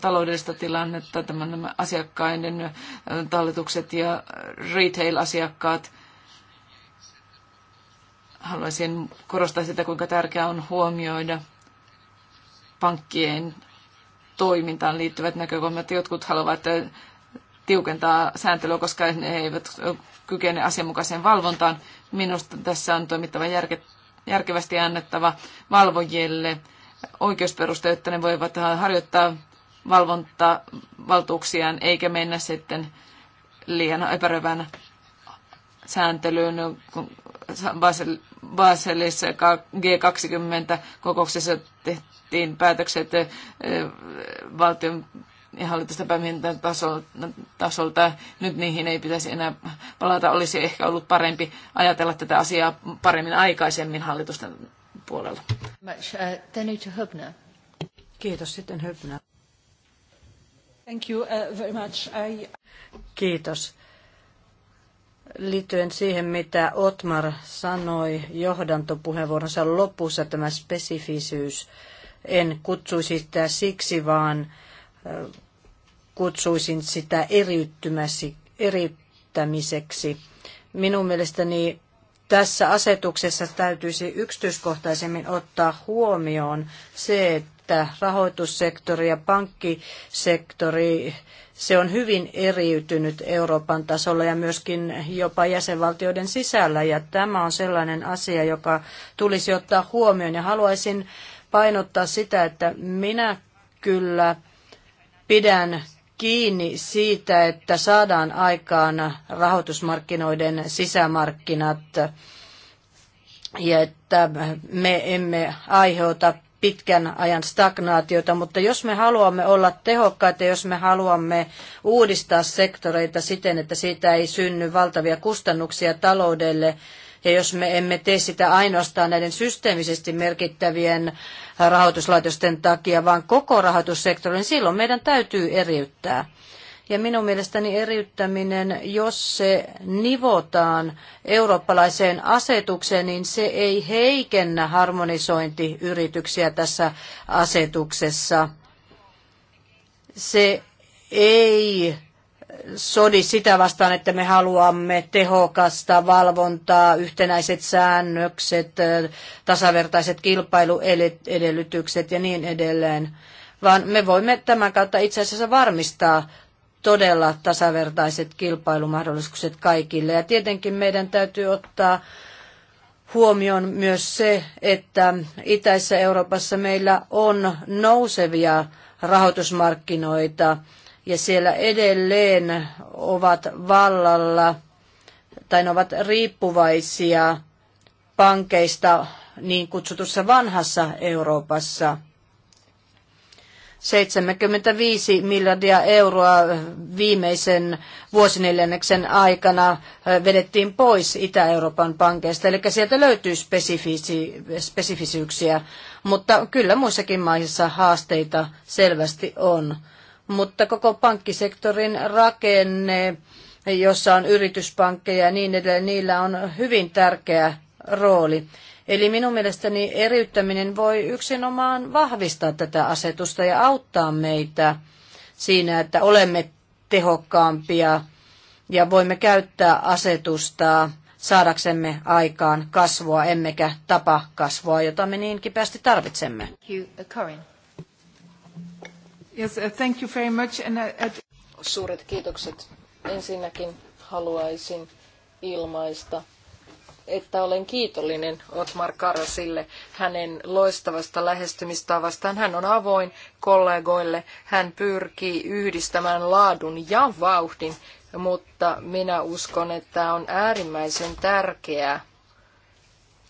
taloudellista tilannetta, tämän nämä asiakkaiden talletukset ja retail-asiakkaat – haluaisin korostaa sitä, kuinka tärkeää on huomioida pankkien toimintaan liittyvät näkökulmat. Jotkut haluavat tiukentaa sääntelyä, koska ne eivät kykene asianmukaiseen valvontaan. Minusta tässä on toimittava järke, järkevästi annettava valvojille oikeusperuste, että ne voivat harjoittaa valvontavaltuuksiaan eikä mennä sitten liian epäröivään sääntelyyn Basel, Baselissa G20-kokouksessa tehtiin päätökset valtion ja hallitusta päämiehen tasolta. Nyt niihin ei pitäisi enää palata. Olisi ehkä ollut parempi ajatella tätä asiaa paremmin aikaisemmin hallitusten puolella. Uh, Kiitos. Sitten Höbner. Thank you uh, very much. I... Kiitos liittyen siihen, mitä Otmar sanoi johdantopuheenvuoronsa lopussa, tämä spesifisyys, en kutsuisi sitä siksi, vaan kutsuisin sitä eriyttämiseksi. Minun mielestäni tässä asetuksessa täytyisi yksityiskohtaisemmin ottaa huomioon se, että rahoitussektori ja pankkisektori se on hyvin eriytynyt Euroopan tasolla ja myöskin jopa jäsenvaltioiden sisällä. Ja tämä on sellainen asia, joka tulisi ottaa huomioon. Ja haluaisin painottaa sitä, että minä kyllä pidän kiinni siitä, että saadaan aikaan rahoitusmarkkinoiden sisämarkkinat ja että me emme aiheuta pitkän ajan stagnaatiota, mutta jos me haluamme olla tehokkaita, jos me haluamme uudistaa sektoreita siten, että siitä ei synny valtavia kustannuksia taloudelle, ja jos me emme tee sitä ainoastaan näiden systeemisesti merkittävien rahoituslaitosten takia, vaan koko rahoitussektorin, niin silloin meidän täytyy eriyttää. Ja minun mielestäni eriyttäminen, jos se nivotaan eurooppalaiseen asetukseen, niin se ei heikennä harmonisointiyrityksiä tässä asetuksessa. Se ei sodi sitä vastaan, että me haluamme tehokasta valvontaa, yhtenäiset säännökset, tasavertaiset kilpailuedellytykset ja niin edelleen, vaan me voimme tämän kautta itse asiassa varmistaa todella tasavertaiset kilpailumahdollisuudet kaikille. Ja tietenkin meidän täytyy ottaa huomioon myös se, että Itäisessä Euroopassa meillä on nousevia rahoitusmarkkinoita ja siellä edelleen ovat vallalla tai ne ovat riippuvaisia pankeista niin kutsutussa vanhassa Euroopassa – 75 miljardia euroa viimeisen vuosineljänneksen aikana vedettiin pois Itä-Euroopan pankeista, eli sieltä löytyy spesifisi, spesifisyyksiä, mutta kyllä muissakin maissa haasteita selvästi on. Mutta koko pankkisektorin rakenne, jossa on yrityspankkeja ja niin edelleen, niillä on hyvin tärkeä rooli. Eli minun mielestäni eriyttäminen voi yksinomaan vahvistaa tätä asetusta ja auttaa meitä siinä, että olemme tehokkaampia ja voimme käyttää asetusta saadaksemme aikaan kasvua, emmekä tapa kasvua, jota me niin kipeästi tarvitsemme. Uh, uh, uh, Suuret kiitokset. Ensinnäkin haluaisin ilmaista että olen kiitollinen Otmar Karasille hänen loistavasta lähestymistavastaan. Hän on avoin kollegoille, hän pyrkii yhdistämään laadun ja vauhdin, mutta minä uskon, että on äärimmäisen tärkeää.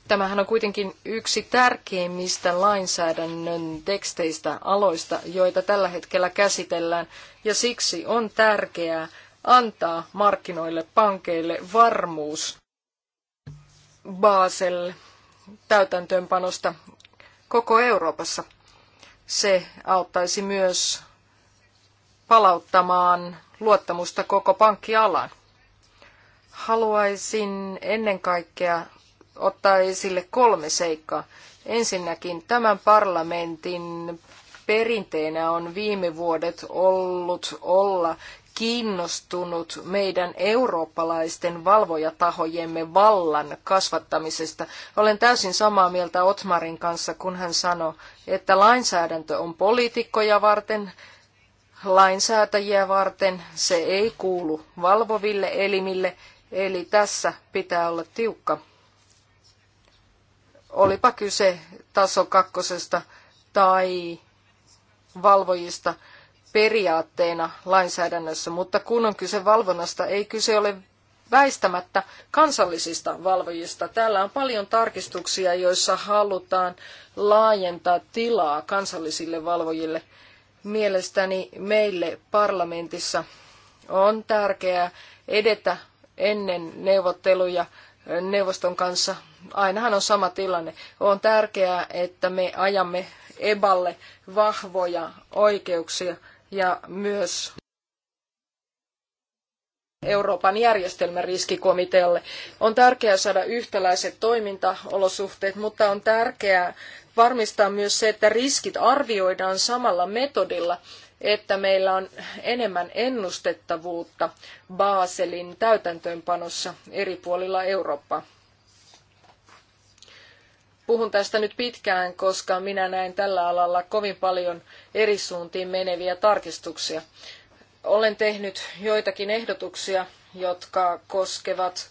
Tämähän on kuitenkin yksi tärkeimmistä lainsäädännön teksteistä aloista, joita tällä hetkellä käsitellään, ja siksi on tärkeää antaa markkinoille pankeille varmuus Basel täytäntöönpanosta koko Euroopassa. Se auttaisi myös palauttamaan luottamusta koko pankkialaan. Haluaisin ennen kaikkea ottaa esille kolme seikkaa. Ensinnäkin tämän parlamentin perinteenä on viime vuodet ollut olla kiinnostunut meidän eurooppalaisten valvojatahojemme vallan kasvattamisesta. Olen täysin samaa mieltä Otmarin kanssa, kun hän sanoi, että lainsäädäntö on poliitikkoja varten, lainsäätäjiä varten, se ei kuulu valvoville elimille, eli tässä pitää olla tiukka. Olipa kyse taso kakkosesta tai valvojista, periaatteena lainsäädännössä, mutta kun on kyse valvonnasta, ei kyse ole väistämättä kansallisista valvojista. Täällä on paljon tarkistuksia, joissa halutaan laajentaa tilaa kansallisille valvojille. Mielestäni meille parlamentissa on tärkeää edetä ennen neuvotteluja neuvoston kanssa. Ainahan on sama tilanne. On tärkeää, että me ajamme EBAlle vahvoja oikeuksia – ja myös Euroopan järjestelmän riskikomitealle. On tärkeää saada yhtäläiset toimintaolosuhteet, mutta on tärkeää varmistaa myös se, että riskit arvioidaan samalla metodilla, että meillä on enemmän ennustettavuutta Baselin täytäntöönpanossa eri puolilla Eurooppaa puhun tästä nyt pitkään, koska minä näen tällä alalla kovin paljon eri suuntiin meneviä tarkistuksia. Olen tehnyt joitakin ehdotuksia, jotka koskevat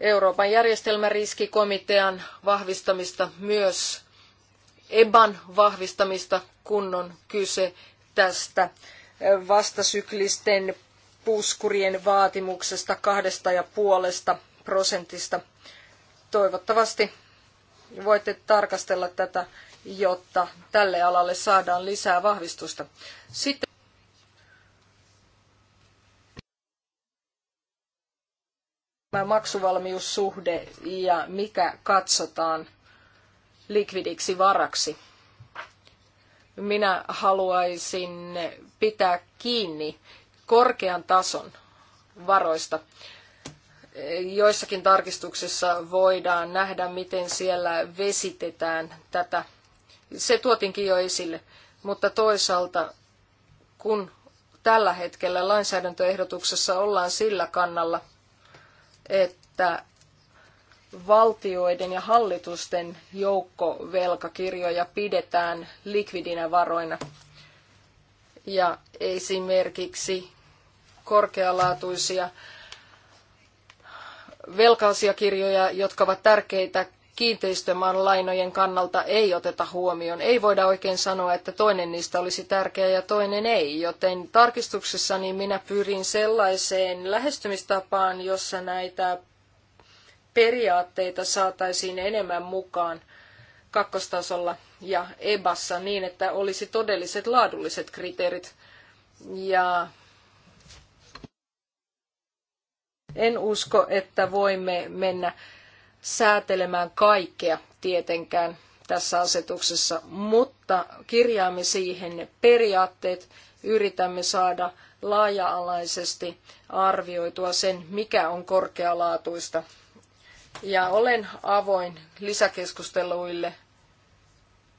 Euroopan järjestelmäriskikomitean vahvistamista, myös EBAN vahvistamista, kun on kyse tästä vastasyklisten puskurien vaatimuksesta kahdesta ja puolesta prosentista. Toivottavasti voitte tarkastella tätä, jotta tälle alalle saadaan lisää vahvistusta. Sitten tämä maksuvalmiussuhde ja mikä katsotaan likvidiksi varaksi. Minä haluaisin pitää kiinni korkean tason varoista joissakin tarkistuksissa voidaan nähdä, miten siellä vesitetään tätä. Se tuotinkin jo esille, mutta toisaalta kun tällä hetkellä lainsäädäntöehdotuksessa ollaan sillä kannalla, että valtioiden ja hallitusten joukkovelkakirjoja pidetään likvidinä varoina. Ja esimerkiksi korkealaatuisia velka-asiakirjoja, jotka ovat tärkeitä kiinteistömaan lainojen kannalta ei oteta huomioon. Ei voida oikein sanoa, että toinen niistä olisi tärkeä ja toinen ei, joten tarkistuksessani minä pyrin sellaiseen lähestymistapaan, jossa näitä periaatteita saataisiin enemmän mukaan kakkostasolla ja EBassa niin, että olisi todelliset laadulliset kriteerit. Ja En usko, että voimme mennä säätelemään kaikkea tietenkään tässä asetuksessa, mutta kirjaamme siihen ne periaatteet, yritämme saada laaja-alaisesti arvioitua sen, mikä on korkealaatuista. Ja olen avoin lisäkeskusteluille,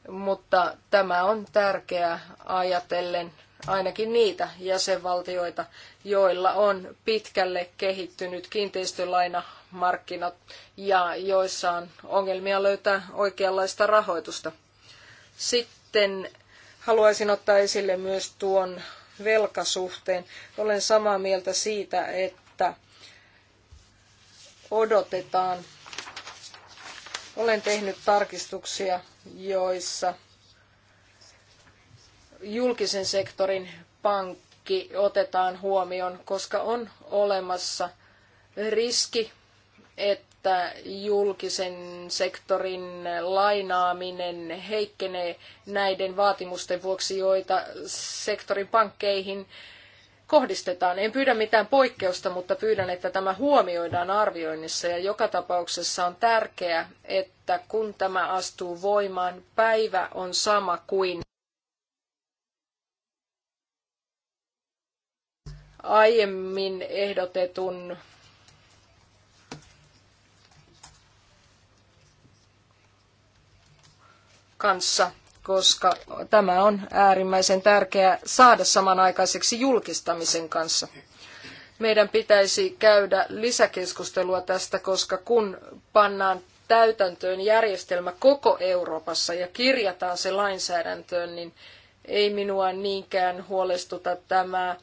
mutta tämä on tärkeää ajatellen ainakin niitä jäsenvaltioita, joilla on pitkälle kehittynyt kiinteistölainamarkkinat ja joissa on ongelmia löytää oikeanlaista rahoitusta. Sitten haluaisin ottaa esille myös tuon velkasuhteen. Olen samaa mieltä siitä, että odotetaan. Olen tehnyt tarkistuksia, joissa julkisen sektorin pankki otetaan huomioon, koska on olemassa riski, että julkisen sektorin lainaaminen heikkenee näiden vaatimusten vuoksi, joita sektorin pankkeihin kohdistetaan. En pyydä mitään poikkeusta, mutta pyydän, että tämä huomioidaan arvioinnissa ja joka tapauksessa on tärkeää, että kun tämä astuu voimaan, päivä on sama kuin aiemmin ehdotetun kanssa, koska tämä on äärimmäisen tärkeää saada samanaikaiseksi julkistamisen kanssa. Meidän pitäisi käydä lisäkeskustelua tästä, koska kun pannaan täytäntöön järjestelmä koko Euroopassa ja kirjataan se lainsäädäntöön, niin ei minua niinkään huolestuta tämä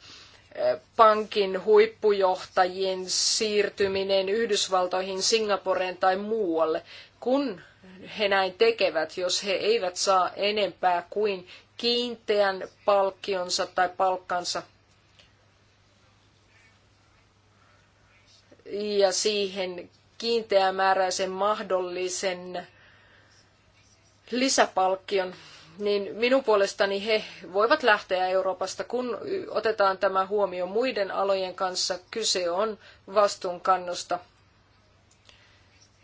pankin huippujohtajien siirtyminen Yhdysvaltoihin, Singaporeen tai muualle, kun he näin tekevät, jos he eivät saa enempää kuin kiinteän palkkionsa tai palkkansa. Ja siihen kiinteämääräisen mahdollisen lisäpalkkion niin minun puolestani he voivat lähteä Euroopasta, kun otetaan tämä huomio muiden alojen kanssa. Kyse on vastuunkannosta,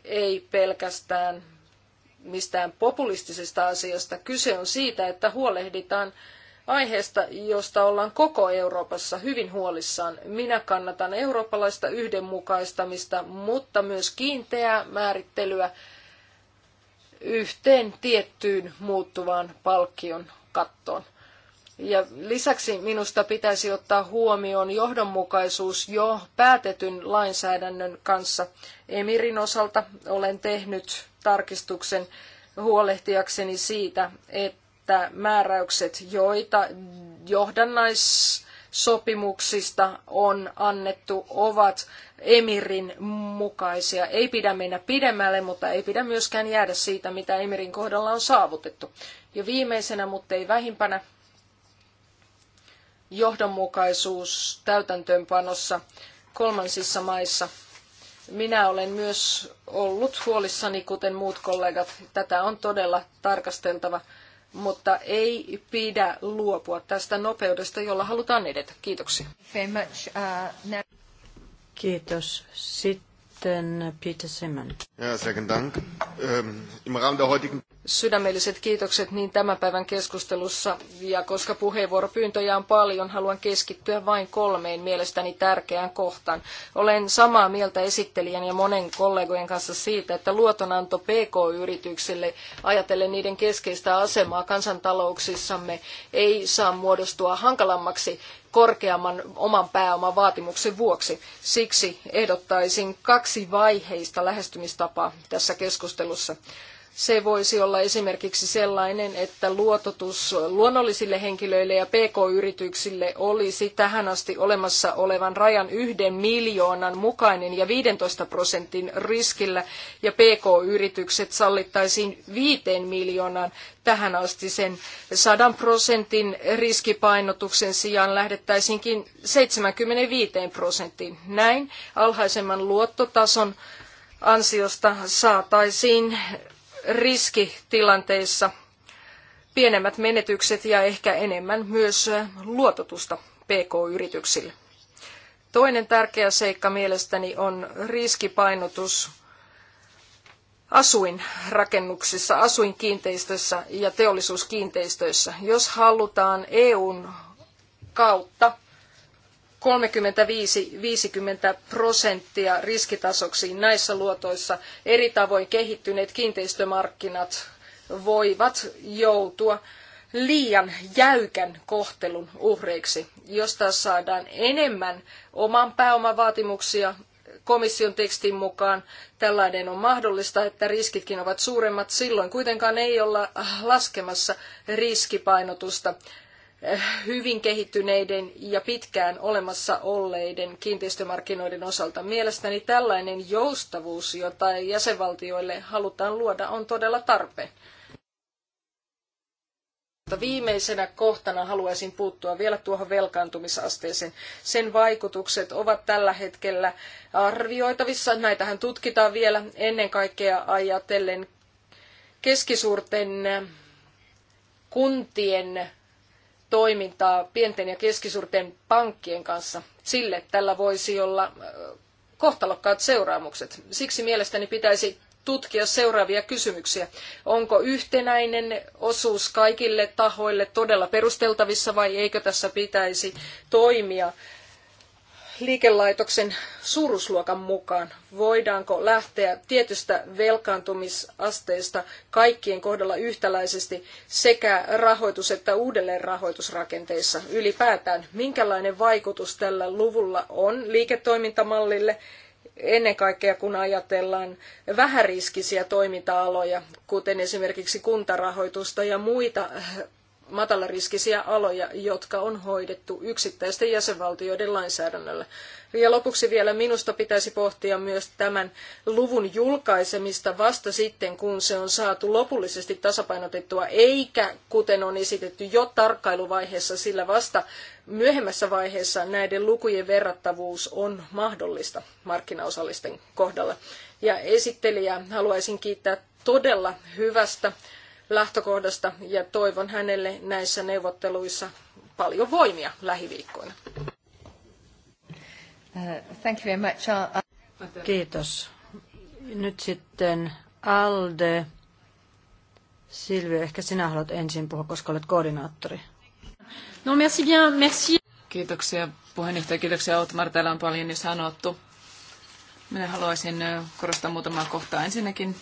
ei pelkästään mistään populistisesta asiasta. Kyse on siitä, että huolehditaan aiheesta, josta ollaan koko Euroopassa hyvin huolissaan. Minä kannatan eurooppalaista yhdenmukaistamista, mutta myös kiinteää määrittelyä yhteen tiettyyn muuttuvaan palkkion kattoon. Ja lisäksi minusta pitäisi ottaa huomioon johdonmukaisuus jo päätetyn lainsäädännön kanssa. Emirin osalta olen tehnyt tarkistuksen huolehtiakseni siitä, että määräykset, joita johdannais sopimuksista on annettu ovat Emirin mukaisia. Ei pidä mennä pidemmälle, mutta ei pidä myöskään jäädä siitä, mitä Emirin kohdalla on saavutettu. Ja viimeisenä, mutta ei vähimpänä, johdonmukaisuus täytäntöönpanossa kolmansissa maissa. Minä olen myös ollut huolissani, kuten muut kollegat. Tätä on todella tarkasteltava mutta ei pidä luopua tästä nopeudesta, jolla halutaan edetä. Kiitoksia. Uh, Kiitos. Sitten Peter Simon. Ja, sehr Dank. Ähm, Im Rahmen der heutigen sydämelliset kiitokset niin tämän päivän keskustelussa. Ja koska puheenvuoropyyntöjä on paljon, haluan keskittyä vain kolmeen mielestäni tärkeään kohtaan. Olen samaa mieltä esittelijän ja monen kollegojen kanssa siitä, että luotonanto PK-yrityksille ajatellen niiden keskeistä asemaa kansantalouksissamme ei saa muodostua hankalammaksi korkeamman oman pääoman vaatimuksen vuoksi. Siksi ehdottaisin kaksi vaiheista lähestymistapaa tässä keskustelussa. Se voisi olla esimerkiksi sellainen, että luototus luonnollisille henkilöille ja pk-yrityksille olisi tähän asti olemassa olevan rajan yhden miljoonan mukainen ja 15 prosentin riskillä, ja pk-yritykset sallittaisiin viiteen miljoonan tähän asti sen sadan prosentin riskipainotuksen sijaan lähdettäisiinkin 75 prosenttiin. Näin alhaisemman luottotason ansiosta saataisiin riskitilanteissa pienemmät menetykset ja ehkä enemmän myös luototusta PK-yrityksille. Toinen tärkeä seikka mielestäni on riskipainotus asuinrakennuksissa, asuinkiinteistöissä ja teollisuuskiinteistöissä. Jos halutaan EUn kautta 35-50 prosenttia riskitasoksiin näissä luotoissa. Eri tavoin kehittyneet kiinteistömarkkinat voivat joutua liian jäykän kohtelun uhreiksi. Jos taas saadaan enemmän oman pääomavaatimuksia komission tekstin mukaan, tällainen on mahdollista, että riskitkin ovat suuremmat. Silloin kuitenkaan ei olla laskemassa riskipainotusta hyvin kehittyneiden ja pitkään olemassa olleiden kiinteistömarkkinoiden osalta. Mielestäni tällainen joustavuus, jota jäsenvaltioille halutaan luoda, on todella tarpeen. viimeisenä kohtana haluaisin puuttua vielä tuohon velkaantumisasteeseen. Sen vaikutukset ovat tällä hetkellä arvioitavissa. Näitähän tutkitaan vielä ennen kaikkea ajatellen keskisuurten kuntien toimintaa pienten ja keskisuurten pankkien kanssa. Sille tällä voisi olla kohtalokkaat seuraamukset. Siksi mielestäni pitäisi tutkia seuraavia kysymyksiä. Onko yhtenäinen osuus kaikille tahoille todella perusteltavissa vai eikö tässä pitäisi toimia liikelaitoksen suuruusluokan mukaan? Voidaanko lähteä tietystä velkaantumisasteesta kaikkien kohdalla yhtäläisesti sekä rahoitus- että uudelleenrahoitusrakenteissa ylipäätään? Minkälainen vaikutus tällä luvulla on liiketoimintamallille? ennen kaikkea kun ajatellaan vähäriskisiä toiminta-aloja, kuten esimerkiksi kuntarahoitusta ja muita matalariskisiä aloja, jotka on hoidettu yksittäisten jäsenvaltioiden lainsäädännöllä. Ja lopuksi vielä minusta pitäisi pohtia myös tämän luvun julkaisemista vasta sitten, kun se on saatu lopullisesti tasapainotettua, eikä kuten on esitetty jo tarkkailuvaiheessa, sillä vasta myöhemmässä vaiheessa näiden lukujen verrattavuus on mahdollista markkinaosallisten kohdalla. Ja esittelijä haluaisin kiittää todella hyvästä lähtökohdasta ja toivon hänelle näissä neuvotteluissa paljon voimia lähiviikkoina. Uh, thank you very much. Kiitos. Nyt sitten Alde. Silvio, ehkä sinä haluat ensin puhua, koska olet koordinaattori. No merci bien, merci. Kiitoksia puheenjohtaja, kiitoksia Otmar. Täällä on paljon jo sanottu. Minä haluaisin korostaa muutamaa kohtaa. Ensinnäkin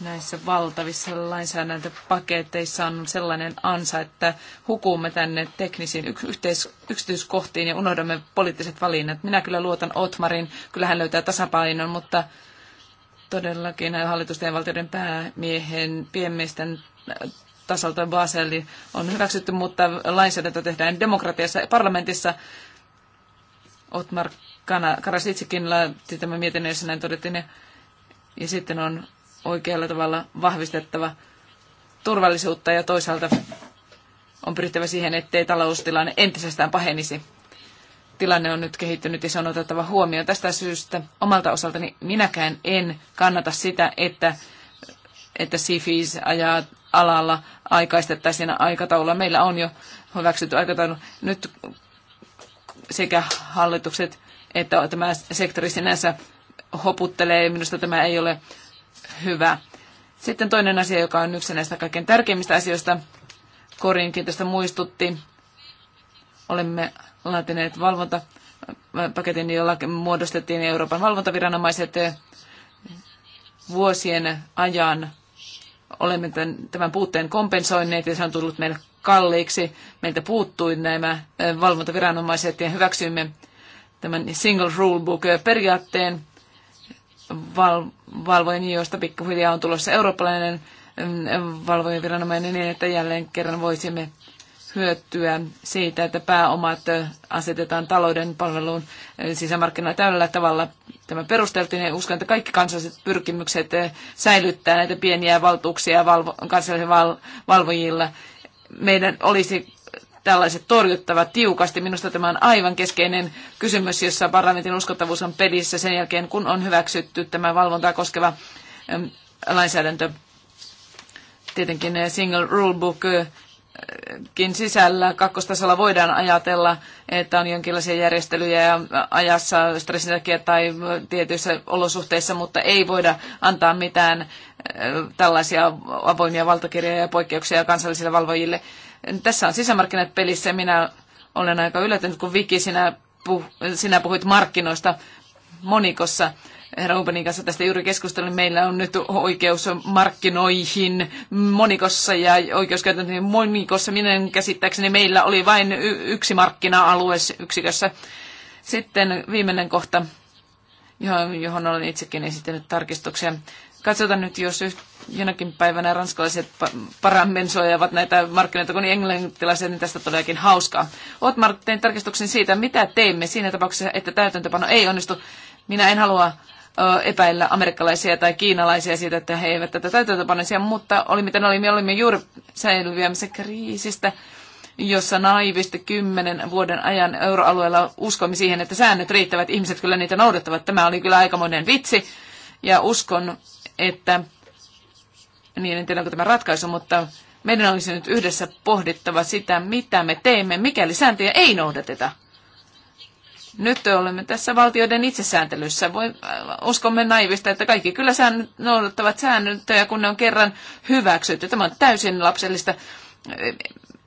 näissä valtavissa lainsäädäntöpaketeissa on sellainen ansa, että hukumme tänne teknisiin yhteis- yksityiskohtiin ja unohdamme poliittiset valinnat. Minä kyllä luotan Otmarin, kyllä hän löytää tasapainon, mutta todellakin hallitusten ja valtioiden päämiehen pienmiesten äh, tasolta Baseli on hyväksytty, mutta lainsäädäntö tehdään demokratiassa parlamentissa. Otmar Karas itsekin laati tämän mietinnön, jossa näin todettiin. Ja sitten on oikealla tavalla vahvistettava turvallisuutta ja toisaalta on pyrittävä siihen, ettei taloustilanne entisestään pahenisi. Tilanne on nyt kehittynyt ja se on otettava huomioon. Tästä syystä omalta osaltani minäkään en kannata sitä, että, että SIFIS ajaa alalla aikaistettaisiin aikataulua. Meillä on jo hyväksytty aikataulu. Nyt sekä hallitukset että tämä sektori sinänsä hoputtelee. Minusta tämä ei ole hyvä. Sitten toinen asia, joka on yksi näistä kaikkein tärkeimmistä asioista, Korinkin tästä muistutti. Olemme laatineet valvontapaketin, äh, jolla muodostettiin Euroopan valvontaviranomaiset äh, vuosien ajan. Olemme tämän puutteen kompensoineet ja se on tullut meille kalliiksi. Meiltä puuttui nämä äh, valvontaviranomaiset ja hyväksyimme tämän single rule book periaatteen val- valvojen, joista pikkuhiljaa on tulossa eurooppalainen mm, valvojen viranomainen niin, että jälleen kerran voisimme hyötyä siitä, että pääomat asetetaan talouden palveluun sisämarkkinoilla tällä tavalla. Tämä perusteltiin ja uskon, että kaikki kansalliset pyrkimykset säilyttää näitä pieniä valtuuksia valvo, kansallisilla val, valvojilla. Meidän olisi tällaiset torjuttava tiukasti. Minusta tämä on aivan keskeinen kysymys, jossa parlamentin uskottavuus on pelissä sen jälkeen, kun on hyväksytty tämä valvontaa koskeva lainsäädäntö. Tietenkin single rule kin sisällä kakkostasolla voidaan ajatella, että on jonkinlaisia järjestelyjä ajassa stressin takia tai tietyissä olosuhteissa, mutta ei voida antaa mitään tällaisia avoimia valtakirjoja ja poikkeuksia kansallisille valvojille. Tässä on sisämarkkinat pelissä. Minä olen aika yllätynyt, kun Viki, sinä, puh, sinä puhuit markkinoista monikossa. Herra Ubenin kanssa tästä juuri keskustelin. Meillä on nyt oikeus markkinoihin monikossa ja oikeuskäytäntöihin monikossa. Minä käsittääkseni meillä oli vain yksi markkina-alue yksikössä. Sitten viimeinen kohta, johon, johon olen itsekin esittänyt tarkistuksia. Katsotaan nyt, jos jonakin päivänä ranskalaiset parammensoivat näitä markkinoita kuin englantilaiset, niin tästä todellakin hauskaa. Oot tein tarkistuksen siitä, mitä teemme siinä tapauksessa, että täytäntöpano ei onnistu. Minä en halua epäillä amerikkalaisia tai kiinalaisia siitä, että he eivät tätä täytäntöpanoisia, mutta oli miten oli, me olimme juuri säilyviämässä kriisistä, jossa naivisti kymmenen vuoden ajan euroalueella uskomme siihen, että säännöt riittävät, ihmiset kyllä niitä noudattavat. Tämä oli kyllä aikamoinen vitsi ja uskon, että, niin en tiedä onko tämä ratkaisu, mutta meidän olisi nyt yhdessä pohdittava sitä, mitä me teemme, mikäli sääntöjä ei noudateta. Nyt olemme tässä valtioiden itsesääntelyssä. Voi, äh, uskomme naivista, että kaikki kyllä säännöt, noudattavat säännöntöjä, kun ne on kerran hyväksytty. Tämä on täysin lapsellista.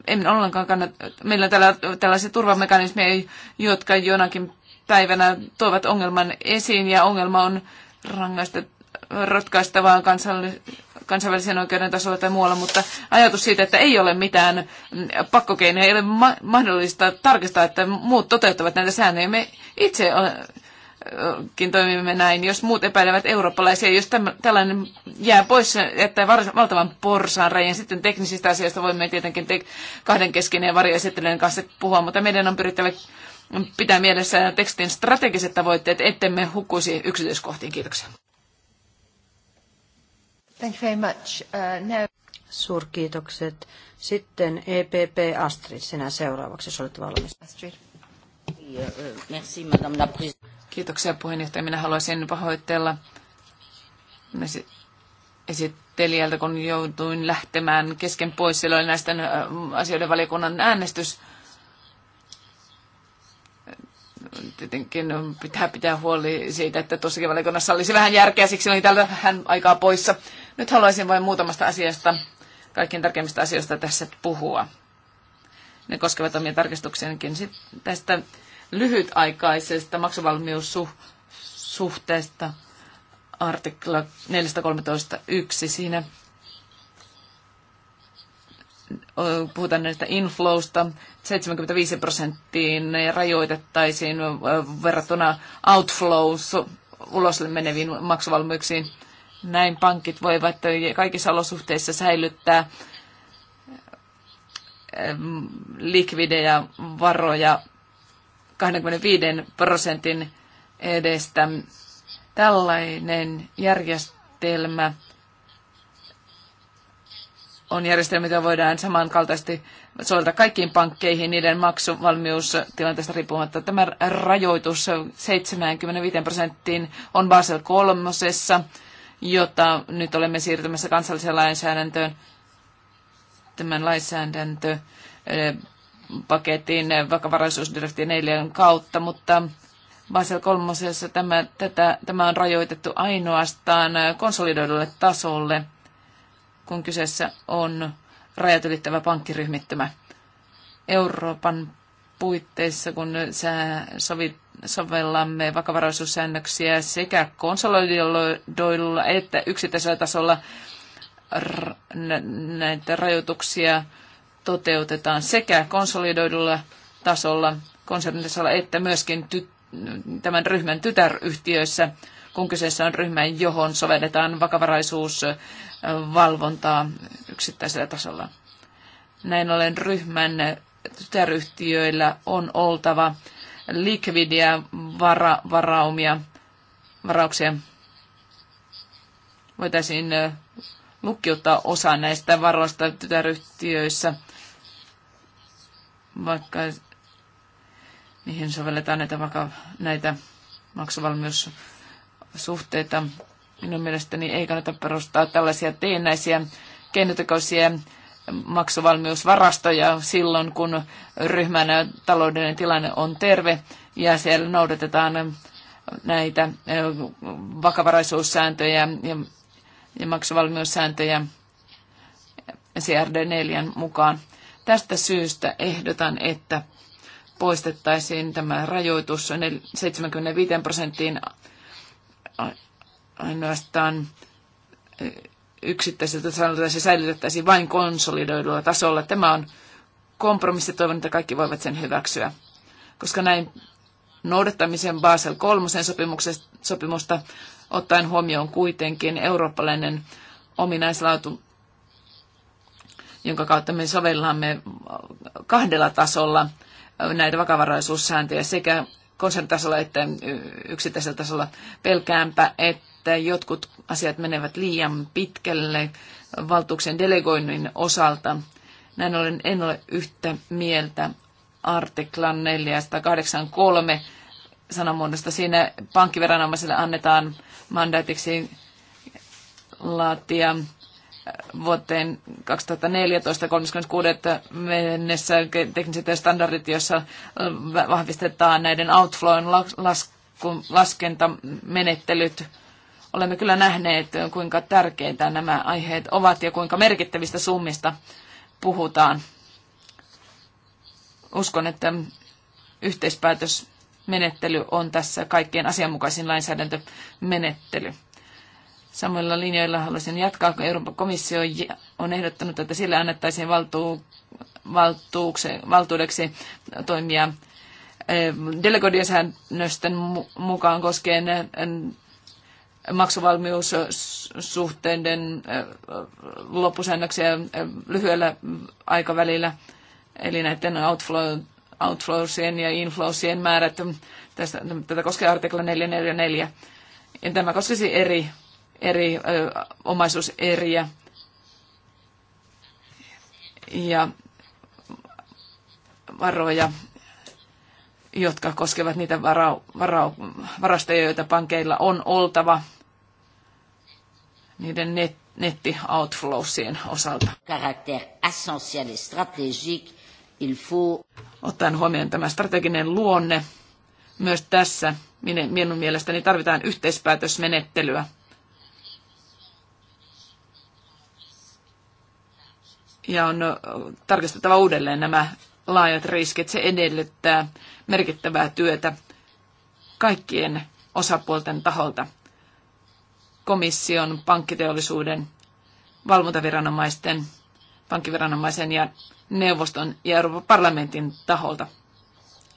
En ollenkaan kannat, meillä on tällä, tällaisia turvamekanismeja, jotka jonakin päivänä tuovat ongelman esiin ja ongelma on rangaistettu ratkaistavaa kansalli- kansainvälisen oikeuden tasolla tai muualla, mutta ajatus siitä, että ei ole mitään pakkokeinoja, ei ole ma- mahdollista tarkistaa, että muut toteuttavat näitä sääntöjä. Me itse kin toimimme näin, jos muut epäilevät eurooppalaisia, jos täm, tällainen jää pois, että var, valtavan porsaan rajan, sitten teknisistä asioista voimme tietenkin te, kahden ja varjoesittelyjen kanssa puhua, mutta meidän on pyrittävä pitää mielessä tekstin strategiset tavoitteet, ettemme hukkuisi yksityiskohtiin. Kiitoksia. Thank you very much. Uh, now... Suurkiitokset. Sitten EPP Astrid, sinä seuraavaksi, jos olet valmis. Astrid. Merci, madame la Kiitoksia puheenjohtaja. Minä haluaisin pahoitella esittelijältä, kun joutuin lähtemään kesken pois. oli näistä asioiden valiokunnan äänestys. Tietenkin pitää pitää huoli siitä, että tuossakin valiokunnassa olisi vähän järkeä, siksi oli täällä vähän aikaa poissa. Nyt haluaisin vain muutamasta asiasta, kaikkien tärkeimmistä asioista tässä puhua. Ne koskevat omia tarkistuksienkin tästä lyhytaikaisesta maksuvalmiussuhteesta artikla 413.1. Siinä puhutaan näistä inflowsta, 75 prosenttiin rajoitettaisiin verrattuna outflows ulos meneviin maksuvalmiuksiin. Näin pankit voivat kaikissa olosuhteissa säilyttää likvidejä varoja 25 prosentin edestä. Tällainen järjestelmä on järjestelmä, jota voidaan samankaltaisesti soveltaa kaikkiin pankkeihin niiden maksuvalmiustilanteesta riippumatta. Tämä rajoitus 75 prosenttiin on Basel kolmosessa jota nyt olemme siirtymässä kansalliseen lainsäädäntöön. Tämän lainsäädäntöpaketin paketin eh, vakavaraisuusdirektiivin neljän kautta, mutta Basel kolmosessa tämä, tätä, tämä on rajoitettu ainoastaan eh, konsolidoidulle tasolle, kun kyseessä on rajat ylittävä pankkiryhmittymä. Euroopan puitteissa, kun sä sovit sovellamme vakavaraisuussäännöksiä sekä konsolidoidulla että yksittäisellä tasolla näitä rajoituksia toteutetaan sekä konsolidoidulla tasolla, konsernitasolla että myöskin tämän ryhmän tytäryhtiöissä, kun kyseessä on ryhmä, johon sovelletaan vakavaraisuusvalvontaa yksittäisellä tasolla. Näin ollen ryhmän tytäryhtiöillä on oltava likvidiä vara, varaumia, varauksia. Voitaisiin lukkiuttaa osa näistä varoista tytäryhtiöissä, vaikka niihin sovelletaan näitä, vaka- näitä maksuvalmiussuhteita. Minun mielestäni ei kannata perustaa tällaisia teennäisiä keinotekoisia maksuvalmiusvarastoja silloin, kun ryhmänä taloudellinen tilanne on terve ja siellä noudatetaan näitä vakavaraisuussääntöjä ja, ja maksuvalmiussääntöjä CRD4 mukaan. Tästä syystä ehdotan, että poistettaisiin tämä rajoitus 75 prosenttiin ainoastaan yksittäiseltä sanalta se säilytettäisiin vain konsolidoidulla tasolla. Tämä on kompromissi, toivon, että kaikki voivat sen hyväksyä. Koska näin noudattamisen Basel kolmosen sopimusta ottaen huomioon kuitenkin eurooppalainen ominaislaatu, jonka kautta me sovellamme kahdella tasolla näitä vakavaraisuussääntöjä sekä konsernitasolla että yksittäisellä tasolla. Pelkäänpä, että jotkut asiat menevät liian pitkälle valtuuksien delegoinnin osalta. Näin ollen en ole yhtä mieltä artiklan 483 sanamuodosta. Siinä pankkiveranomaisille annetaan mandaatiksi laatia vuoteen 2014 36. mennessä tekniset standardit, joissa vahvistetaan näiden outflown laskentamenettelyt. Olemme kyllä nähneet, kuinka tärkeitä nämä aiheet ovat ja kuinka merkittävistä summista puhutaan. Uskon, että yhteispäätösmenettely on tässä kaikkien asianmukaisin lainsäädäntömenettely. Samoilla linjoilla haluaisin jatkaa, kun Euroopan komissio on ehdottanut, että sille annettaisiin valtuu, valtuudeksi toimia eh, säännösten mukaan koskien eh, maksuvalmiussuhteiden eh, loppusäännöksiä lyhyellä aikavälillä, eli näiden outflow, outflowsien ja inflowsien määrät. Tästä, tätä koskee artikla 444. Ja tämä koskisi eri eri ö, omaisuuseriä. Ja varoja, jotka koskevat niitä vara, vara, varastoja, joita pankeilla on oltava niiden net, netti-outflowsien osalta. Ottaen huomioon tämä strateginen luonne, myös tässä minun mielestäni tarvitaan yhteispäätösmenettelyä ja on tarkistettava uudelleen nämä laajat riskit. Se edellyttää merkittävää työtä kaikkien osapuolten taholta. Komission, pankkiteollisuuden, valvontaviranomaisten, pankkiviranomaisen ja neuvoston ja Euroopan parlamentin taholta.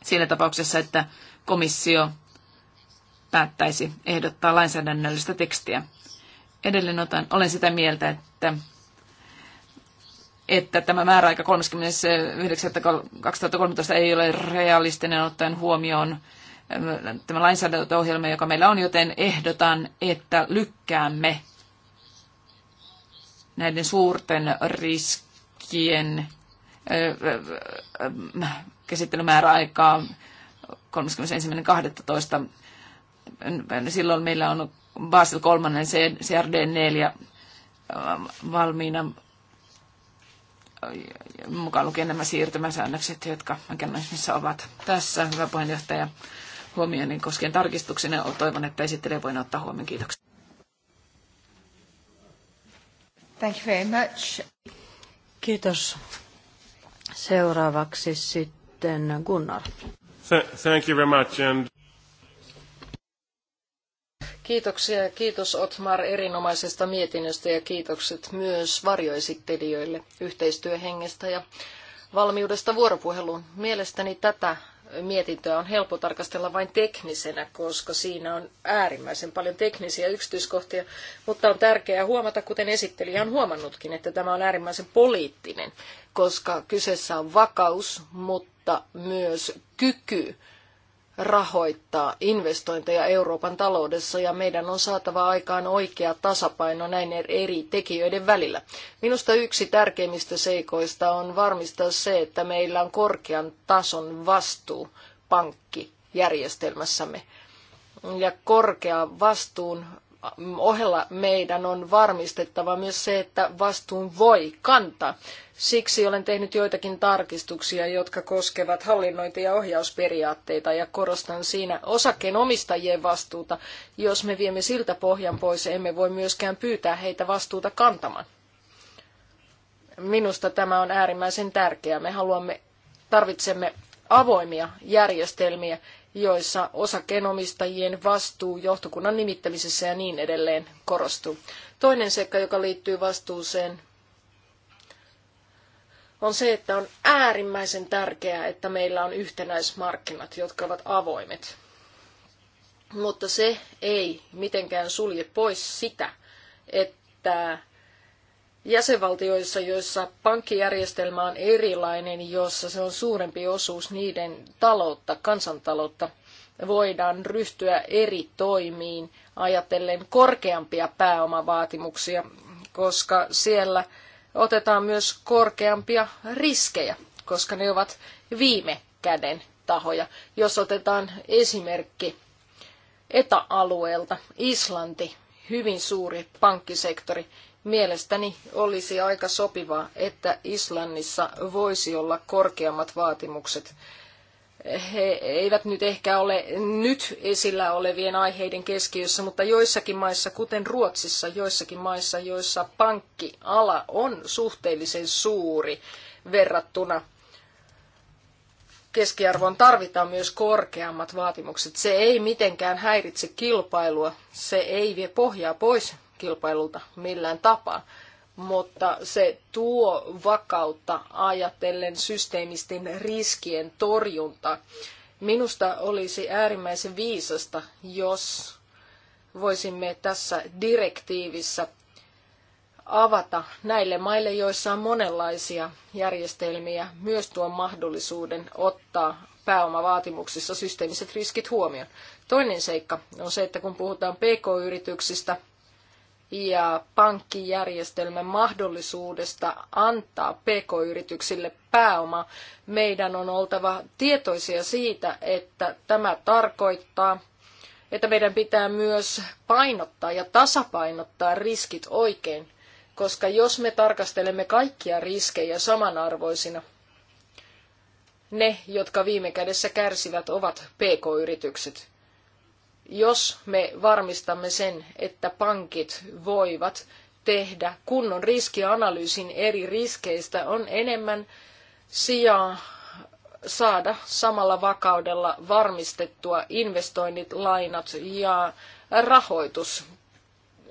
Siinä tapauksessa, että komissio päättäisi ehdottaa lainsäädännöllistä tekstiä. Edelleen otan, olen sitä mieltä, että että tämä määräaika 39.2013 ei ole realistinen ottaen huomioon ähm, tämä lainsäädäntöohjelma, joka meillä on, joten ehdotan, että lykkäämme näiden suurten riskien äh, äh, äh, käsittelymääräaikaa 31.12. Silloin meillä on Basel 3, CRD 4 valmiina mukaan lukien nämä siirtymäsäännökset, jotka mekanismissa ovat tässä. Hyvä puheenjohtaja, niin koskien tarkistuksena. toivon, että esittelijä voi ottaa huomioon. Kiitoksia. Thank you very much. Kiitos. Seuraavaksi sitten Gunnar. Thank you very much and... Kiitoksia ja kiitos Otmar erinomaisesta mietinnöstä ja kiitokset myös varjoesittelijöille yhteistyöhengestä ja valmiudesta vuoropuheluun. Mielestäni tätä mietintöä on helppo tarkastella vain teknisenä, koska siinä on äärimmäisen paljon teknisiä yksityiskohtia, mutta on tärkeää huomata, kuten esittelijä on huomannutkin, että tämä on äärimmäisen poliittinen, koska kyseessä on vakaus, mutta myös kyky rahoittaa investointeja Euroopan taloudessa ja meidän on saatava aikaan oikea tasapaino näin eri tekijöiden välillä. Minusta yksi tärkeimmistä seikoista on varmistaa se, että meillä on korkean tason vastuu pankkijärjestelmässämme. Ja korkea vastuun ohella meidän on varmistettava myös se, että vastuun voi kantaa. Siksi olen tehnyt joitakin tarkistuksia, jotka koskevat hallinnointi- ja ohjausperiaatteita ja korostan siinä osakkeenomistajien vastuuta. Jos me viemme siltä pohjan pois, emme voi myöskään pyytää heitä vastuuta kantamaan. Minusta tämä on äärimmäisen tärkeää. Me haluamme, tarvitsemme avoimia järjestelmiä, joissa osakkeenomistajien vastuu johtokunnan nimittämisessä ja niin edelleen korostuu. Toinen seikka, joka liittyy vastuuseen, on se, että on äärimmäisen tärkeää, että meillä on yhtenäismarkkinat, jotka ovat avoimet. Mutta se ei mitenkään sulje pois sitä, että jäsenvaltioissa, joissa pankkijärjestelmä on erilainen, jossa se on suurempi osuus niiden taloutta, kansantaloutta, voidaan ryhtyä eri toimiin ajatellen korkeampia pääomavaatimuksia, koska siellä otetaan myös korkeampia riskejä, koska ne ovat viime käden tahoja. Jos otetaan esimerkki etäalueelta, Islanti, hyvin suuri pankkisektori, Mielestäni olisi aika sopivaa, että Islannissa voisi olla korkeammat vaatimukset. He eivät nyt ehkä ole nyt esillä olevien aiheiden keskiössä, mutta joissakin maissa, kuten Ruotsissa, joissakin maissa, joissa pankkiala on suhteellisen suuri verrattuna keskiarvoon tarvitaan myös korkeammat vaatimukset. Se ei mitenkään häiritse kilpailua, se ei vie pohjaa pois kilpailulta millään tapaa, mutta se tuo vakautta ajatellen systeemisten riskien torjunta. Minusta olisi äärimmäisen viisasta, jos voisimme tässä direktiivissä avata näille maille, joissa on monenlaisia järjestelmiä, myös tuon mahdollisuuden ottaa pääomavaatimuksissa systeemiset riskit huomioon. Toinen seikka on se, että kun puhutaan pk-yrityksistä, ja pankkijärjestelmän mahdollisuudesta antaa pk-yrityksille pääoma. Meidän on oltava tietoisia siitä, että tämä tarkoittaa, että meidän pitää myös painottaa ja tasapainottaa riskit oikein, koska jos me tarkastelemme kaikkia riskejä samanarvoisina, ne, jotka viime kädessä kärsivät, ovat pk-yritykset jos me varmistamme sen, että pankit voivat tehdä kunnon riskianalyysin eri riskeistä, on enemmän sijaa saada samalla vakaudella varmistettua investoinnit, lainat ja rahoitus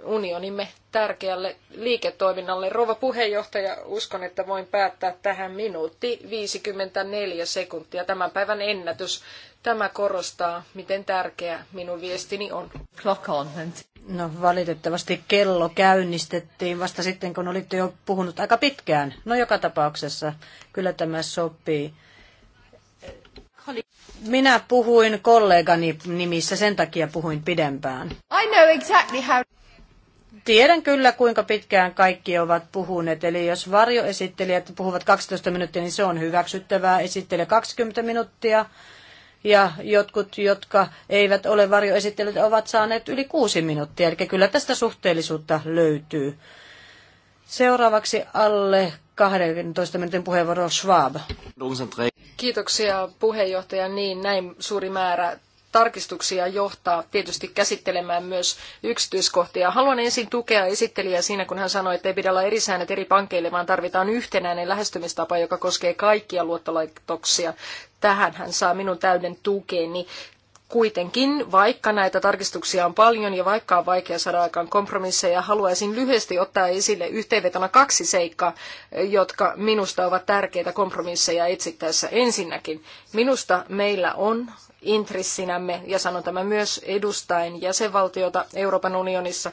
unionimme tärkeälle liiketoiminnalle. Rova puheenjohtaja, uskon, että voin päättää tähän minuutti 54 sekuntia, tämän päivän ennätys. Tämä korostaa, miten tärkeä minun viestini on. Clock on. No valitettavasti kello käynnistettiin vasta sitten, kun olitte jo puhunut aika pitkään. No joka tapauksessa kyllä tämä sopii. Minä puhuin kollegani nimissä, sen takia puhuin pidempään. I know exactly how... Tiedän kyllä, kuinka pitkään kaikki ovat puhuneet. Eli jos varjoesittelijät puhuvat 12 minuuttia, niin se on hyväksyttävää. Esittelijä 20 minuuttia ja jotkut, jotka eivät ole varjoesittelyt, ovat saaneet yli kuusi minuuttia. Eli kyllä tästä suhteellisuutta löytyy. Seuraavaksi alle 12 minuutin puheenvuoro Schwab. Kiitoksia puheenjohtaja. Niin, näin suuri määrä tarkistuksia johtaa tietysti käsittelemään myös yksityiskohtia. Haluan ensin tukea esittelijää siinä, kun hän sanoi, että ei pidä olla eri säännöt eri pankeille, vaan tarvitaan yhtenäinen lähestymistapa, joka koskee kaikkia luottolaitoksia. Tähän hän saa minun täyden tukeni. Kuitenkin, vaikka näitä tarkistuksia on paljon ja vaikka on vaikea saada aikaan kompromisseja, haluaisin lyhyesti ottaa esille yhteenvetona kaksi seikkaa, jotka minusta ovat tärkeitä kompromisseja etsittäessä. Ensinnäkin, minusta meillä on intressinämme, ja sanon tämä myös edustaen jäsenvaltiota Euroopan unionissa,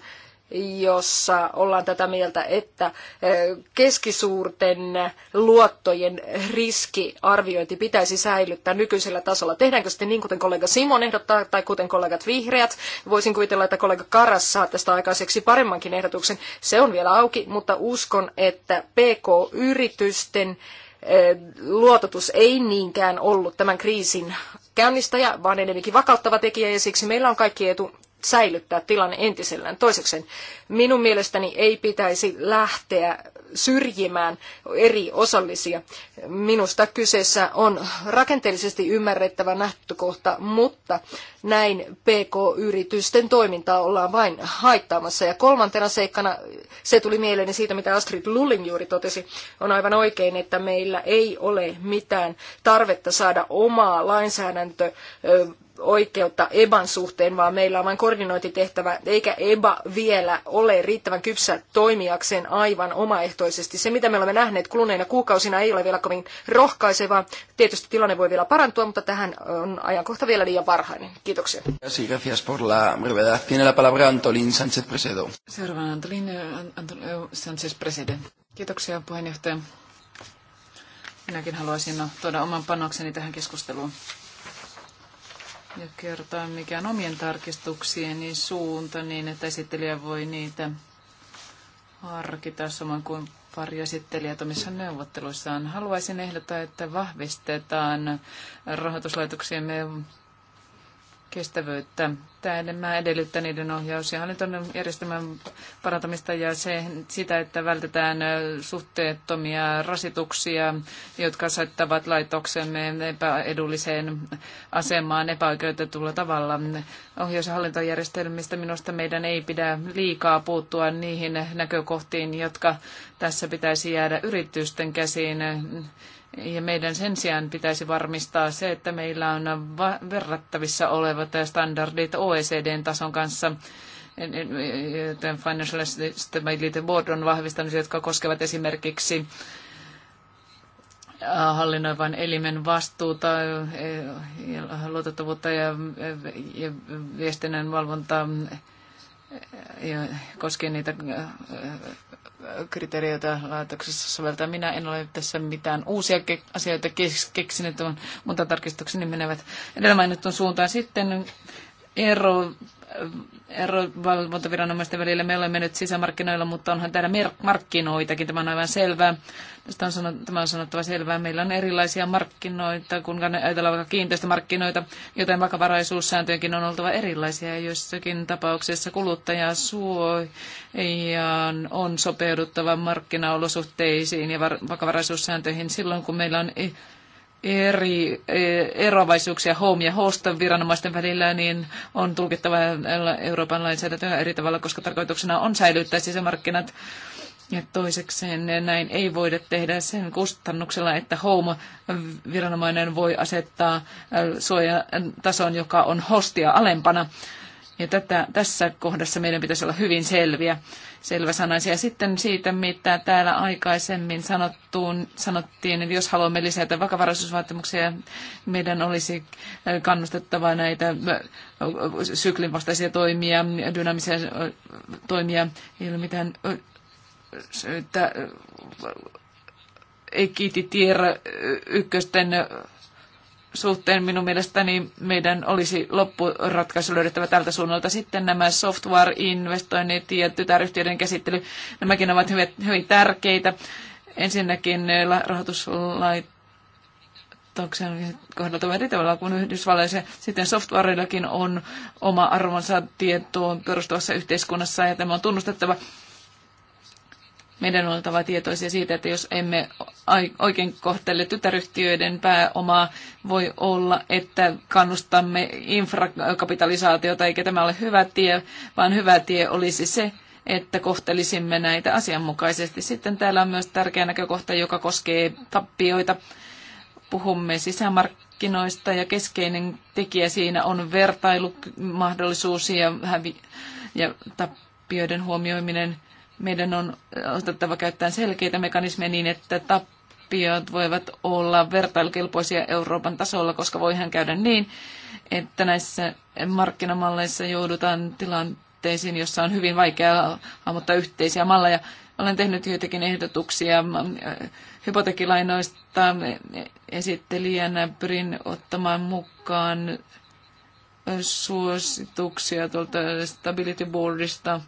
jossa ollaan tätä mieltä, että eh, keskisuurten luottojen riskiarviointi pitäisi säilyttää nykyisellä tasolla. Tehdäänkö sitten niin, kuten kollega Simon ehdottaa, tai kuten kollegat vihreät? Voisin kuvitella, että kollega Karas saa tästä aikaiseksi paremmankin ehdotuksen. Se on vielä auki, mutta uskon, että PK-yritysten eh, luototus ei niinkään ollut tämän kriisin käynnistäjä, vaan enemmänkin vakauttava tekijä ja siksi meillä on kaikki etu säilyttää tilanne entisellään. toiseksi minun mielestäni ei pitäisi lähteä syrjimään eri osallisia. Minusta kyseessä on rakenteellisesti ymmärrettävä nähtökohta, mutta näin PK-yritysten toimintaa ollaan vain haittaamassa. Ja kolmantena seikkana, se tuli mieleeni siitä, mitä Astrid Lulling juuri totesi, on aivan oikein, että meillä ei ole mitään tarvetta saada omaa lainsäädäntöä oikeutta EBAn suhteen, vaan meillä on vain koordinointitehtävä, eikä EBA vielä ole riittävän kypsä toimijakseen aivan omaehtoisesti. Se, mitä me olemme nähneet kuluneina kuukausina, ei ole vielä kovin rohkaisevaa. Tietysti tilanne voi vielä parantua, mutta tähän on ajankohta vielä liian varhainen. Kiitoksia. Sí, gracias por la brevedad. Tiene la palabra Antolin Sánchez Presedo. Seuraavana Antolin Sánchez Presedo. Kiitoksia puheenjohtaja. Minäkin haluaisin no, tuoda oman panokseni tähän keskusteluun ja kertoa, mikä on omien tarkistuksieni suunta, niin että esittelijä voi niitä harkita samoin kuin pari esittelijät omissa neuvotteluissaan. Haluaisin ehdottaa, että vahvistetaan rahoituslaitoksiemme kestävyyttä. Tämä edellyttää niiden ohjaus- ja hallintojärjestelmän parantamista ja se, sitä, että vältetään suhteettomia rasituksia, jotka saattavat laitoksemme epäedulliseen asemaan epäoikeutetulla tavalla. Ohjaus- ja hallintojärjestelmistä minusta meidän ei pidä liikaa puuttua niihin näkökohtiin, jotka tässä pitäisi jäädä yritysten käsiin ja meidän sen sijaan pitäisi varmistaa se, että meillä on verrattavissa olevat standardit OECDn tason kanssa. Tämän Financial Stability Board on vahvistanut, jotka koskevat esimerkiksi hallinnoivan elimen vastuuta, luotettavuutta ja, ja viestinnän valvontaa ja koskien niitä kriteerejä, joita laitoksessa soveltaa. Minä en ole tässä mitään uusia ke- asioita keks- keksinyt, mutta tarkistukseni menevät edellä mainittuun suuntaan. Sitten ero valvontaviranomaisten välillä. Me olemme nyt sisämarkkinoilla, mutta onhan täällä markkinoitakin. Tämä on aivan selvää. Tästä on sanottu, tämä on sanottava selvää. Meillä on erilaisia markkinoita, kun ajatellaan vaikka kiinteistömarkkinoita, joten vakavaraisuussääntöjenkin on oltava erilaisia. Joissakin tapauksessa kuluttaja ja on sopeuduttava markkinaolosuhteisiin ja vakavaraisuussääntöihin silloin, kun meillä on eri e, eroavaisuuksia home- ja host-viranomaisten välillä, niin on tulkittava Euroopan lainsäädäntöä eri tavalla, koska tarkoituksena on säilyttää sisämarkkinat. Ja toisekseen näin ei voida tehdä sen kustannuksella, että home-viranomainen voi asettaa suojatason, joka on hostia alempana. Ja tätä, tässä kohdassa meidän pitäisi olla hyvin selviä, selväsanaisia. Sitten siitä, mitä täällä aikaisemmin sanottuun, sanottiin, että niin jos haluamme lisätä vakavaraisuusvaatimuksia, meidän olisi äh, kannustettava näitä äh, syklin vastaisia toimia, dynaamisia äh, toimia. Ei ole mitään syytä, ei kiiti tiedä ykkösten suhteen minun mielestäni meidän olisi loppuratkaisu löydettävä tältä suunnalta. Sitten nämä software-investoinnit ja tytäryhtiöiden käsittely, nämäkin ovat hyvin, hyvin tärkeitä. Ensinnäkin rahoituslaitoksen kohdalta eri tavalla kuin Yhdysvalloissa. Sitten softwareillakin on oma arvonsa tietoon perustuvassa yhteiskunnassa ja tämä on tunnustettava meidän on oltava tietoisia siitä, että jos emme oikein kohtele tytäryhtiöiden pääomaa, voi olla, että kannustamme infrakapitalisaatiota, eikä tämä ole hyvä tie, vaan hyvä tie olisi se, että kohtelisimme näitä asianmukaisesti. Sitten täällä on myös tärkeä näkökohta, joka koskee tappioita. Puhumme sisämarkkinoista ja keskeinen tekijä siinä on vertailumahdollisuus ja, hävi- ja tappioiden huomioiminen. Meidän on otettava käyttää selkeitä mekanismeja niin, että tappiot voivat olla vertailukelpoisia Euroopan tasolla, koska voihan käydä niin, että näissä markkinamalleissa joudutaan tilanteisiin, jossa on hyvin vaikea hahmottaa yhteisiä malleja. Olen tehnyt joitakin ehdotuksia äh, hypotekilainoista esittelijänä. Pyrin ottamaan mukaan suosituksia tuolta Stability Boardista –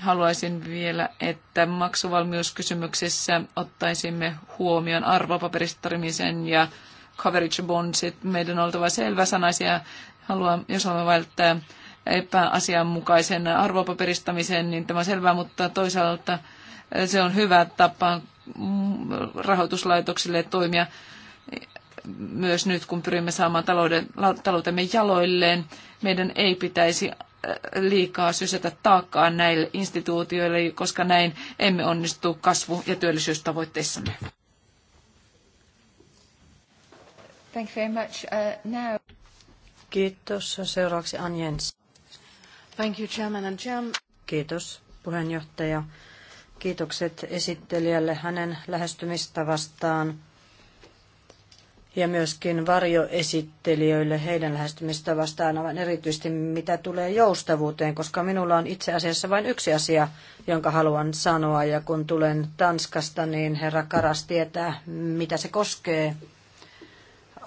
haluaisin vielä, että maksuvalmiuskysymyksissä ottaisimme huomioon arvopaperistarimisen ja coverage bondsit. Meidän on oltava selväsanaisia, Haluan jos haluamme välttää epäasianmukaisen arvopaperistamisen, niin tämä on selvää, mutta toisaalta se on hyvä tapa rahoituslaitoksille toimia myös nyt, kun pyrimme saamaan talouden, taloutemme jaloilleen. Meidän ei pitäisi liikaa sysätä taakkaa näille instituutioille, koska näin emme onnistu kasvu- ja työllisyystavoitteissamme. Thank you very much. Uh, now... Kiitos. Seuraavaksi Ann Thank you, Chairman and Chairman. Kiitos puheenjohtaja. Kiitokset esittelijälle hänen lähestymistavastaan ja myöskin varjoesittelijöille heidän vastaan, aivan erityisesti mitä tulee joustavuuteen, koska minulla on itse asiassa vain yksi asia, jonka haluan sanoa, ja kun tulen Tanskasta, niin herra Karas tietää, mitä se koskee.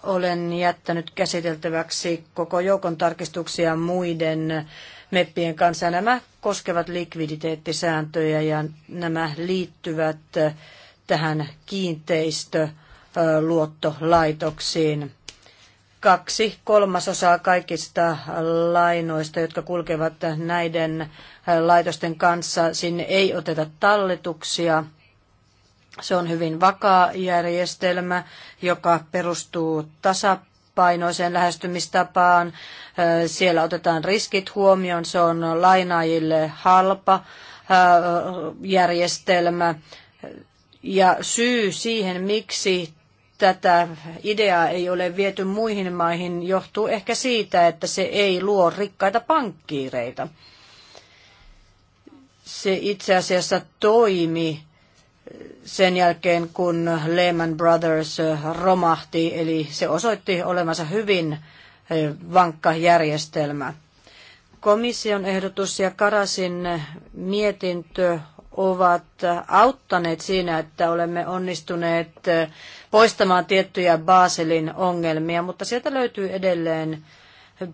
Olen jättänyt käsiteltäväksi koko joukon tarkistuksia muiden meppien kanssa. Nämä koskevat likviditeettisääntöjä ja nämä liittyvät tähän kiinteistö- luottolaitoksiin. Kaksi kolmasosaa kaikista lainoista, jotka kulkevat näiden laitosten kanssa, sinne ei oteta talletuksia. Se on hyvin vakaa järjestelmä, joka perustuu tasapainoiseen lähestymistapaan. Siellä otetaan riskit huomioon, se on lainaajille halpa järjestelmä. Ja syy siihen, miksi tätä ideaa ei ole viety muihin maihin, johtuu ehkä siitä, että se ei luo rikkaita pankkiireita. Se itse asiassa toimi sen jälkeen, kun Lehman Brothers romahti, eli se osoitti olemansa hyvin eh, vankka järjestelmä. Komission ehdotus ja Karasin mietintö ovat auttaneet siinä, että olemme onnistuneet poistamaan tiettyjä Baselin ongelmia, mutta sieltä löytyy edelleen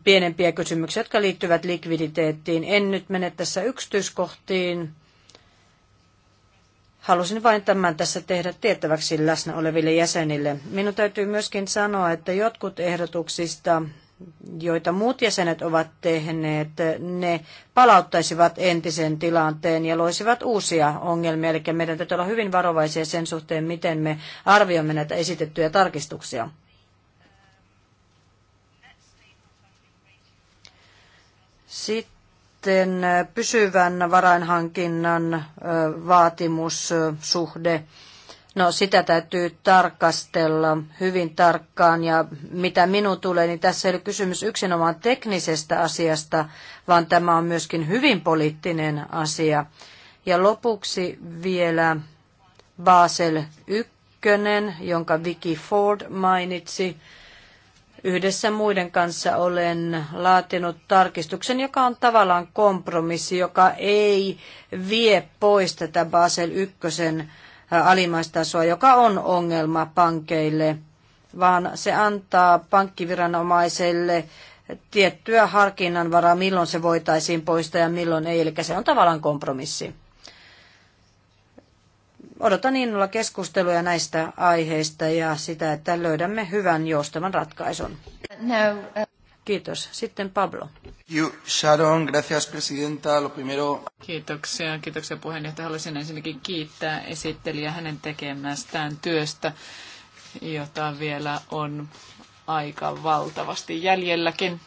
pienempiä kysymyksiä, jotka liittyvät likviditeettiin. En nyt mene tässä yksityiskohtiin. Halusin vain tämän tässä tehdä tiettäväksi läsnä oleville jäsenille. Minun täytyy myöskin sanoa, että jotkut ehdotuksista joita muut jäsenet ovat tehneet, ne palauttaisivat entisen tilanteen ja loisivat uusia ongelmia. Eli meidän täytyy olla hyvin varovaisia sen suhteen, miten me arvioimme näitä esitettyjä tarkistuksia. Sitten äh, pysyvän varainhankinnan äh, vaatimussuhde. suhde No sitä täytyy tarkastella hyvin tarkkaan ja mitä minun tulee, niin tässä ei ole kysymys yksinomaan teknisestä asiasta, vaan tämä on myöskin hyvin poliittinen asia. Ja lopuksi vielä Basel 1, jonka Vicky Ford mainitsi. Yhdessä muiden kanssa olen laatinut tarkistuksen, joka on tavallaan kompromissi, joka ei vie pois tätä Basel 1 alimaistasoa, joka on ongelma pankeille, vaan se antaa pankkiviranomaiselle tiettyä harkinnanvaraa, milloin se voitaisiin poistaa ja milloin ei, eli se on tavallaan kompromissi. Odotan innolla keskusteluja näistä aiheista ja sitä, että löydämme hyvän joustavan ratkaisun. No, uh... Kiitos. Sitten Pablo. You, Sharon, gracias presidenta. Lo primero... Kiitoksia. Kiitoksia puheenjohtaja. Haluaisin ensinnäkin kiittää esittelijä hänen tekemästään työstä, jota vielä on aika valtavasti jäljelläkin.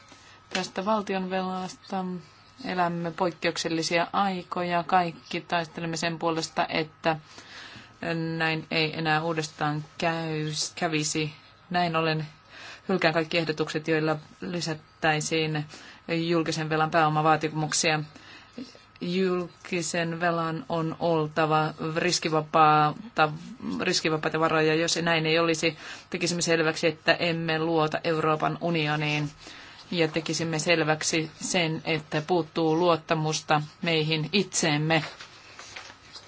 Tästä valtionvelasta elämme poikkeuksellisia aikoja. Kaikki taistelemme sen puolesta, että näin ei enää uudestaan käy, kävisi. Näin olen hylkään kaikki ehdotukset, joilla lisättäisiin julkisen velan pääomavaatimuksia. Julkisen velan on oltava riskivapaata, riskivapaata varoja. Jos näin ei olisi, tekisimme selväksi, että emme luota Euroopan unioniin ja tekisimme selväksi sen, että puuttuu luottamusta meihin itseemme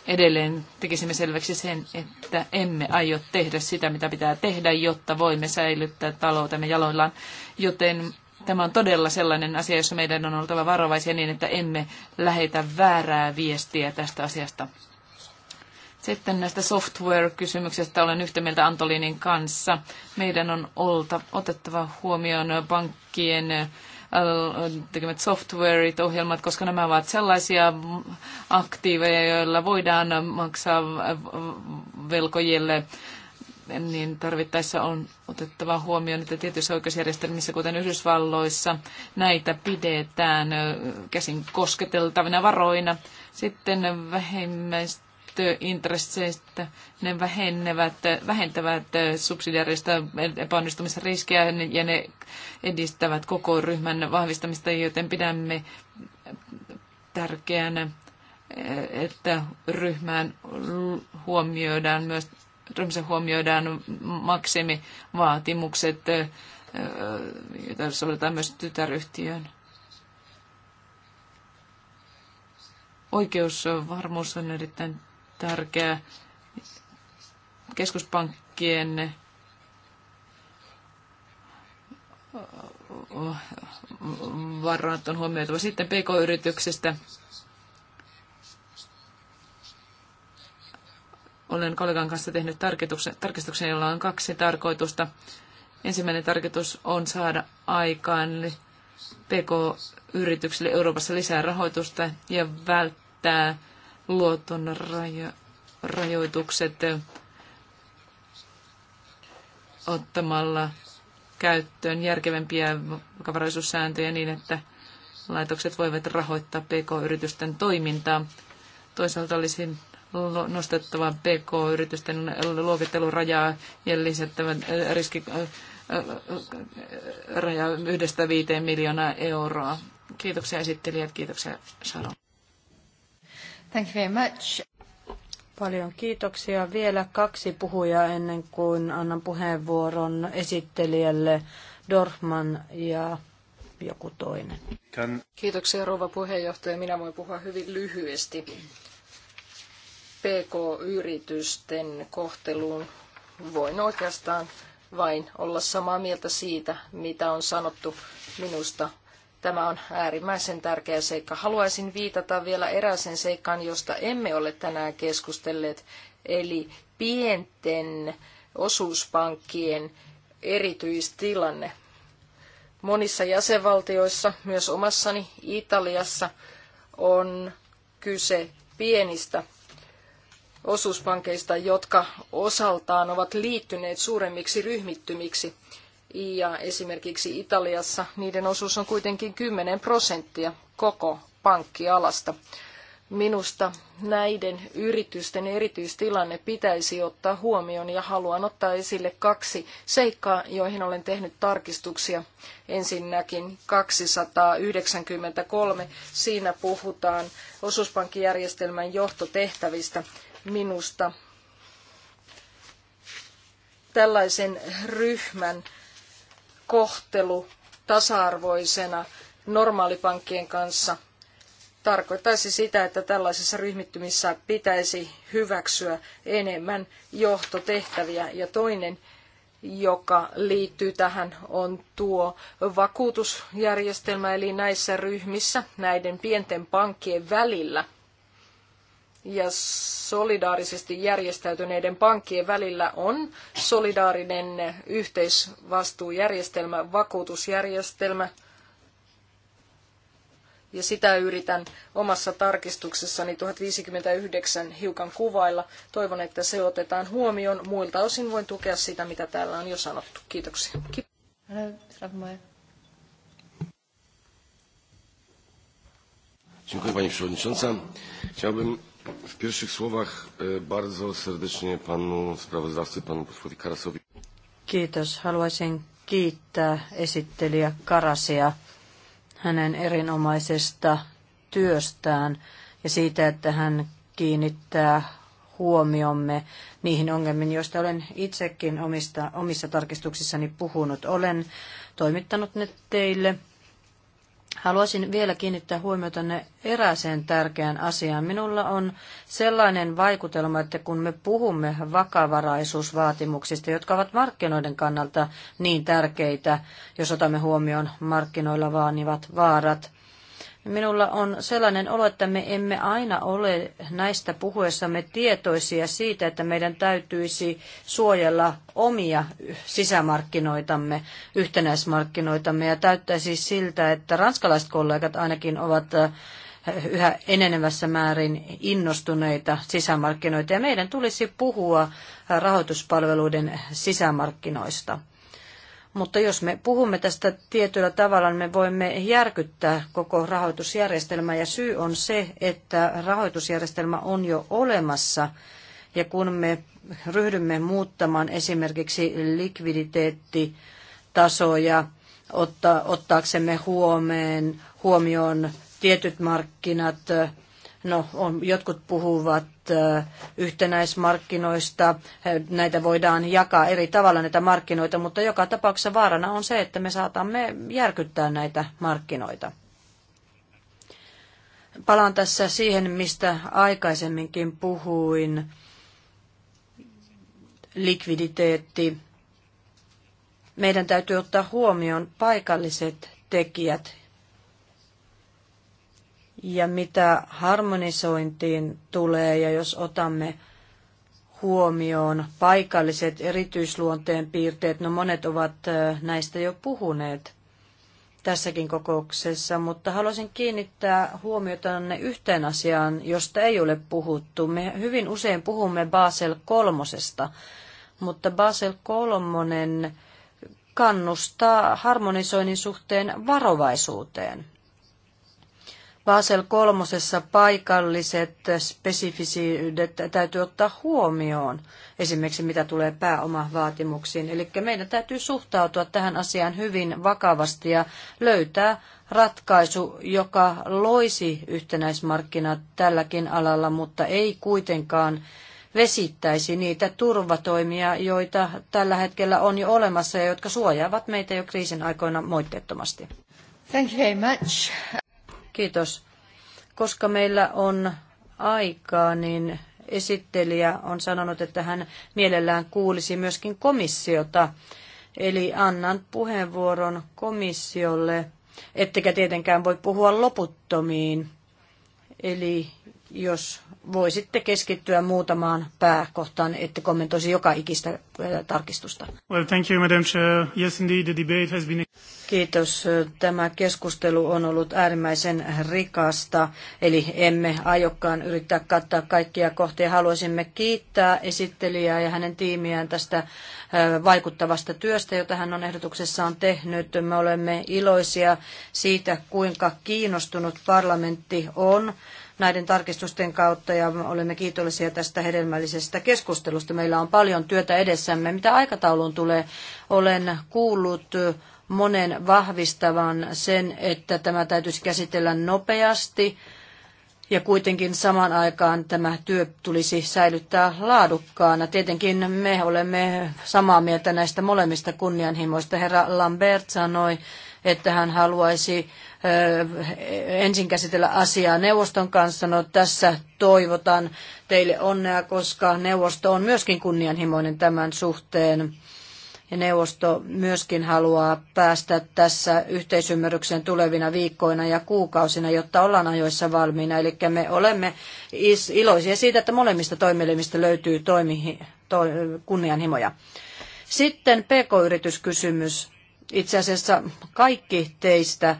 edelleen tekisimme selväksi sen, että emme aio tehdä sitä, mitä pitää tehdä, jotta voimme säilyttää taloutemme jaloillaan. Joten tämä on todella sellainen asia, jossa meidän on oltava varovaisia niin, että emme lähetä väärää viestiä tästä asiasta. Sitten näistä software-kysymyksistä olen yhtä mieltä Antolinin kanssa. Meidän on olta, otettava huomioon pankkien Äh, tekemät softwareit, ohjelmat, koska nämä ovat sellaisia aktiiveja, joilla voidaan maksaa velkojille niin tarvittaessa on otettava huomioon, että tietyissä oikeusjärjestelmissä, kuten Yhdysvalloissa, näitä pidetään käsin kosketeltavina varoina. Sitten vähimmäis intresseistä. Ne vähennevät, vähentävät subsidiaarista epäonnistumisriskejä ja ne edistävät koko ryhmän vahvistamista, joten pidämme tärkeänä, että ryhmään huomioidaan myös ryhmässä huomioidaan maksimivaatimukset, joita sovelletaan myös tytäryhtiöön. oikeusvarmuus on erittäin tärkeä. Keskuspankkien varat on huomioitava. Sitten PK-yrityksestä olen kollegan kanssa tehnyt tarkistuksen, jolla on kaksi tarkoitusta. Ensimmäinen tarkoitus on saada aikaan PK-yrityksille Euroopassa lisää rahoitusta ja välttää luoton rajo, rajoitukset ottamalla käyttöön järkevämpiä vakavaraisuussääntöjä niin, että laitokset voivat rahoittaa pk-yritysten toimintaa. Toisaalta olisi nostettava pk-yritysten luokittelurajaa ja lisättävä äh, riski äh, äh, raja yhdestä viiteen miljoonaa euroa. Kiitoksia esittelijät, kiitoksia Sharon. Thank you very much. Paljon kiitoksia. Vielä kaksi puhujaa ennen kuin annan puheenvuoron esittelijälle Dorfman ja joku toinen. Kiitoksia rouva puheenjohtaja. Minä voin puhua hyvin lyhyesti. PK-yritysten kohteluun voin oikeastaan vain olla samaa mieltä siitä, mitä on sanottu. Minusta Tämä on äärimmäisen tärkeä seikka. Haluaisin viitata vielä erääseen seikkaan, josta emme ole tänään keskustelleet, eli pienten osuuspankkien erityistilanne. Monissa jäsenvaltioissa, myös omassani Italiassa, on kyse pienistä osuuspankeista, jotka osaltaan ovat liittyneet suuremmiksi ryhmittymiksi ja esimerkiksi Italiassa niiden osuus on kuitenkin 10 prosenttia koko pankkialasta. Minusta näiden yritysten erityistilanne pitäisi ottaa huomioon ja haluan ottaa esille kaksi seikkaa, joihin olen tehnyt tarkistuksia. Ensinnäkin 293. Siinä puhutaan osuuspankkijärjestelmän johtotehtävistä. Minusta tällaisen ryhmän kohtelu tasa-arvoisena normaalipankkien kanssa tarkoittaisi sitä, että tällaisissa ryhmittymissä pitäisi hyväksyä enemmän johtotehtäviä. Ja toinen, joka liittyy tähän, on tuo vakuutusjärjestelmä, eli näissä ryhmissä näiden pienten pankkien välillä ja solidaarisesti järjestäytyneiden pankkien välillä on solidaarinen yhteisvastuujärjestelmä, vakuutusjärjestelmä. Ja sitä yritän omassa tarkistuksessani 1059 hiukan kuvailla. Toivon, että se otetaan huomioon. Muilta osin voin tukea sitä, mitä täällä on jo sanottu. Kiitoksia. Dziękuję Pani Przewodnicząca. Chciałbym W pierwszych słowach e, bardzo serdecznie panu sprawozdawcy, panu posłowi Karasowi. Kiitos. Haluaisin kiittää esittelijä Karasia hänen erinomaisesta työstään ja siitä, että hän kiinnittää huomiomme niihin ongelmiin, joista olen itsekin omista, omissa tarkistuksissani puhunut. Olen toimittanut ne teille Haluaisin vielä kiinnittää huomiota erääseen tärkeään asiaan. Minulla on sellainen vaikutelma, että kun me puhumme vakavaraisuusvaatimuksista, jotka ovat markkinoiden kannalta niin tärkeitä, jos otamme huomioon markkinoilla vaanivat vaarat, Minulla on sellainen olo, että me emme aina ole näistä puhuessamme tietoisia siitä, että meidän täytyisi suojella omia sisämarkkinoitamme, yhtenäismarkkinoitamme ja täyttää siis siltä, että ranskalaiset kollegat ainakin ovat äh, yhä enenevässä määrin innostuneita sisämarkkinoita ja meidän tulisi puhua rahoituspalveluiden sisämarkkinoista. Mutta jos me puhumme tästä tietyllä tavalla, niin me voimme järkyttää koko rahoitusjärjestelmää. Ja syy on se, että rahoitusjärjestelmä on jo olemassa. Ja kun me ryhdymme muuttamaan esimerkiksi likviditeettitasoja, otta, ottaaksemme huomeen, huomioon tietyt markkinat, No, on, jotkut puhuvat yhtenäismarkkinoista, näitä voidaan jakaa eri tavalla näitä markkinoita, mutta joka tapauksessa vaarana on se, että me saatamme järkyttää näitä markkinoita. Palaan tässä siihen, mistä aikaisemminkin puhuin, likviditeetti. Meidän täytyy ottaa huomioon paikalliset tekijät ja mitä harmonisointiin tulee, ja jos otamme huomioon paikalliset erityisluonteen piirteet, no monet ovat näistä jo puhuneet tässäkin kokouksessa, mutta haluaisin kiinnittää huomiota ne yhteen asiaan, josta ei ole puhuttu. Me hyvin usein puhumme Basel kolmosesta, mutta Basel kolmonen kannustaa harmonisoinnin suhteen varovaisuuteen. Basel kolmosessa paikalliset spesifisyydet täytyy ottaa huomioon, esimerkiksi mitä tulee pääomavaatimuksiin. Eli meidän täytyy suhtautua tähän asiaan hyvin vakavasti ja löytää ratkaisu, joka loisi yhtenäismarkkinat tälläkin alalla, mutta ei kuitenkaan vesittäisi niitä turvatoimia, joita tällä hetkellä on jo olemassa ja jotka suojaavat meitä jo kriisin aikoina moitteettomasti. Thank you very much. Kiitos. Koska meillä on aikaa, niin esittelijä on sanonut, että hän mielellään kuulisi myöskin komissiota. Eli annan puheenvuoron komissiolle, ettekä tietenkään voi puhua loputtomiin. Eli jos voisitte keskittyä muutamaan pääkohtaan, että kommentoisi joka ikistä tarkistusta. Well, thank you, Madam Chair. Yes, indeed, the debate has been... Kiitos. Tämä keskustelu on ollut äärimmäisen rikasta, eli emme aiokaan yrittää kattaa kaikkia kohtia. Haluaisimme kiittää esittelijää ja hänen tiimiään tästä vaikuttavasta työstä, jota hän on ehdotuksessaan tehnyt. Me olemme iloisia siitä, kuinka kiinnostunut parlamentti on näiden tarkistusten kautta ja olemme kiitollisia tästä hedelmällisestä keskustelusta. Meillä on paljon työtä edessämme. Mitä aikatauluun tulee, olen kuullut monen vahvistavan sen, että tämä täytyisi käsitellä nopeasti ja kuitenkin samaan aikaan tämä työ tulisi säilyttää laadukkaana. Tietenkin me olemme samaa mieltä näistä molemmista kunnianhimoista. Herra Lambert sanoi, että hän haluaisi ensin käsitellä asiaa neuvoston kanssa. No tässä toivotan teille onnea, koska neuvosto on myöskin kunnianhimoinen tämän suhteen. Ja neuvosto myöskin haluaa päästä tässä yhteisymmärrykseen tulevina viikkoina ja kuukausina, jotta ollaan ajoissa valmiina. Eli me olemme iloisia siitä, että molemmista toimielimistä löytyy toimi, to, kunnianhimoja. Sitten pk-yrityskysymys itse asiassa kaikki teistä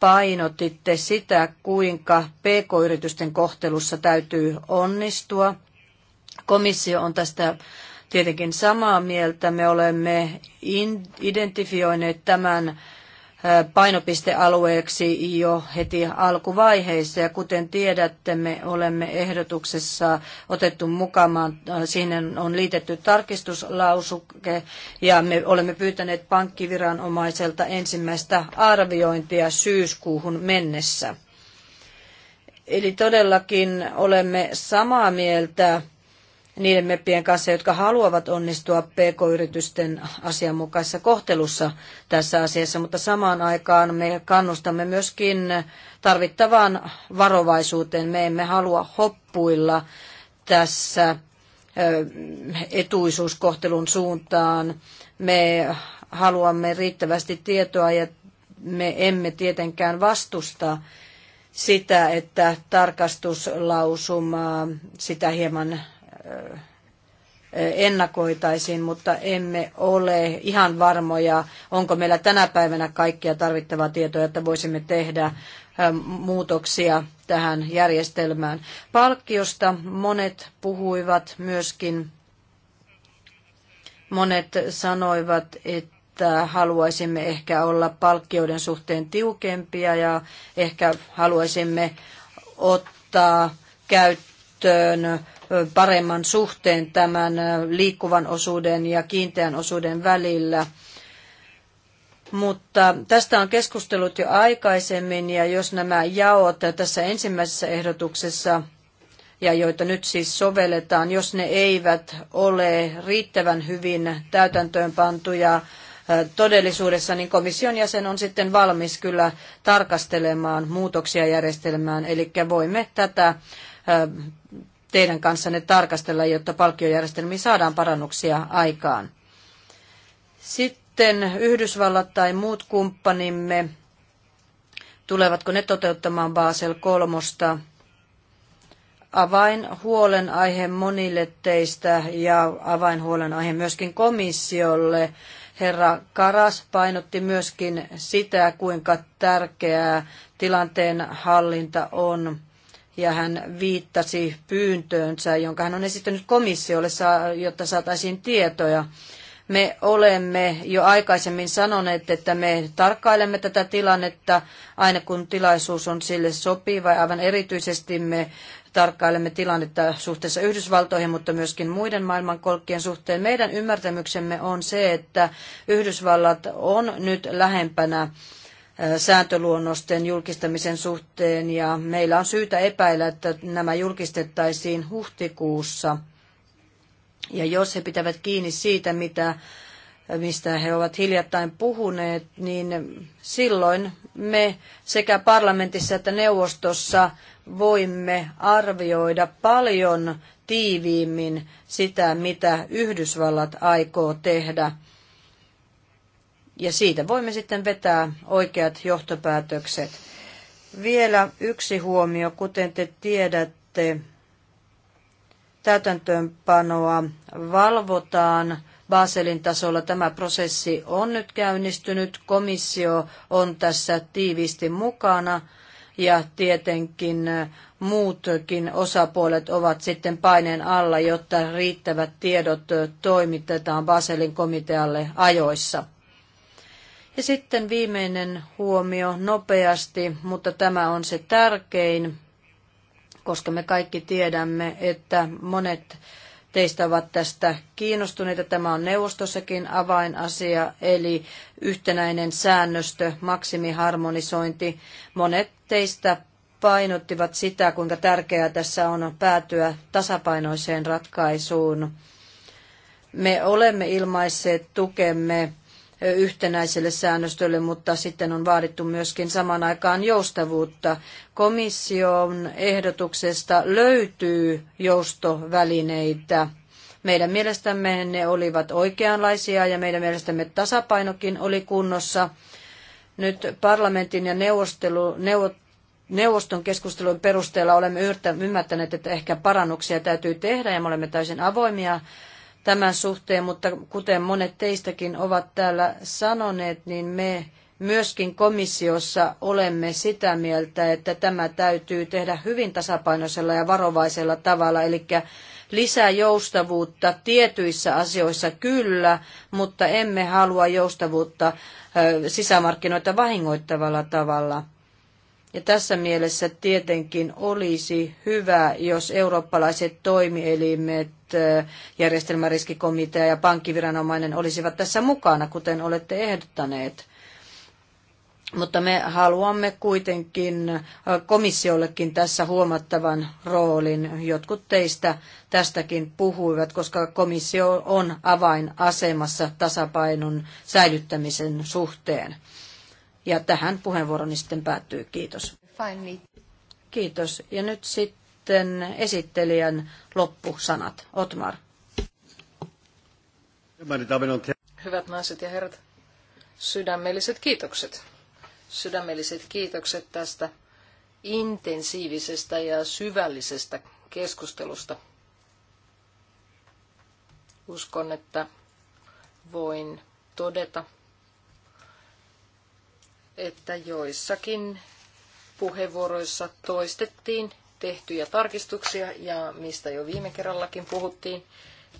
painotitte sitä, kuinka pk-yritysten kohtelussa täytyy onnistua. Komissio on tästä tietenkin samaa mieltä. Me olemme identifioineet tämän painopistealueeksi jo heti alkuvaiheessa. Ja kuten tiedätte, me olemme ehdotuksessa otettu mukaan, siihen on liitetty tarkistuslausuke ja me olemme pyytäneet pankkiviranomaiselta ensimmäistä arviointia syyskuuhun mennessä. Eli todellakin olemme samaa mieltä niiden meppien kanssa, jotka haluavat onnistua pk-yritysten asianmukaisessa kohtelussa tässä asiassa, mutta samaan aikaan me kannustamme myöskin tarvittavaan varovaisuuteen. Me emme halua hoppuilla tässä etuisuuskohtelun suuntaan. Me haluamme riittävästi tietoa ja me emme tietenkään vastusta sitä, että tarkastuslausumaa sitä hieman ennakoitaisiin, mutta emme ole ihan varmoja, onko meillä tänä päivänä kaikkia tarvittavaa tietoa, että voisimme tehdä muutoksia tähän järjestelmään. Palkkiosta monet puhuivat myöskin, monet sanoivat, että että haluaisimme ehkä olla palkkioiden suhteen tiukempia ja ehkä haluaisimme ottaa käyttöön paremman suhteen tämän liikkuvan osuuden ja kiinteän osuuden välillä. Mutta tästä on keskustelut jo aikaisemmin ja jos nämä jaot tässä ensimmäisessä ehdotuksessa ja joita nyt siis sovelletaan, jos ne eivät ole riittävän hyvin täytäntöönpantuja todellisuudessa, niin komission jäsen on sitten valmis kyllä tarkastelemaan muutoksia järjestelmään. Eli voimme tätä teidän kanssanne tarkastella, jotta palkkiojärjestelmiin saadaan parannuksia aikaan. Sitten Yhdysvallat tai muut kumppanimme, tulevatko ne toteuttamaan Basel kolmosta? Avain huolenaihe monille teistä ja avain huolenaihe myöskin komissiolle. Herra Karas painotti myöskin sitä, kuinka tärkeää tilanteen hallinta on ja hän viittasi pyyntöönsä, jonka hän on esittänyt komissiolle, jotta saataisiin tietoja. Me olemme jo aikaisemmin sanoneet, että me tarkkailemme tätä tilannetta aina kun tilaisuus on sille sopiva. Aivan erityisesti me tarkkailemme tilannetta suhteessa Yhdysvaltoihin, mutta myöskin muiden maailmankolkkien suhteen. Meidän ymmärtämyksemme on se, että Yhdysvallat on nyt lähempänä sääntöluonnosten julkistamisen suhteen ja meillä on syytä epäillä, että nämä julkistettaisiin huhtikuussa. Ja jos he pitävät kiinni siitä, mitä, mistä he ovat hiljattain puhuneet, niin silloin me sekä parlamentissa että neuvostossa voimme arvioida paljon tiiviimmin sitä, mitä Yhdysvallat aikoo tehdä – ja siitä voimme sitten vetää oikeat johtopäätökset. Vielä yksi huomio, kuten te tiedätte, täytäntöönpanoa valvotaan Baselin tasolla. Tämä prosessi on nyt käynnistynyt, komissio on tässä tiiviisti mukana ja tietenkin muutkin osapuolet ovat sitten paineen alla, jotta riittävät tiedot toimitetaan Baselin komitealle ajoissa. Ja sitten viimeinen huomio nopeasti, mutta tämä on se tärkein, koska me kaikki tiedämme, että monet teistä ovat tästä kiinnostuneita. Tämä on neuvostossakin avainasia, eli yhtenäinen säännöstö, maksimiharmonisointi. Monet teistä painottivat sitä, kuinka tärkeää tässä on päätyä tasapainoiseen ratkaisuun. Me olemme ilmaisseet tukemme yhtenäiselle säännöstölle, mutta sitten on vaadittu myöskin saman aikaan joustavuutta. Komission ehdotuksesta löytyy joustovälineitä. Meidän mielestämme ne olivat oikeanlaisia ja meidän mielestämme tasapainokin oli kunnossa. Nyt parlamentin ja neuvostelu, neuvot, neuvoston keskustelun perusteella olemme ymmärtäneet, että ehkä parannuksia täytyy tehdä ja me olemme täysin avoimia tämän suhteen, mutta kuten monet teistäkin ovat täällä sanoneet, niin me myöskin komissiossa olemme sitä mieltä, että tämä täytyy tehdä hyvin tasapainoisella ja varovaisella tavalla, eli lisää joustavuutta tietyissä asioissa kyllä, mutta emme halua joustavuutta sisämarkkinoita vahingoittavalla tavalla. Ja tässä mielessä tietenkin olisi hyvä, jos eurooppalaiset toimielimet järjestelmäriskikomitea ja pankkiviranomainen olisivat tässä mukana, kuten olette ehdottaneet. Mutta me haluamme kuitenkin komissiollekin tässä huomattavan roolin. Jotkut teistä tästäkin puhuivat, koska komissio on avainasemassa tasapainon säilyttämisen suhteen. Ja tähän puheenvuoroni sitten päättyy. Kiitos. Kiitos. Ja nyt sitten sitten esittelijän loppusanat. Otmar. Hyvät naiset ja herrat, sydämelliset kiitokset. Sydämelliset kiitokset tästä intensiivisestä ja syvällisestä keskustelusta. Uskon, että voin todeta, että joissakin puheenvuoroissa toistettiin tehtyjä tarkistuksia ja mistä jo viime kerrallakin puhuttiin.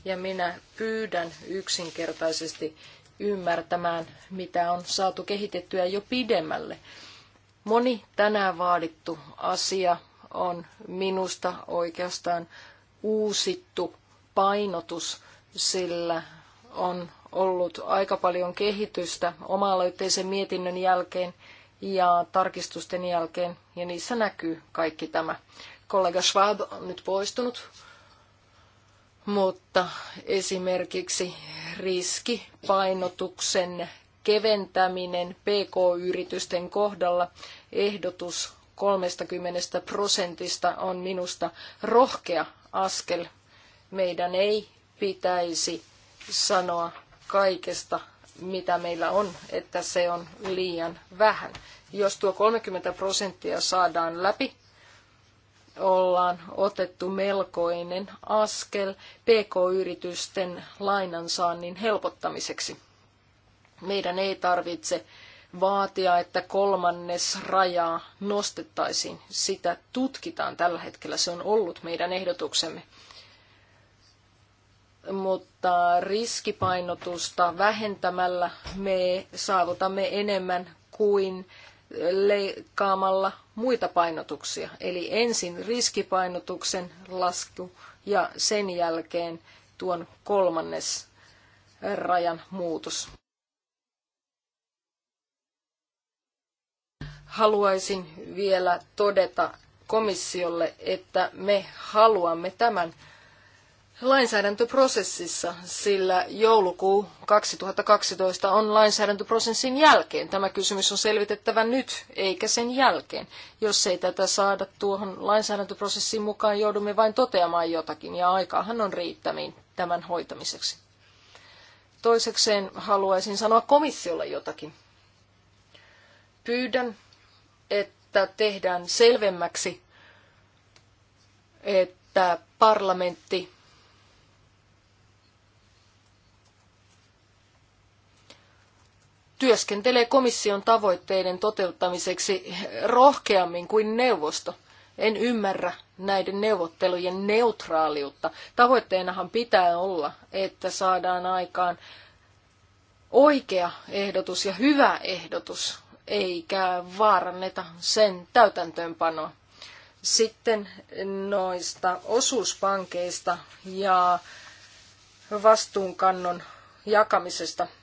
Ja minä pyydän yksinkertaisesti ymmärtämään, mitä on saatu kehitettyä jo pidemmälle. Moni tänään vaadittu asia on minusta oikeastaan uusittu painotus, sillä on ollut aika paljon kehitystä oma-aloitteisen mietinnön jälkeen ja tarkistusten jälkeen, ja niissä näkyy kaikki tämä kollega Schwab on nyt poistunut, mutta esimerkiksi riskipainotuksen keventäminen PK-yritysten kohdalla ehdotus 30 prosentista on minusta rohkea askel. Meidän ei pitäisi sanoa kaikesta, mitä meillä on, että se on liian vähän. Jos tuo 30 prosenttia saadaan läpi, ollaan otettu melkoinen askel pk-yritysten lainansaannin helpottamiseksi. Meidän ei tarvitse vaatia, että kolmannes rajaa nostettaisiin. Sitä tutkitaan tällä hetkellä. Se on ollut meidän ehdotuksemme. Mutta riskipainotusta vähentämällä me saavutamme enemmän kuin leikkaamalla muita painotuksia. Eli ensin riskipainotuksen lasku ja sen jälkeen tuon kolmannes rajan muutos. Haluaisin vielä todeta komissiolle, että me haluamme tämän lainsäädäntöprosessissa, sillä joulukuu 2012 on lainsäädäntöprosessin jälkeen. Tämä kysymys on selvitettävä nyt, eikä sen jälkeen. Jos ei tätä saada tuohon lainsäädäntöprosessiin mukaan, joudumme vain toteamaan jotakin, ja aikaahan on riittämiin tämän hoitamiseksi. Toisekseen haluaisin sanoa komissiolle jotakin. Pyydän, että tehdään selvemmäksi, että parlamentti työskentelee komission tavoitteiden toteuttamiseksi rohkeammin kuin neuvosto. En ymmärrä näiden neuvottelujen neutraaliutta. Tavoitteenahan pitää olla, että saadaan aikaan oikea ehdotus ja hyvä ehdotus, eikä vaaranneta sen täytäntöönpanoa. Sitten noista osuuspankeista ja vastuunkannon jakamisesta –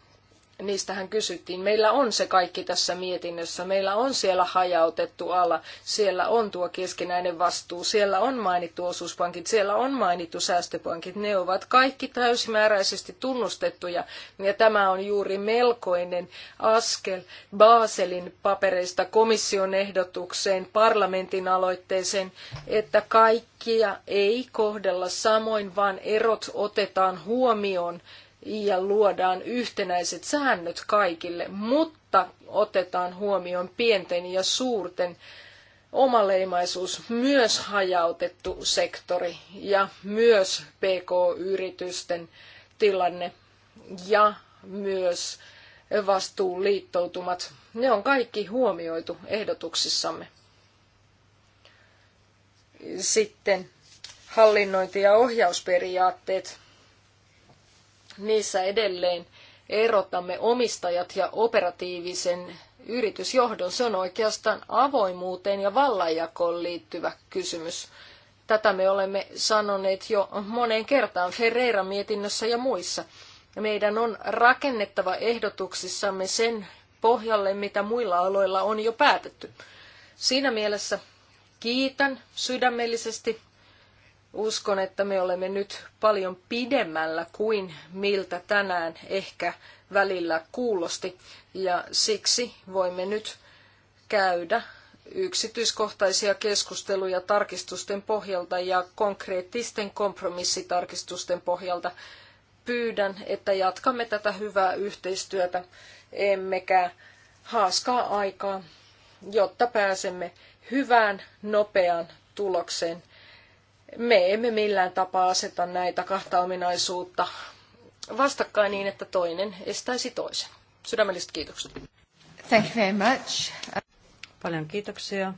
niistähän kysyttiin. Meillä on se kaikki tässä mietinnössä. Meillä on siellä hajautettu ala, siellä on tuo keskinäinen vastuu, siellä on mainittu osuuspankit, siellä on mainittu säästöpankit. Ne ovat kaikki täysimääräisesti tunnustettuja. Ja tämä on juuri melkoinen askel Baselin papereista komission ehdotukseen, parlamentin aloitteeseen, että kaikkia ei kohdella samoin, vaan erot otetaan huomioon ja luodaan yhtenäiset säännöt kaikille, mutta otetaan huomioon pienten ja suurten omaleimaisuus, myös hajautettu sektori ja myös PK-yritysten tilanne ja myös vastuu liittoutumat. Ne on kaikki huomioitu ehdotuksissamme. Sitten hallinnointi- ja ohjausperiaatteet. Niissä edelleen erotamme omistajat ja operatiivisen yritysjohdon. Se on oikeastaan avoimuuteen ja vallanjakoon liittyvä kysymys. Tätä me olemme sanoneet jo moneen kertaan Ferreira mietinnössä ja muissa. Meidän on rakennettava ehdotuksissamme sen pohjalle, mitä muilla aloilla on jo päätetty. Siinä mielessä kiitän sydämellisesti Uskon, että me olemme nyt paljon pidemmällä kuin miltä tänään ehkä välillä kuulosti, ja siksi voimme nyt käydä yksityiskohtaisia keskusteluja tarkistusten pohjalta ja konkreettisten kompromissitarkistusten pohjalta. Pyydän, että jatkamme tätä hyvää yhteistyötä, emmekä haaskaa aikaa, jotta pääsemme hyvään, nopeaan tulokseen me emme millään tapaa aseta näitä kahta ominaisuutta vastakkain niin, että toinen estäisi toisen. Sydämelliset kiitokset. Thank you very much. Paljon kiitoksia.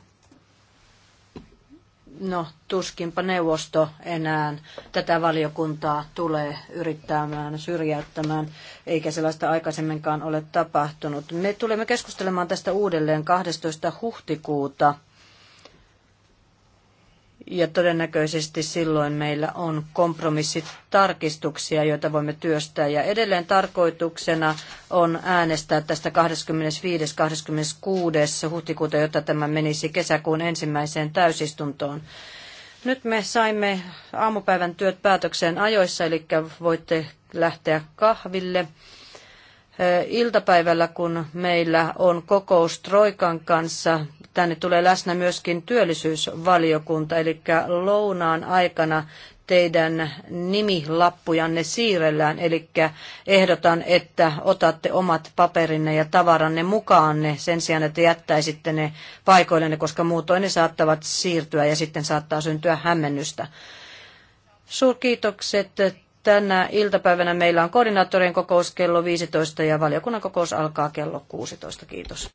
No, tuskinpa neuvosto enää tätä valiokuntaa tulee yrittämään, syrjäyttämään, eikä sellaista aikaisemminkaan ole tapahtunut. Me tulemme keskustelemaan tästä uudelleen 12. huhtikuuta ja todennäköisesti silloin meillä on kompromissitarkistuksia, joita voimme työstää. Ja edelleen tarkoituksena on äänestää tästä 25.-26. huhtikuuta, jotta tämä menisi kesäkuun ensimmäiseen täysistuntoon. Nyt me saimme aamupäivän työt päätökseen ajoissa, eli voitte lähteä kahville iltapäivällä, kun meillä on kokous Troikan kanssa. Tänne tulee läsnä myöskin työllisyysvaliokunta, eli lounaan aikana teidän nimilappujanne siirrellään, eli ehdotan, että otatte omat paperinne ja tavaranne mukaanne sen sijaan, että jättäisitte ne paikoillenne, koska muutoin ne saattavat siirtyä ja sitten saattaa syntyä hämmennystä. Suurkiitokset Tänä iltapäivänä meillä on koordinaattorien kokous kello 15 ja valiokunnan kokous alkaa kello 16. Kiitos.